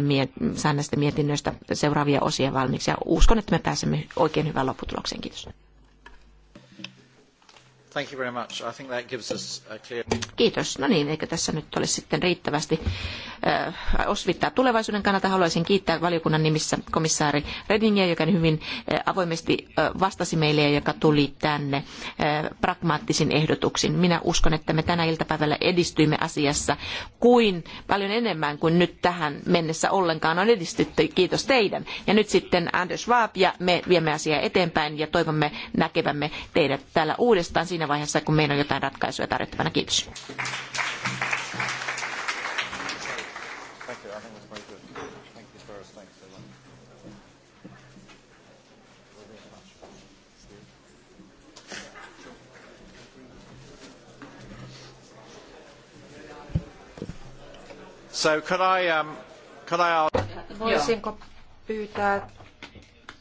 Speaker 2: näistä mietinnöistä seuraavia osia valmiiksi ja uskon, että me pääsemme oikein hyvään lopputulokseen. Kiitos.
Speaker 1: Thank you very much. I think that gives us a clear...
Speaker 2: Kiitos. No niin, eikö tässä nyt ole sitten riittävästi osvittaa tulevaisuuden kannalta. Haluaisin kiittää valiokunnan nimissä komissaari Redingiä, joka niin hyvin avoimesti vastasi meille ja joka tuli tänne pragmaattisin ehdotuksin. Minä uskon, että me tänä iltapäivällä edistyimme asiassa kuin paljon enemmän kuin nyt tähän mennessä ollenkaan on edistytty. Kiitos teidän. Ja nyt sitten Anders Schwab ja me viemme asiaa eteenpäin ja toivomme näkevämme teidät täällä uudestaan siinä siinä vaiheessa, kun meillä on jotain ratkaisuja tarjottavana. Kiitos.
Speaker 1: So could I, um, could I...
Speaker 5: Voisinko pyytää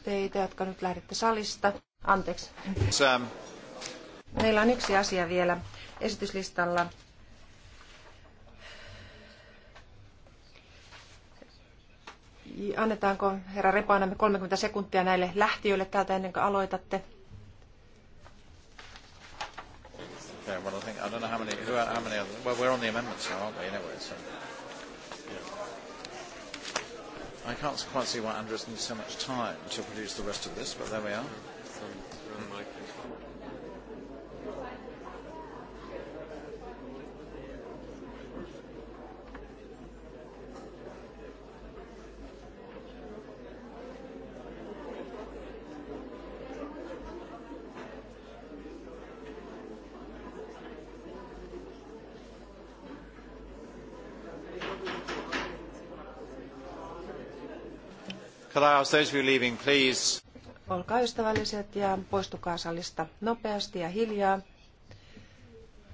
Speaker 5: teitä, jotka nyt lähdette salista, anteeksi. Um, Meillä on yksi asia vielä esityslistalla. Annetaanko herra Repaanamme 30 sekuntia näille lähtiöille täältä ennen kuin aloitatte?
Speaker 1: I can't quite see why needs so much time to produce the rest of this, but there we are.
Speaker 5: Olkaa ystävälliset ja poistukaa salista nopeasti ja hiljaa.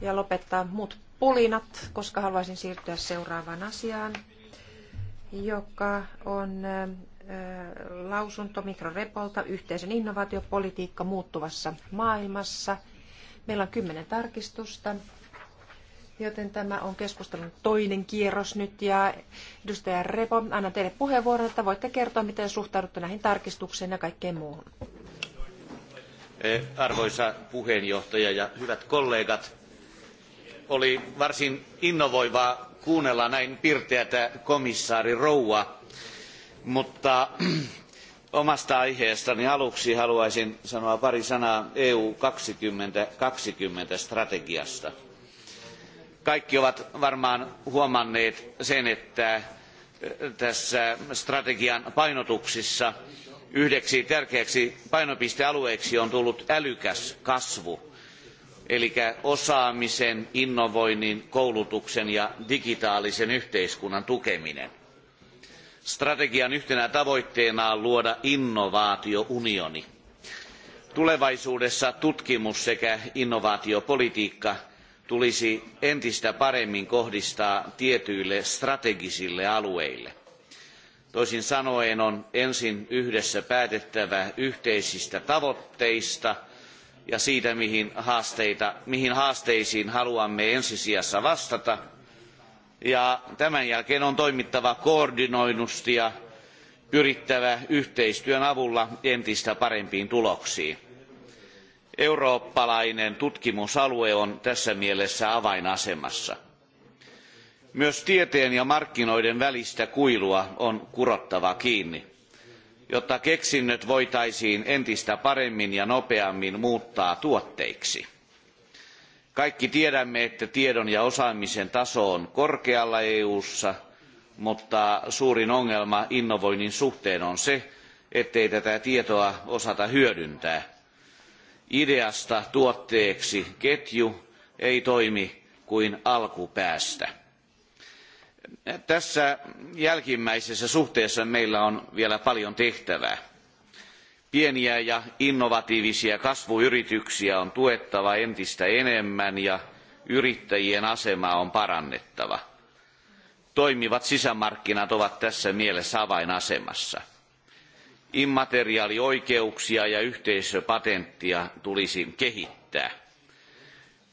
Speaker 5: Ja lopettaa muut pulinat, koska haluaisin siirtyä seuraavaan asiaan, joka on lausunto Mikrorepolta yhteisen innovaatiopolitiikka muuttuvassa maailmassa. Meillä on kymmenen tarkistusta. Joten tämä on keskustelun toinen kierros nyt ja edustaja Repo, annan teille puheenvuoron, että voitte kertoa, miten suhtaudutte näihin tarkistuksiin ja kaikkeen muuhun.
Speaker 3: E, arvoisa puheenjohtaja ja hyvät kollegat, oli varsin innovoivaa kuunnella näin pirteätä komissaari Rouva, mutta (clears throat) omasta aiheestani aluksi haluaisin sanoa pari sanaa EU 2020 strategiasta – kaikki ovat varmaan huomanneet sen, että äh, tässä strategian painotuksissa yhdeksi tärkeäksi painopistealueeksi on tullut älykäs kasvu, eli osaamisen, innovoinnin, koulutuksen ja digitaalisen yhteiskunnan tukeminen. Strategian yhtenä tavoitteena on luoda innovaatiounioni. Tulevaisuudessa tutkimus sekä innovaatiopolitiikka – tulisi entistä paremmin kohdistaa tietyille strategisille alueille. Toisin sanoen on ensin yhdessä päätettävä yhteisistä tavoitteista ja siitä, mihin, haasteita, mihin haasteisiin haluamme ensisijassa vastata. Ja tämän jälkeen on toimittava koordinoidusti ja pyrittävä yhteistyön avulla entistä parempiin tuloksiin eurooppalainen tutkimusalue on tässä mielessä avainasemassa. myös tieteen ja markkinoiden välistä kuilua on kurottava kiinni jotta keksinnöt voitaisiin entistä paremmin ja nopeammin muuttaa tuotteiksi. kaikki tiedämme että tiedon ja osaamisen taso on korkealla eu ssa mutta suurin ongelma innovoinnin suhteen on se ettei tätä tietoa osata hyödyntää ideasta tuotteeksi ketju ei toimi kuin alkupäästä. Tässä jälkimmäisessä suhteessa meillä on vielä paljon tehtävää. Pieniä ja innovatiivisia kasvuyrityksiä on tuettava entistä enemmän ja yrittäjien asemaa on parannettava. Toimivat sisämarkkinat ovat tässä mielessä avainasemassa immateriaalioikeuksia ja yhteisöpatenttia tulisi kehittää.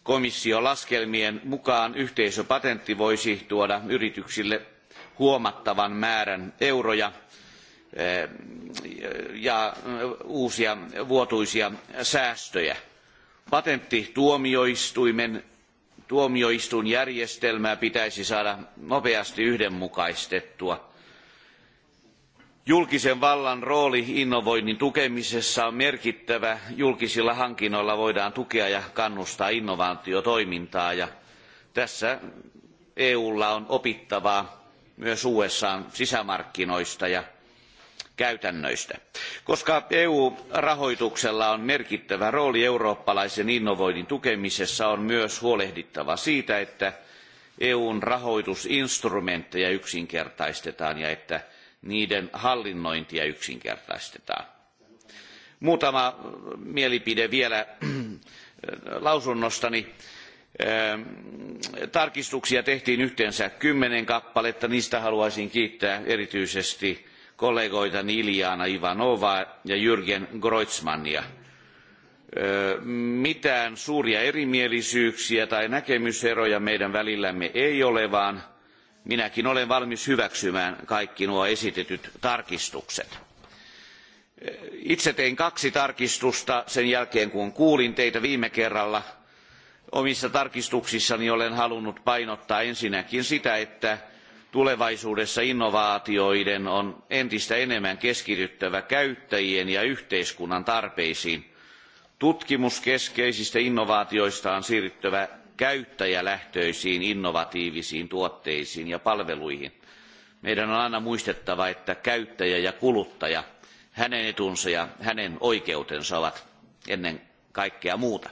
Speaker 3: Komission laskelmien mukaan yhteisöpatentti voisi tuoda yrityksille huomattavan määrän euroja eh, ja eh, uusia vuotuisia säästöjä. Patenttituomioistuimen tuomioistuinjärjestelmää pitäisi saada nopeasti yhdenmukaistettua julkisen vallan rooli innovoinnin tukemisessa on merkittävä julkisilla hankinnoilla voidaan tukea ja kannustaa innovaatiotoimintaa ja tässä eu lla on opittavaa myös usan sisämarkkinoista ja käytännöistä. koska eu rahoituksella on merkittävä rooli eurooppalaisen innovoinnin tukemisessa on myös huolehdittava siitä että eun rahoitusinstrumentteja yksinkertaistetaan ja että niiden hallinnointia yksinkertaistetaan. Muutama mielipide vielä (clears throat) lausunnostani. Ehm, tarkistuksia tehtiin yhteensä kymmenen kappaletta. Niistä haluaisin kiittää erityisesti kollegoitani Iljana Ivanovaa ja Jürgen Groitsmania. Ehm, mitään suuria erimielisyyksiä tai näkemyseroja meidän välillämme ei ole, vaan minäkin olen valmis hyväksymään kaikki nuo esitetyt tarkistukset. Itse tein kaksi tarkistusta sen jälkeen, kun kuulin teitä viime kerralla. Omissa tarkistuksissani olen halunnut painottaa ensinnäkin sitä, että tulevaisuudessa innovaatioiden on entistä enemmän keskityttävä käyttäjien ja yhteiskunnan tarpeisiin. Tutkimuskeskeisistä innovaatioista on siirryttävä käyttäjälähtöisiin innovatiivisiin tuotteisiin ja palveluihin. Meidän on aina muistettava, että käyttäjä ja kuluttaja, hänen etunsa ja hänen oikeutensa ovat ennen kaikkea muuta.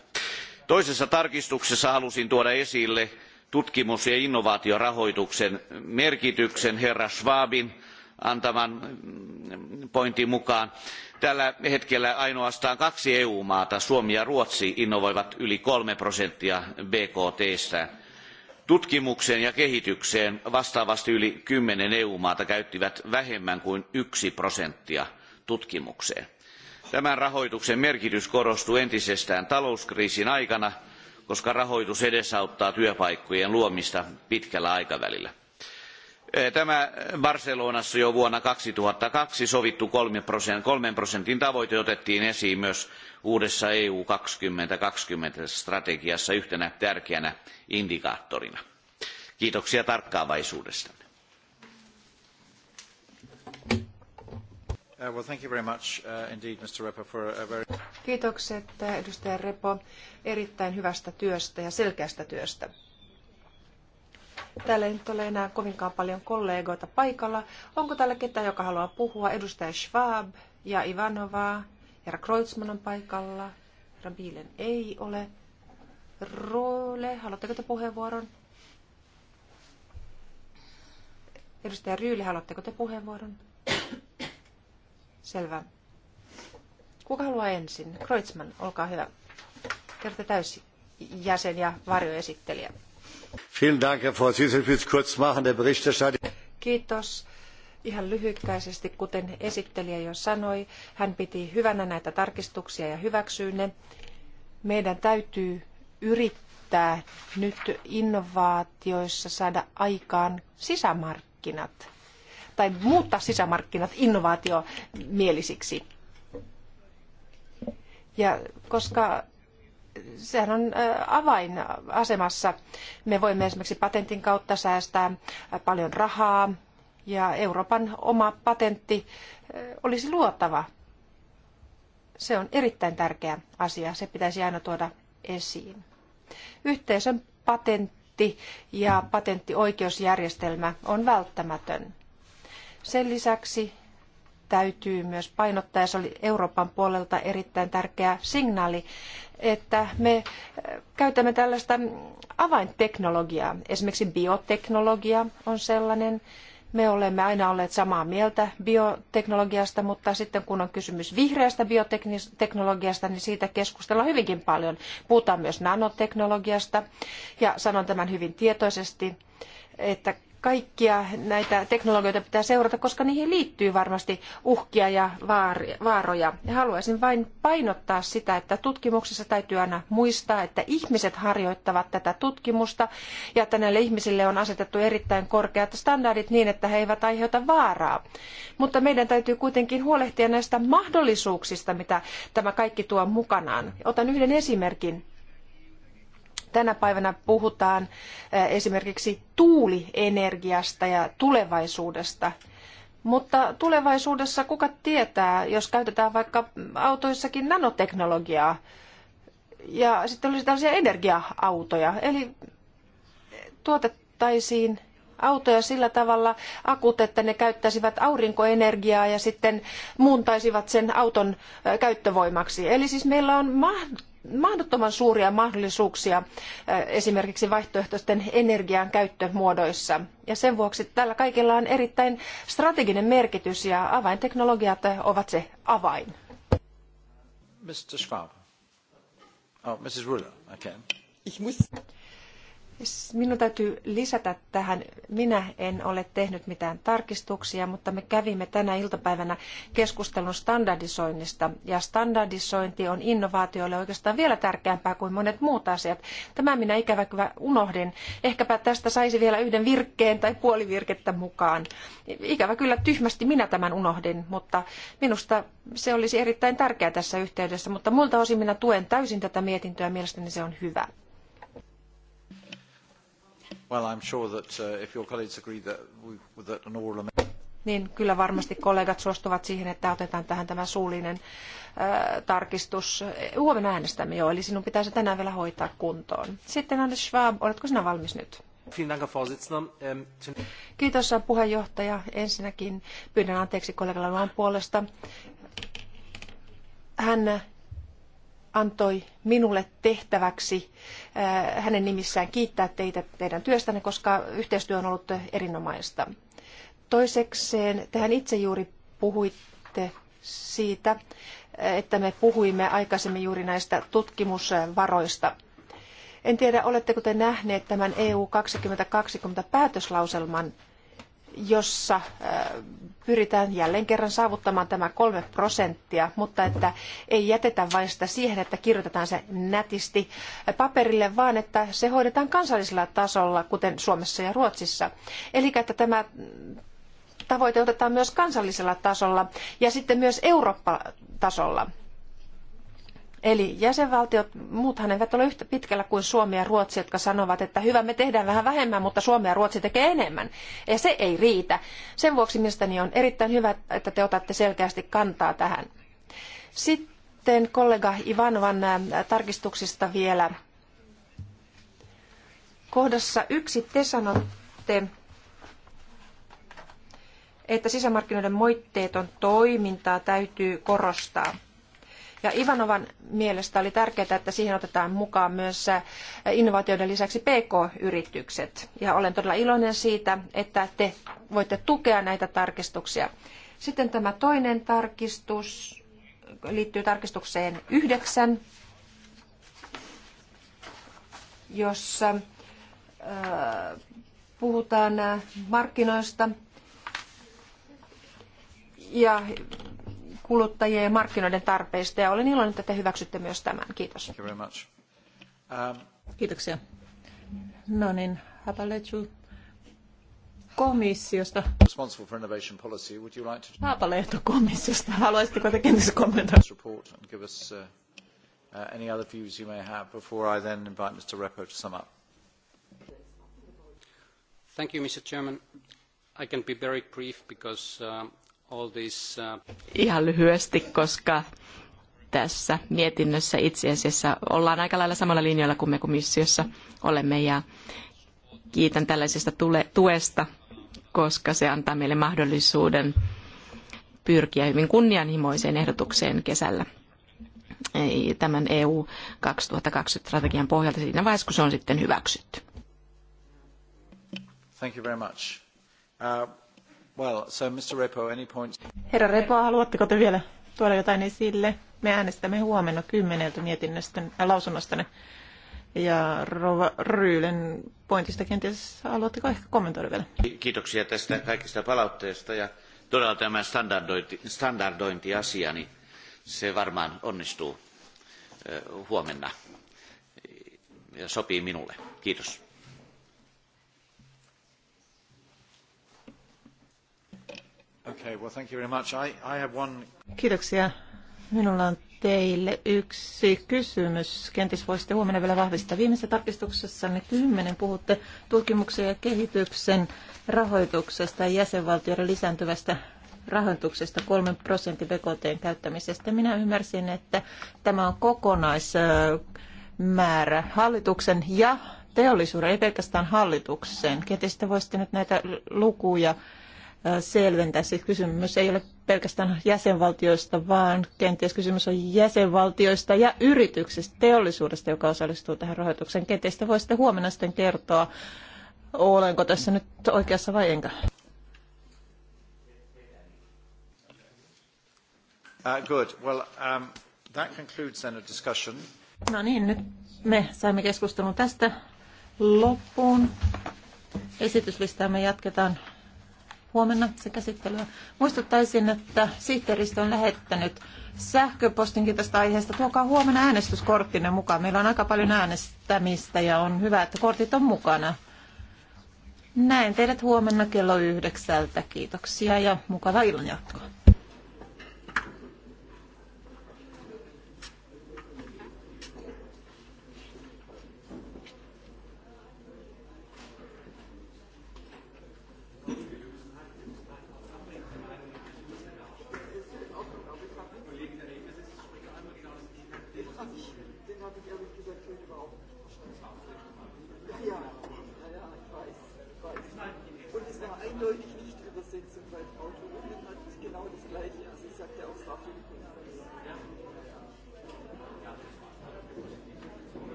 Speaker 3: Toisessa tarkistuksessa halusin tuoda esille tutkimus- ja innovaatiorahoituksen merkityksen herra Schwabin antaman pointin mukaan tällä hetkellä ainoastaan kaksi eu maata suomi ja ruotsi innovoivat yli kolme prosenttia bkt stään. tutkimukseen ja kehitykseen vastaavasti yli kymmenen eu maata käyttivät vähemmän kuin yksi prosenttia tutkimukseen. tämän rahoituksen merkitys korostuu entisestään talouskriisin aikana koska rahoitus edesauttaa työpaikkojen luomista pitkällä aikavälillä Eh, tämä barcelonassa jo vuonna kaksituhatta kaksi sovittu kolmen prosentin tavoite otettiin esiin myös uudessa eu kaksituhatta kaksikymmentä strategiassa yhtenä tärkeänä indikaattorina. kiitoksia tarkkaavaisuudestanne.
Speaker 1: Uh, uh,
Speaker 5: kiitokset uh, edustaja repo erittäin hyvästä työstä ja selkeästä työstä. Täällä ei nyt ole enää kovinkaan paljon kollegoita paikalla. Onko täällä ketään, joka haluaa puhua? Edustaja Schwab ja Ivanova. Herra Kreutzmann on paikalla. Herra Bielen ei ole. Roole, haluatteko te puheenvuoron? Edustaja Ryyli, haluatteko te puheenvuoron? Selvä. Kuka haluaa ensin? Kreutzmann, olkaa hyvä. Kerta täysi jäsen ja varjoesittelijä. Kiitos. Ihan lyhykäisesti, kuten esittelijä jo sanoi, hän piti hyvänä näitä tarkistuksia ja hyväksyy ne. Meidän täytyy yrittää nyt innovaatioissa saada aikaan sisämarkkinat tai muuttaa sisämarkkinat innovaatiomielisiksi. Ja koska sehän on avainasemassa. Me voimme esimerkiksi patentin kautta säästää paljon rahaa ja Euroopan oma patentti olisi luotava. Se on erittäin tärkeä asia. Se pitäisi aina tuoda esiin. Yhteisön patentti ja patenttioikeusjärjestelmä on välttämätön. Sen lisäksi täytyy myös painottaa, ja se oli Euroopan puolelta erittäin tärkeä signaali että me eh, käytämme tällaista avainteknologiaa. Esimerkiksi bioteknologia on sellainen. Me olemme aina olleet samaa mieltä bioteknologiasta, mutta sitten kun on kysymys vihreästä bioteknologiasta, niin siitä keskustellaan hyvinkin paljon. Puhutaan myös nanoteknologiasta ja sanon tämän hyvin tietoisesti, että kaikkia näitä teknologioita pitää seurata, koska niihin liittyy varmasti uhkia ja vaaroja. Haluaisin vain painottaa sitä, että tutkimuksessa täytyy aina muistaa, että ihmiset harjoittavat tätä tutkimusta ja että näille ihmisille on asetettu erittäin korkeat standardit niin, että he eivät aiheuta vaaraa. Mutta meidän täytyy kuitenkin huolehtia näistä mahdollisuuksista, mitä tämä kaikki tuo mukanaan. Otan yhden esimerkin tänä päivänä puhutaan eh, esimerkiksi tuulienergiasta ja tulevaisuudesta. Mutta tulevaisuudessa kuka tietää, jos käytetään vaikka autoissakin nanoteknologiaa ja sitten olisi tällaisia energiaautoja, eli tuotettaisiin autoja sillä tavalla akut, että ne käyttäisivät aurinkoenergiaa ja sitten muuntaisivat sen auton eh, käyttövoimaksi. Eli siis meillä on mahdollisuus mahdottoman suuria mahdollisuuksia esimerkiksi vaihtoehtoisten energian käyttömuodoissa. Ja sen vuoksi tällä kaikella on erittäin strateginen merkitys ja avainteknologiat ovat se avain.
Speaker 1: Mr. Schwab. Oh, Mrs. Ruller. Okay.
Speaker 5: Minun täytyy lisätä tähän, minä en ole tehnyt mitään tarkistuksia, mutta me kävimme tänä iltapäivänä keskustelun standardisoinnista. Ja standardisointi on innovaatioille oikeastaan vielä tärkeämpää kuin monet muut asiat. Tämä minä ikävä kyllä unohdin. Ehkäpä tästä saisi vielä yhden virkkeen tai puoli virkettä mukaan. Ikävä kyllä tyhmästi minä tämän unohdin, mutta minusta se olisi erittäin tärkeää tässä yhteydessä. Mutta muilta osin minä tuen täysin tätä mietintöä, mielestäni se on hyvä.
Speaker 1: Well, I'm sure that uh, if your colleagues agree that, we, that an oral amendment...
Speaker 5: Niin, kyllä varmasti kollegat suostuvat siihen, että otetaan tähän tämä suullinen äh, tarkistus. Huomenna äänestämme jo, eli sinun pitäisi tänään vielä hoitaa kuntoon. Sitten Anders Schwab, oletko sinä valmis nyt?
Speaker 1: Ähm,
Speaker 5: Kiitos puheenjohtaja. Ensinnäkin pyydän anteeksi kollegalla puolesta. Hän antoi minulle tehtäväksi hänen nimissään kiittää teitä teidän työstänne, koska yhteistyö on ollut erinomaista. Toisekseen, tehän itse juuri puhuitte siitä, että me puhuimme aikaisemmin juuri näistä tutkimusvaroista. En tiedä, oletteko te nähneet tämän EU 2020 päätöslauselman jossa äh, pyritään jälleen kerran saavuttamaan tämä kolme prosenttia, mutta että ei jätetä vain sitä siihen, että kirjoitetaan se nätisti paperille, vaan että se hoidetaan kansallisella tasolla, kuten Suomessa ja Ruotsissa. Eli että tämä tavoite otetaan myös kansallisella tasolla ja sitten myös Eurooppa-tasolla. Eli jäsenvaltiot, muuthan eivät ole yhtä pitkällä kuin Suomi ja Ruotsi, jotka sanovat, että hyvä, me tehdään vähän vähemmän, mutta Suomi ja Ruotsi tekee enemmän. Ja se ei riitä. Sen vuoksi mielestäni on erittäin hyvä, että te otatte selkeästi kantaa tähän. Sitten kollega Ivanovan tarkistuksista vielä. Kohdassa yksi te sanotte, että sisämarkkinoiden moitteeton toimintaa täytyy korostaa. Ja Ivanovan mielestä oli tärkeää, että siihen otetaan mukaan myös äh, innovaatioiden lisäksi PK-yritykset. Ja olen todella iloinen siitä, että te voitte tukea näitä tarkistuksia. Sitten tämä toinen tarkistus liittyy tarkistukseen yhdeksän, jossa äh, puhutaan äh, markkinoista ja kuluttajien ja markkinoiden tarpeista ja olen iloinen, että te hyväksytte myös tämän. Kiitos. Um, Kiitoksia. No niin, Hapaletsu
Speaker 1: komissiosta. Responsible for innovation policy, would you like to... Haapalehto komissiosta. Haluaisitteko te kenties kommentoida? Report and give us uh, uh, any other views you may have before I then invite Mr. Repo to sum up. Thank you, Mr. Chairman. I can be very brief because um, Uh, Ihan
Speaker 2: lyhyesti, koska tässä mietinnössä itse asiassa ollaan aika lailla samalla linjalla kuin me komissiossa olemme ja kiitän tällaisesta tuesta, koska se antaa meille mahdollisuuden pyrkiä hyvin kunnianhimoiseen ehdotukseen kesällä tämän EU 2020 strategian pohjalta siinä vaiheessa, kun se on sitten hyväksytty.
Speaker 1: Thank you very much. Uh...
Speaker 2: Herra Repo, haluatteko te
Speaker 4: vielä tuoda jotain esille? Me äänestämme huomenna kymmeneltä mietinnöstä äh, ja lausunnostanne. Ja Rova Ryylen pointista kenties haluatteko ehkä kommentoida vielä?
Speaker 3: Kiitoksia tästä kaikista palautteesta ja todella tämä standardointi, standardointiasia, niin se varmaan onnistuu huomenna ja sopii minulle. Kiitos.
Speaker 1: Okay, well, thank you very much. I, I have one...
Speaker 4: Kiitoksia. Minulla on teille yksi kysymys. Kenties voisitte huomenna vielä vahvistaa. Viimeisessä tarkistuksessanne kymmenen puhutte tutkimuksen ja kehityksen rahoituksesta ja jäsenvaltioiden lisääntyvästä rahoituksesta kolmen prosentin BKTn käyttämisestä. Minä ymmärsin, että tämä on kokonaismäärä hallituksen ja teollisuuden, ei pelkästään hallituksen. Kenties te voisitte nyt näitä lukuja selventää. Siis kysymys ei ole pelkästään jäsenvaltioista, vaan kenties kysymys on jäsenvaltioista ja yrityksistä, teollisuudesta, joka osallistuu tähän rahoitukseen. Kenties te voisitte huomenna sitten kertoa, olenko tässä nyt oikeassa vai enkä.
Speaker 1: Uh, good. Well, um, that concludes then a discussion.
Speaker 4: No niin, nyt me saimme keskustelun tästä loppuun. me jatketaan huomenna se käsittelyä. Muistuttaisin, että sihteeristö on lähettänyt sähköpostinkin tästä aiheesta. Tuokaa huomenna äänestyskorttinne mukaan. Meillä on aika paljon äänestämistä ja on hyvä, että kortit on mukana. Näen teidät huomenna kello yhdeksältä. Kiitoksia ja mukavaa illanjatkoa.